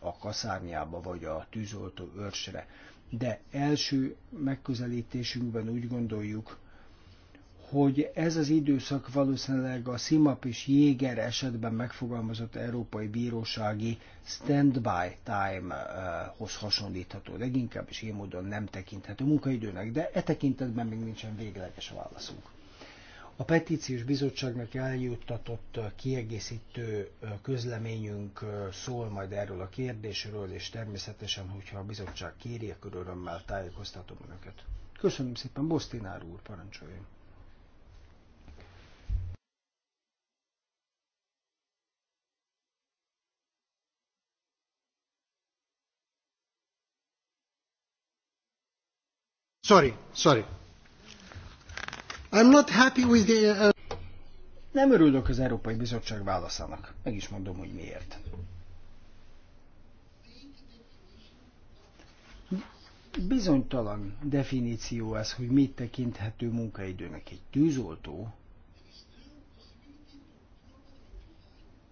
a kaszárnyába vagy a tűzoltó őrsre. De első megközelítésünkben úgy gondoljuk, hogy ez az időszak valószínűleg a Simap és Jéger esetben megfogalmazott Európai Bírósági standby time-hoz eh, hasonlítható leginkább, is ilyen módon nem tekinthető munkaidőnek, de e tekintetben még nincsen végleges válaszunk. A petíciós bizottságnak eljuttatott eh, kiegészítő eh, közleményünk szól majd erről a kérdésről, és természetesen, hogyha a bizottság kéri, akkor örömmel tájékoztatom önöket. Köszönöm szépen, Bosztinár úr, parancsoljon! Sorry, sorry. I'm not happy with the... Uh... Nem örülök az Európai Bizottság válaszának. Meg is mondom, hogy miért. Bizonytalan definíció ez, hogy mit tekinthető munkaidőnek egy tűzoltó,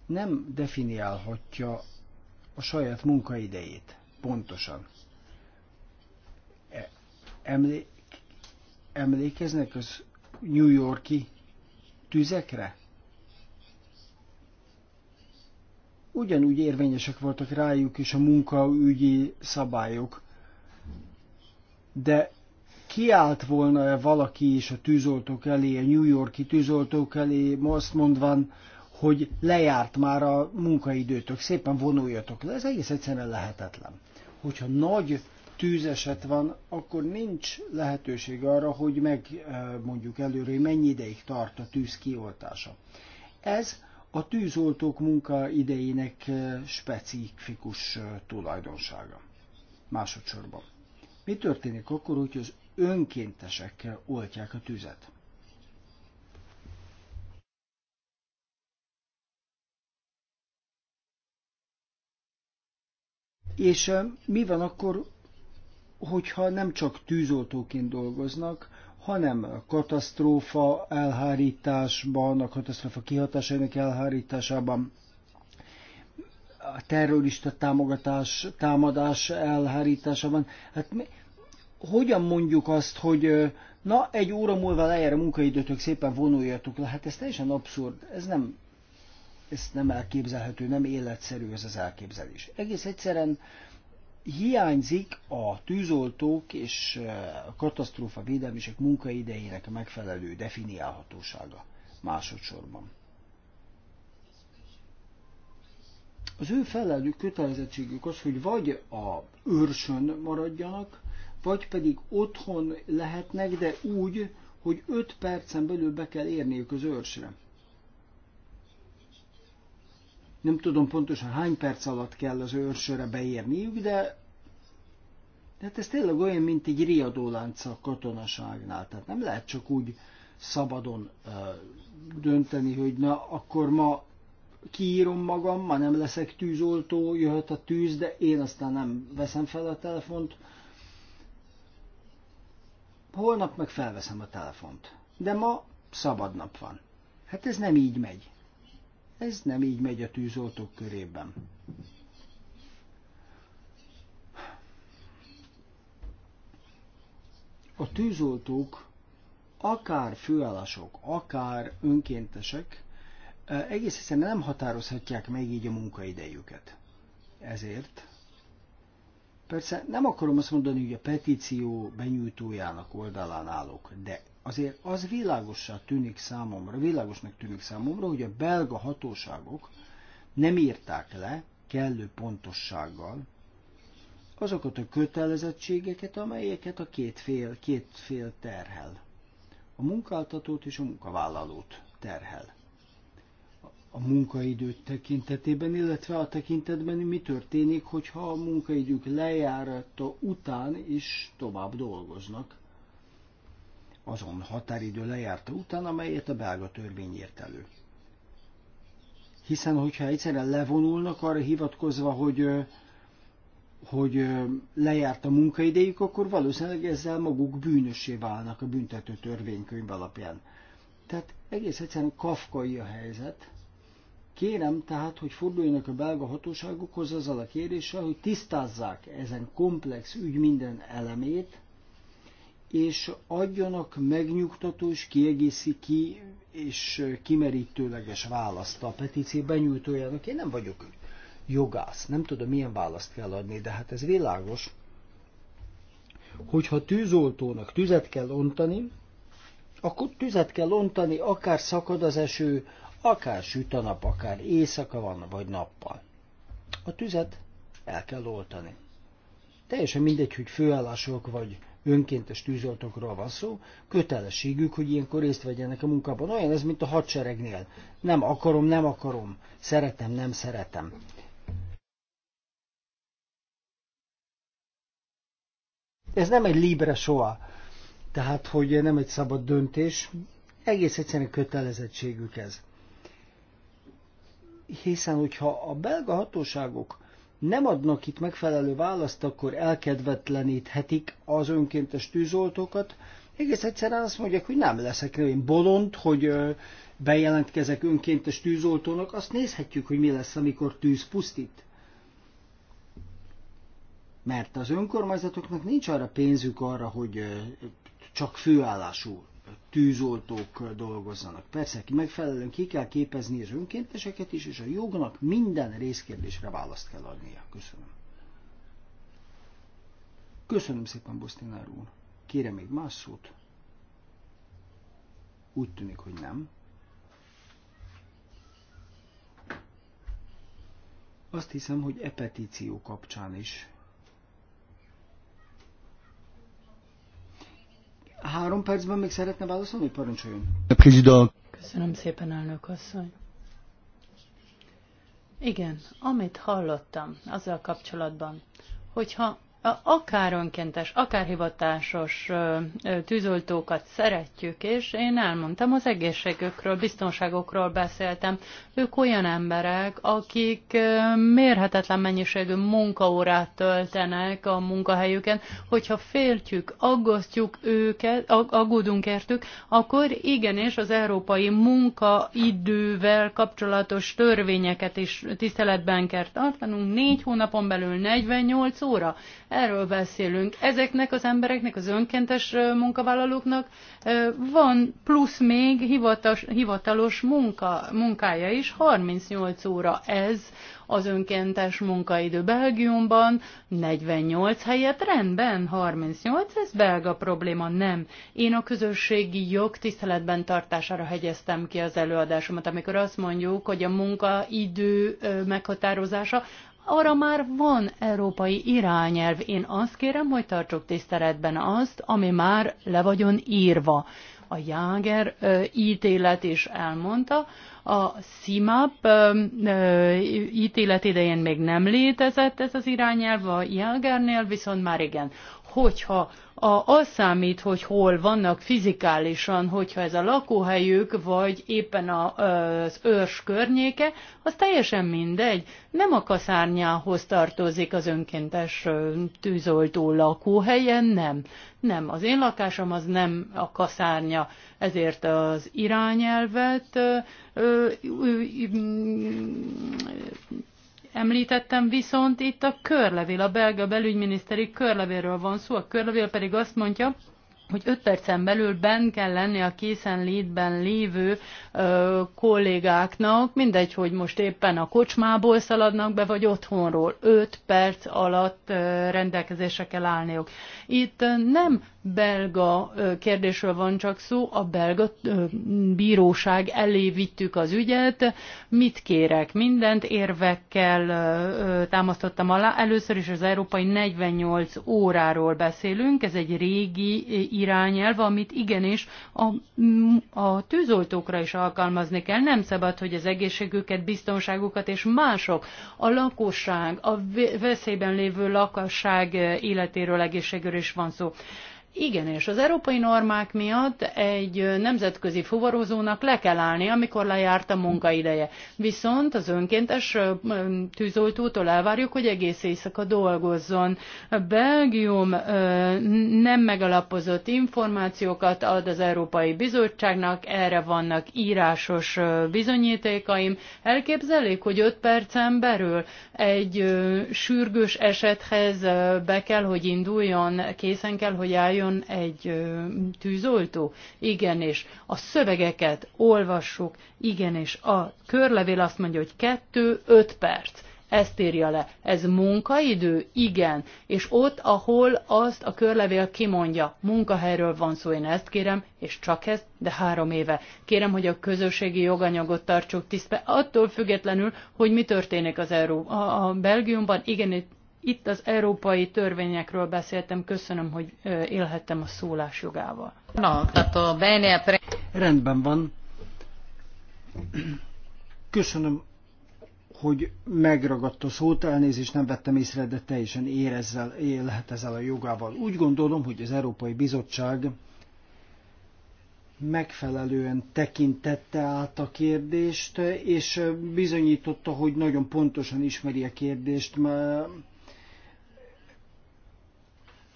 nem definiálhatja a saját munkaidejét pontosan. Emlé emlékeznek az New Yorki tüzekre? Ugyanúgy érvényesek voltak rájuk és a munkaügyi szabályok, de kiállt volna -e valaki is a tűzoltók elé, a New Yorki tűzoltók elé, azt mondván, hogy lejárt már a munkaidőtök, szépen vonuljatok le, ez egész egyszerűen lehetetlen. Hogyha nagy tűzeset van, akkor nincs lehetőség arra, hogy meg, eh, mondjuk előre, hogy mennyi ideig tart a tűz kioltása. Ez a tűzoltók munkaidejének eh, specifikus eh, tulajdonsága. Másodszorban. Mi történik akkor, hogy az önkéntesek oltják a tüzet? És mi van akkor, hogyha nem csak tűzoltóként dolgoznak, hanem a katasztrófa elhárításban, a katasztrófa kihatásainak elhárításában, a terrorista támogatás, támadás elhárításában. Hát mi, hogyan mondjuk azt, hogy na, egy óra múlva lejár a munkaidőtök, szépen vonuljatok le. Hát ez teljesen abszurd. Ez nem, ez nem elképzelhető, nem életszerű ez az elképzelés. Egész egyszerűen hiányzik a tűzoltók és eh, a katasztrófa védelmisek munkaidejének megfelelő definiálhatósága másodszorban. Az ő felelő kötelezettségük az, hogy vagy a őrsön maradjanak, vagy pedig otthon lehetnek, de úgy, hogy 5 percen belül be kell érniük az őrsre. Nem tudom pontosan hány perc alatt kell az őrsőre beérniük, de hát ez tényleg olyan, mint egy riadólánc a katonaságnál. Tehát nem lehet csak úgy szabadon ö, dönteni, hogy na, akkor ma kiírom magam, ma nem leszek tűzoltó, jöhet a tűz, de én aztán nem veszem fel a telefont. Holnap meg felveszem a telefont. De ma szabad nap van. Hát ez nem így megy. Ez nem így megy a tűzoltók körében. A tűzoltók, akár főállások, akár önkéntesek, e, egész egyszerűen nem határozhatják meg így a munkaidejüket. Ezért Persze nem akarom azt mondani, hogy a petíció benyújtójának oldalán állok, de azért az világossá tűnik számomra, világosnak tűnik számomra, hogy a belga hatóságok nem írták le kellő pontossággal azokat a kötelezettségeket, amelyeket a két fél, két fél terhel. A munkáltatót és a munkavállalót terhel. A munkaidő tekintetében, illetve a tekintetben mi történik, hogyha a munkaidők lejárata után is tovább dolgoznak azon határidő lejárta után, amelyet a belga törvény írt elő. Hiszen, hogyha egyszerűen levonulnak arra hivatkozva, hogy, hogy lejárt a munkaidejük, akkor valószínűleg ezzel maguk bűnösé válnak a büntető törvénykönyv alapján. Tehát egész egyszerűen kafkai a helyzet. Kérem tehát, hogy forduljanak a belga hatóságokhoz azzal a kéréssel, hogy tisztázzák ezen komplex ügy minden elemét, és adjanak megnyugtató és kiegészi ki és kimerítőleges választ a petíció benyújtójának. Én nem vagyok jogász, nem tudom milyen választ kell adni, de hát ez világos, hogyha tűzoltónak tüzet kell ontani, akkor tüzet kell ontani, akár szakad az eső, akár süt a nap, akár éjszaka van, vagy nappal. A tüzet el kell oltani. Teljesen mindegy, hogy főállások vagy önkéntes tűzoltókról van szó, kötelességük, hogy ilyenkor részt vegyenek a munkában. Olyan ez, mint a hadseregnél. Nem akarom, nem akarom. Szeretem, nem szeretem. Ez nem egy libre soha, tehát hogy nem egy szabad döntés, egész egyszerűen kötelezettségük ez. Hiszen, hogyha a belga hatóságok nem adnak itt megfelelő választ, akkor elkedvetleníthetik az önkéntes tűzoltókat. Egész egyszerűen azt mondják, hogy nem leszek én bolond, hogy bejelentkezek önkéntes tűzoltónak, azt nézhetjük, hogy mi lesz, amikor tűz pusztít. Mert az önkormányzatoknak nincs arra pénzük arra, hogy csak főállású tűzoltók dolgozzanak. Persze, ki megfelelően ki kell képezni az önkénteseket is, és a jognak minden részkérdésre választ kell adnia. Köszönöm. Köszönöm szépen, Bosztinár úr. Kérem még más szót? Úgy tűnik, hogy nem. Azt hiszem, hogy e petíció kapcsán is Három percben még szeretne válaszolni? Parancsoljon. Köszönöm szépen, elnök asszony. Igen, amit hallottam azzal kapcsolatban, hogyha akár önkéntes, akár hivatásos tűzoltókat szeretjük, és én elmondtam, az egészségükről, biztonságokról beszéltem. Ők olyan emberek, akik mérhetetlen mennyiségű munkaórát töltenek a munkahelyüken, hogyha féltjük, aggasztjuk őket, aggódunk értük, akkor igenis az európai munkaidővel kapcsolatos törvényeket is tiszteletben kell tartanunk, négy hónapon belül 48 óra Erről beszélünk. Ezeknek az embereknek, az önkéntes munkavállalóknak van plusz még hivatas, hivatalos munka, munkája is, 38 óra ez az önkéntes munkaidő Belgiumban, 48 helyett rendben, 38, ez belga probléma, nem. Én a közösségi jog tiszteletben tartására hegyeztem ki az előadásomat, amikor azt mondjuk, hogy a munkaidő meghatározása arra már van európai irányelv. Én azt kérem, hogy tartsuk tiszteletben azt, ami már le vagyon írva. A Jáger ítélet is elmondta, a CIMAP ítélet idején még nem létezett ez az irányelv, a Jágernél viszont már igen hogyha a, az számít, hogy hol vannak fizikálisan, hogyha ez a lakóhelyük, vagy éppen a, az őrs környéke, az teljesen mindegy. Nem a kaszárnyához tartozik az önkéntes tűzoltó lakóhelyen, nem. Nem, az én lakásom az nem a kaszárnya, ezért az irányelvet ö, ö, ö, említettem, viszont itt a körlevél, a belga belügyminiszteri körlevélről van szó, a körlevél pedig azt mondja, hogy 5 percen belül ben kell lenni a készenlétben lévő ö, kollégáknak, mindegy, hogy most éppen a kocsmából szaladnak be, vagy otthonról. 5 perc alatt ö, rendelkezésre kell állniuk. Itt nem belga ö, kérdésről van csak szó, a belga ö, bíróság elé vittük az ügyet, mit kérek, mindent érvekkel ö, támasztottam alá. Először is az európai 48 óráról beszélünk, ez egy régi irányelv, amit igenis a, a tűzoltókra is alkalmazni kell. Nem szabad, hogy az egészségüket, biztonságukat és mások, a lakosság, a veszélyben lévő lakosság eh, életéről, egészségről is van szó. Igen, és az európai normák miatt egy nemzetközi fuvarozónak le kell állni, amikor lejárt a munkaideje. Viszont az önkéntes tűzoltótól elvárjuk, hogy egész éjszaka dolgozzon. Belgium nem megalapozott információkat ad az Európai Bizottságnak, erre vannak írásos bizonyítékaim. Elképzelik, hogy 5 percen belül egy sürgős esethez be kell, hogy induljon, készen kell, hogy álljon maradjon egy ö, tűzoltó? és A szövegeket olvassuk, és A körlevél azt mondja, hogy kettő öt perc ezt írja le. Ez munkaidő? Igen. És ott, ahol azt a körlevél kimondja, munkahelyről van szó, én ezt kérem, és csak ez, de három éve. Kérem, hogy a közösségi joganyagot tartsuk tisztbe, attól függetlenül, hogy mi történik az Euró. A, a Belgiumban igen, itt az európai törvényekről beszéltem, köszönöm, hogy élhettem a szólás jogával. No, tehát bene pre... Rendben van. Köszönöm, hogy megragadt a szót, elnézést nem vettem észre, de teljesen érezzel, élhet ezzel a jogával. Úgy gondolom, hogy az Európai Bizottság megfelelően tekintette át a kérdést, és bizonyította, hogy nagyon pontosan ismeri a kérdést, mert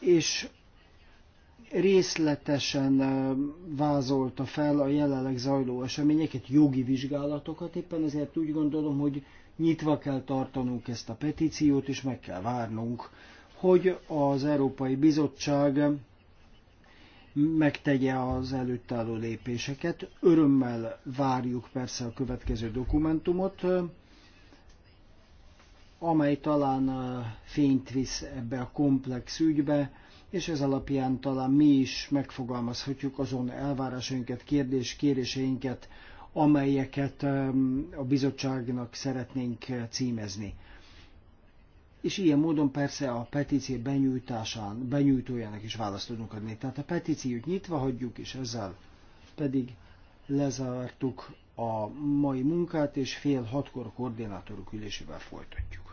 és részletesen vázolta fel a jelenleg zajló eseményeket, jogi vizsgálatokat, éppen ezért úgy gondolom, hogy nyitva kell tartanunk ezt a petíciót, és meg kell várnunk, hogy az Európai Bizottság megtegye az előtt álló lépéseket. Örömmel várjuk persze a következő dokumentumot, amely talán fényt visz ebbe a komplex ügybe, és ez alapján talán mi is megfogalmazhatjuk azon elvárásainkat, kérdés, kéréseinket, amelyeket a bizottságnak szeretnénk címezni. És ilyen módon persze a petíció benyújtásán, benyújtójának is választ tudunk adni. Tehát a petíciót nyitva hagyjuk, és ezzel pedig lezártuk a mai munkát, és fél hatkor koordinátorok ülésével folytatjuk.